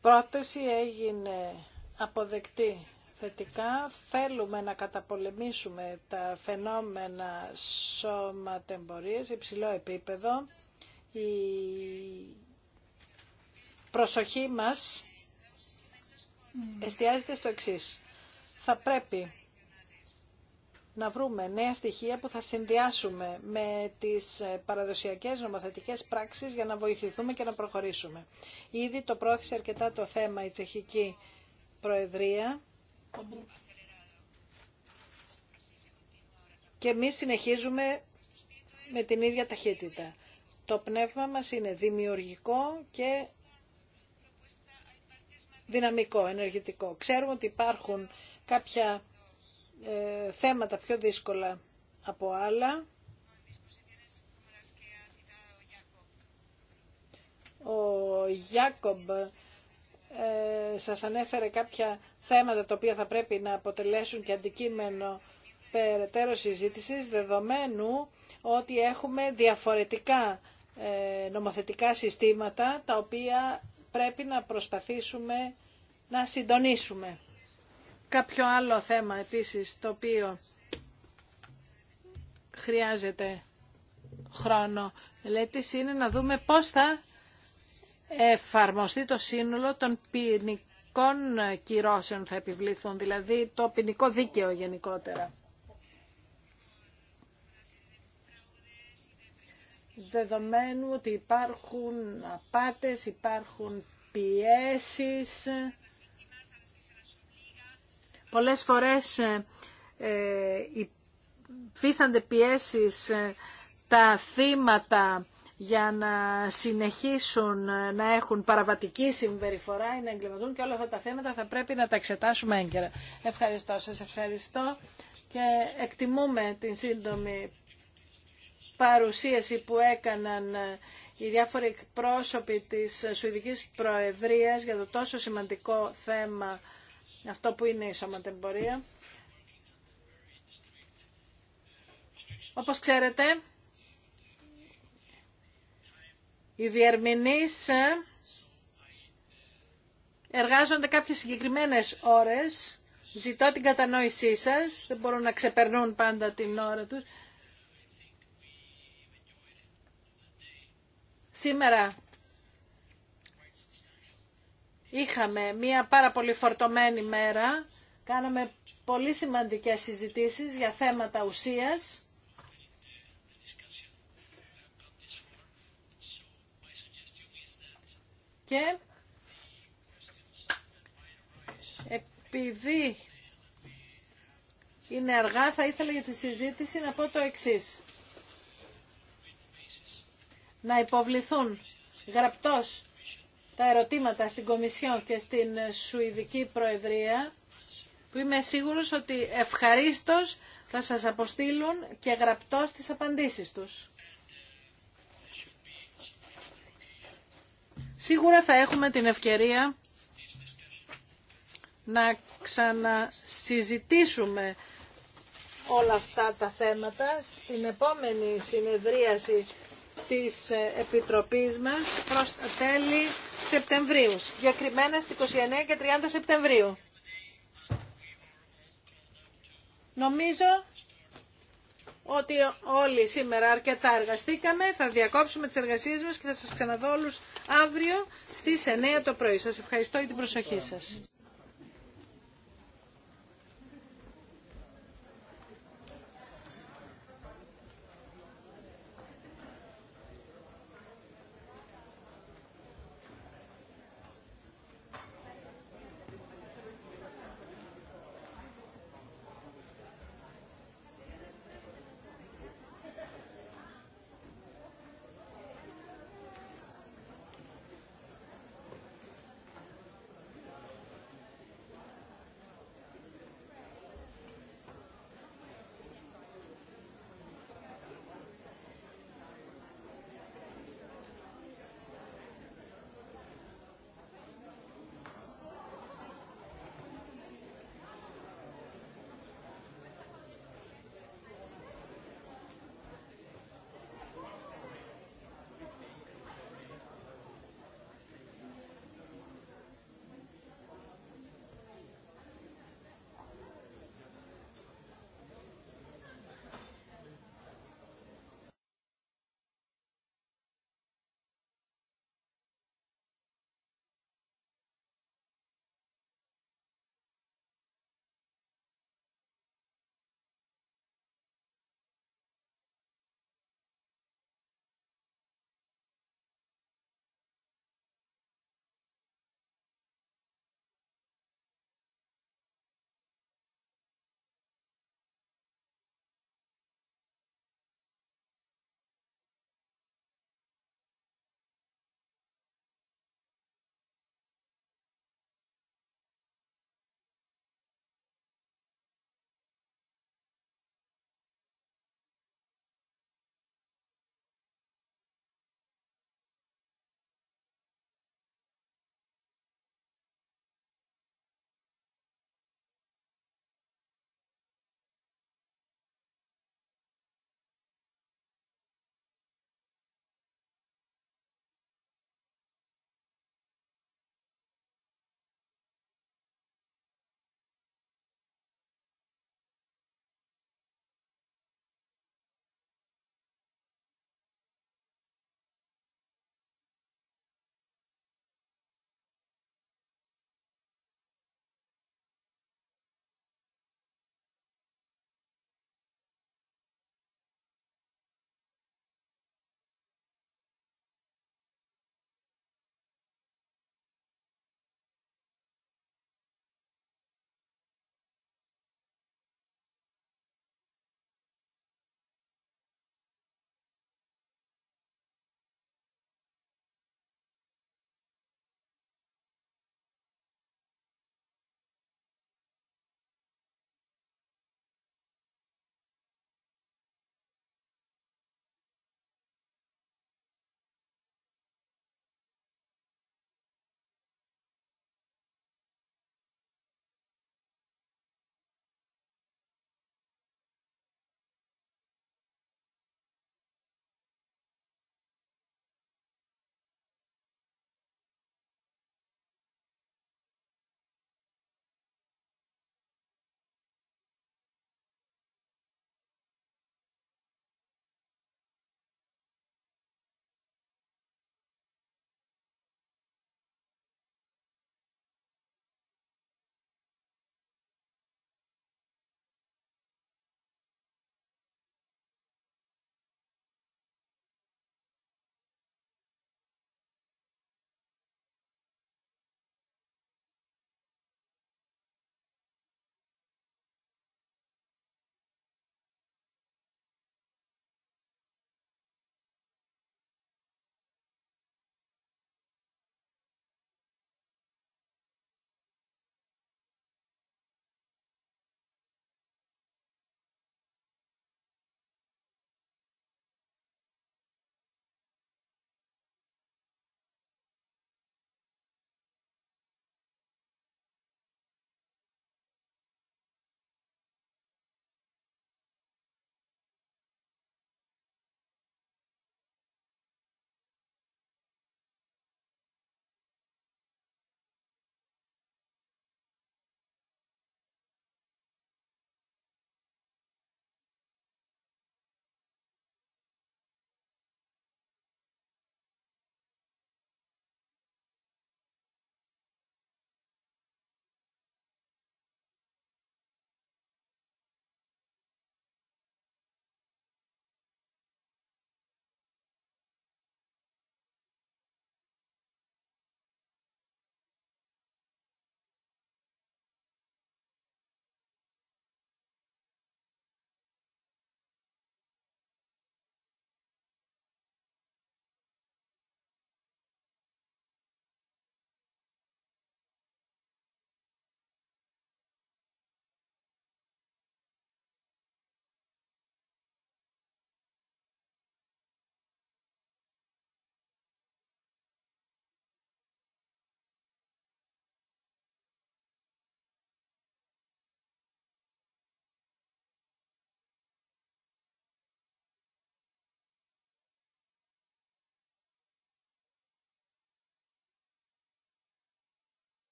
S2: πρόταση έγινε αποδεκτή θετικά. Θέλουμε να καταπολεμήσουμε τα φαινόμενα σε υψηλό επίπεδο. Η προσοχή μας
S5: mm.
S2: εστιάζεται στο εξής. Θα πρέπει να βρούμε νέα στοιχεία που θα συνδυάσουμε με τις ε, παραδοσιακές νομοθετικές πράξεις για να βοηθηθούμε και να προχωρήσουμε. Ήδη το πρόθεσε αρκετά το θέμα η Τσεχική Προεδρία και εμεί συνεχίζουμε με την ίδια ταχύτητα. Το πνεύμα μας είναι δημιουργικό και δυναμικό, ενεργητικό. Ξέρουμε ότι υπάρχουν κάποια ε, θέματα πιο δύσκολα από άλλα. Ο Γιάκομπ ε, σας ανέφερε κάποια θέματα τα οποία θα πρέπει να αποτελέσουν και αντικείμενο περαιτέρω συζήτησης, δεδομένου ότι έχουμε διαφορετικά ε, νομοθετικά συστήματα τα οποία πρέπει να προσπαθήσουμε να συντονίσουμε. Κάποιο άλλο θέμα επίσης το οποίο χρειάζεται χρόνο μελέτης είναι να δούμε πώς θα εφαρμοστεί το σύνολο των ποινικών κυρώσεων θα επιβληθούν, δηλαδή το ποινικό δίκαιο γενικότερα. Δεδομένου ότι υπάρχουν απάτες, υπάρχουν πιέσεις, Πολλές φορές ε, ε, υφίστανται πιέσεις ε, τα θύματα για να συνεχίσουν να έχουν παραβατική συμπεριφορά ή να εγκληματούν και όλα αυτά τα θέματα θα πρέπει να τα εξετάσουμε έγκαιρα. Ευχαριστώ σας, ευχαριστώ και εκτιμούμε την σύντομη παρουσίαση που έκαναν οι διάφοροι πρόσωποι της Σουηδικής Προεδρίας για το τόσο σημαντικό θέμα αυτό που είναι η σωματεμπορία. Όπως ξέρετε, οι διερμηνείς ε, εργάζονται κάποιες συγκεκριμένες ώρες. Ζητώ την κατανόησή σας. Δεν μπορούν να ξεπερνούν πάντα την ώρα τους. Σήμερα Είχαμε μία πάρα πολύ φορτωμένη μέρα. Κάναμε πολύ σημαντικές συζητήσεις για θέματα ουσίας. Και επειδή είναι αργά, θα ήθελα για τη συζήτηση να πω το εξής. Να υποβληθούν γραπτός τα ερωτήματα στην Κομισιόν και στην Σουηδική Προεδρία που είμαι σίγουρος ότι ευχαρίστως θα σας αποστείλουν και γραπτό τις απαντήσεις τους. Σίγουρα θα έχουμε την ευκαιρία να ξανασυζητήσουμε όλα αυτά τα θέματα στην επόμενη συνεδρίαση της ε, Επιτροπής μας προς τα τέλη Σεπτεμβρίου, συγκεκριμένα στις 29 και 30 Σεπτεμβρίου. Νομίζω ότι όλοι σήμερα αρκετά εργαστήκαμε. Θα διακόψουμε τις εργασίες μας και θα σας ξαναδώ όλους αύριο στις 9 το πρωί. Σας ευχαριστώ για την προσοχή σας.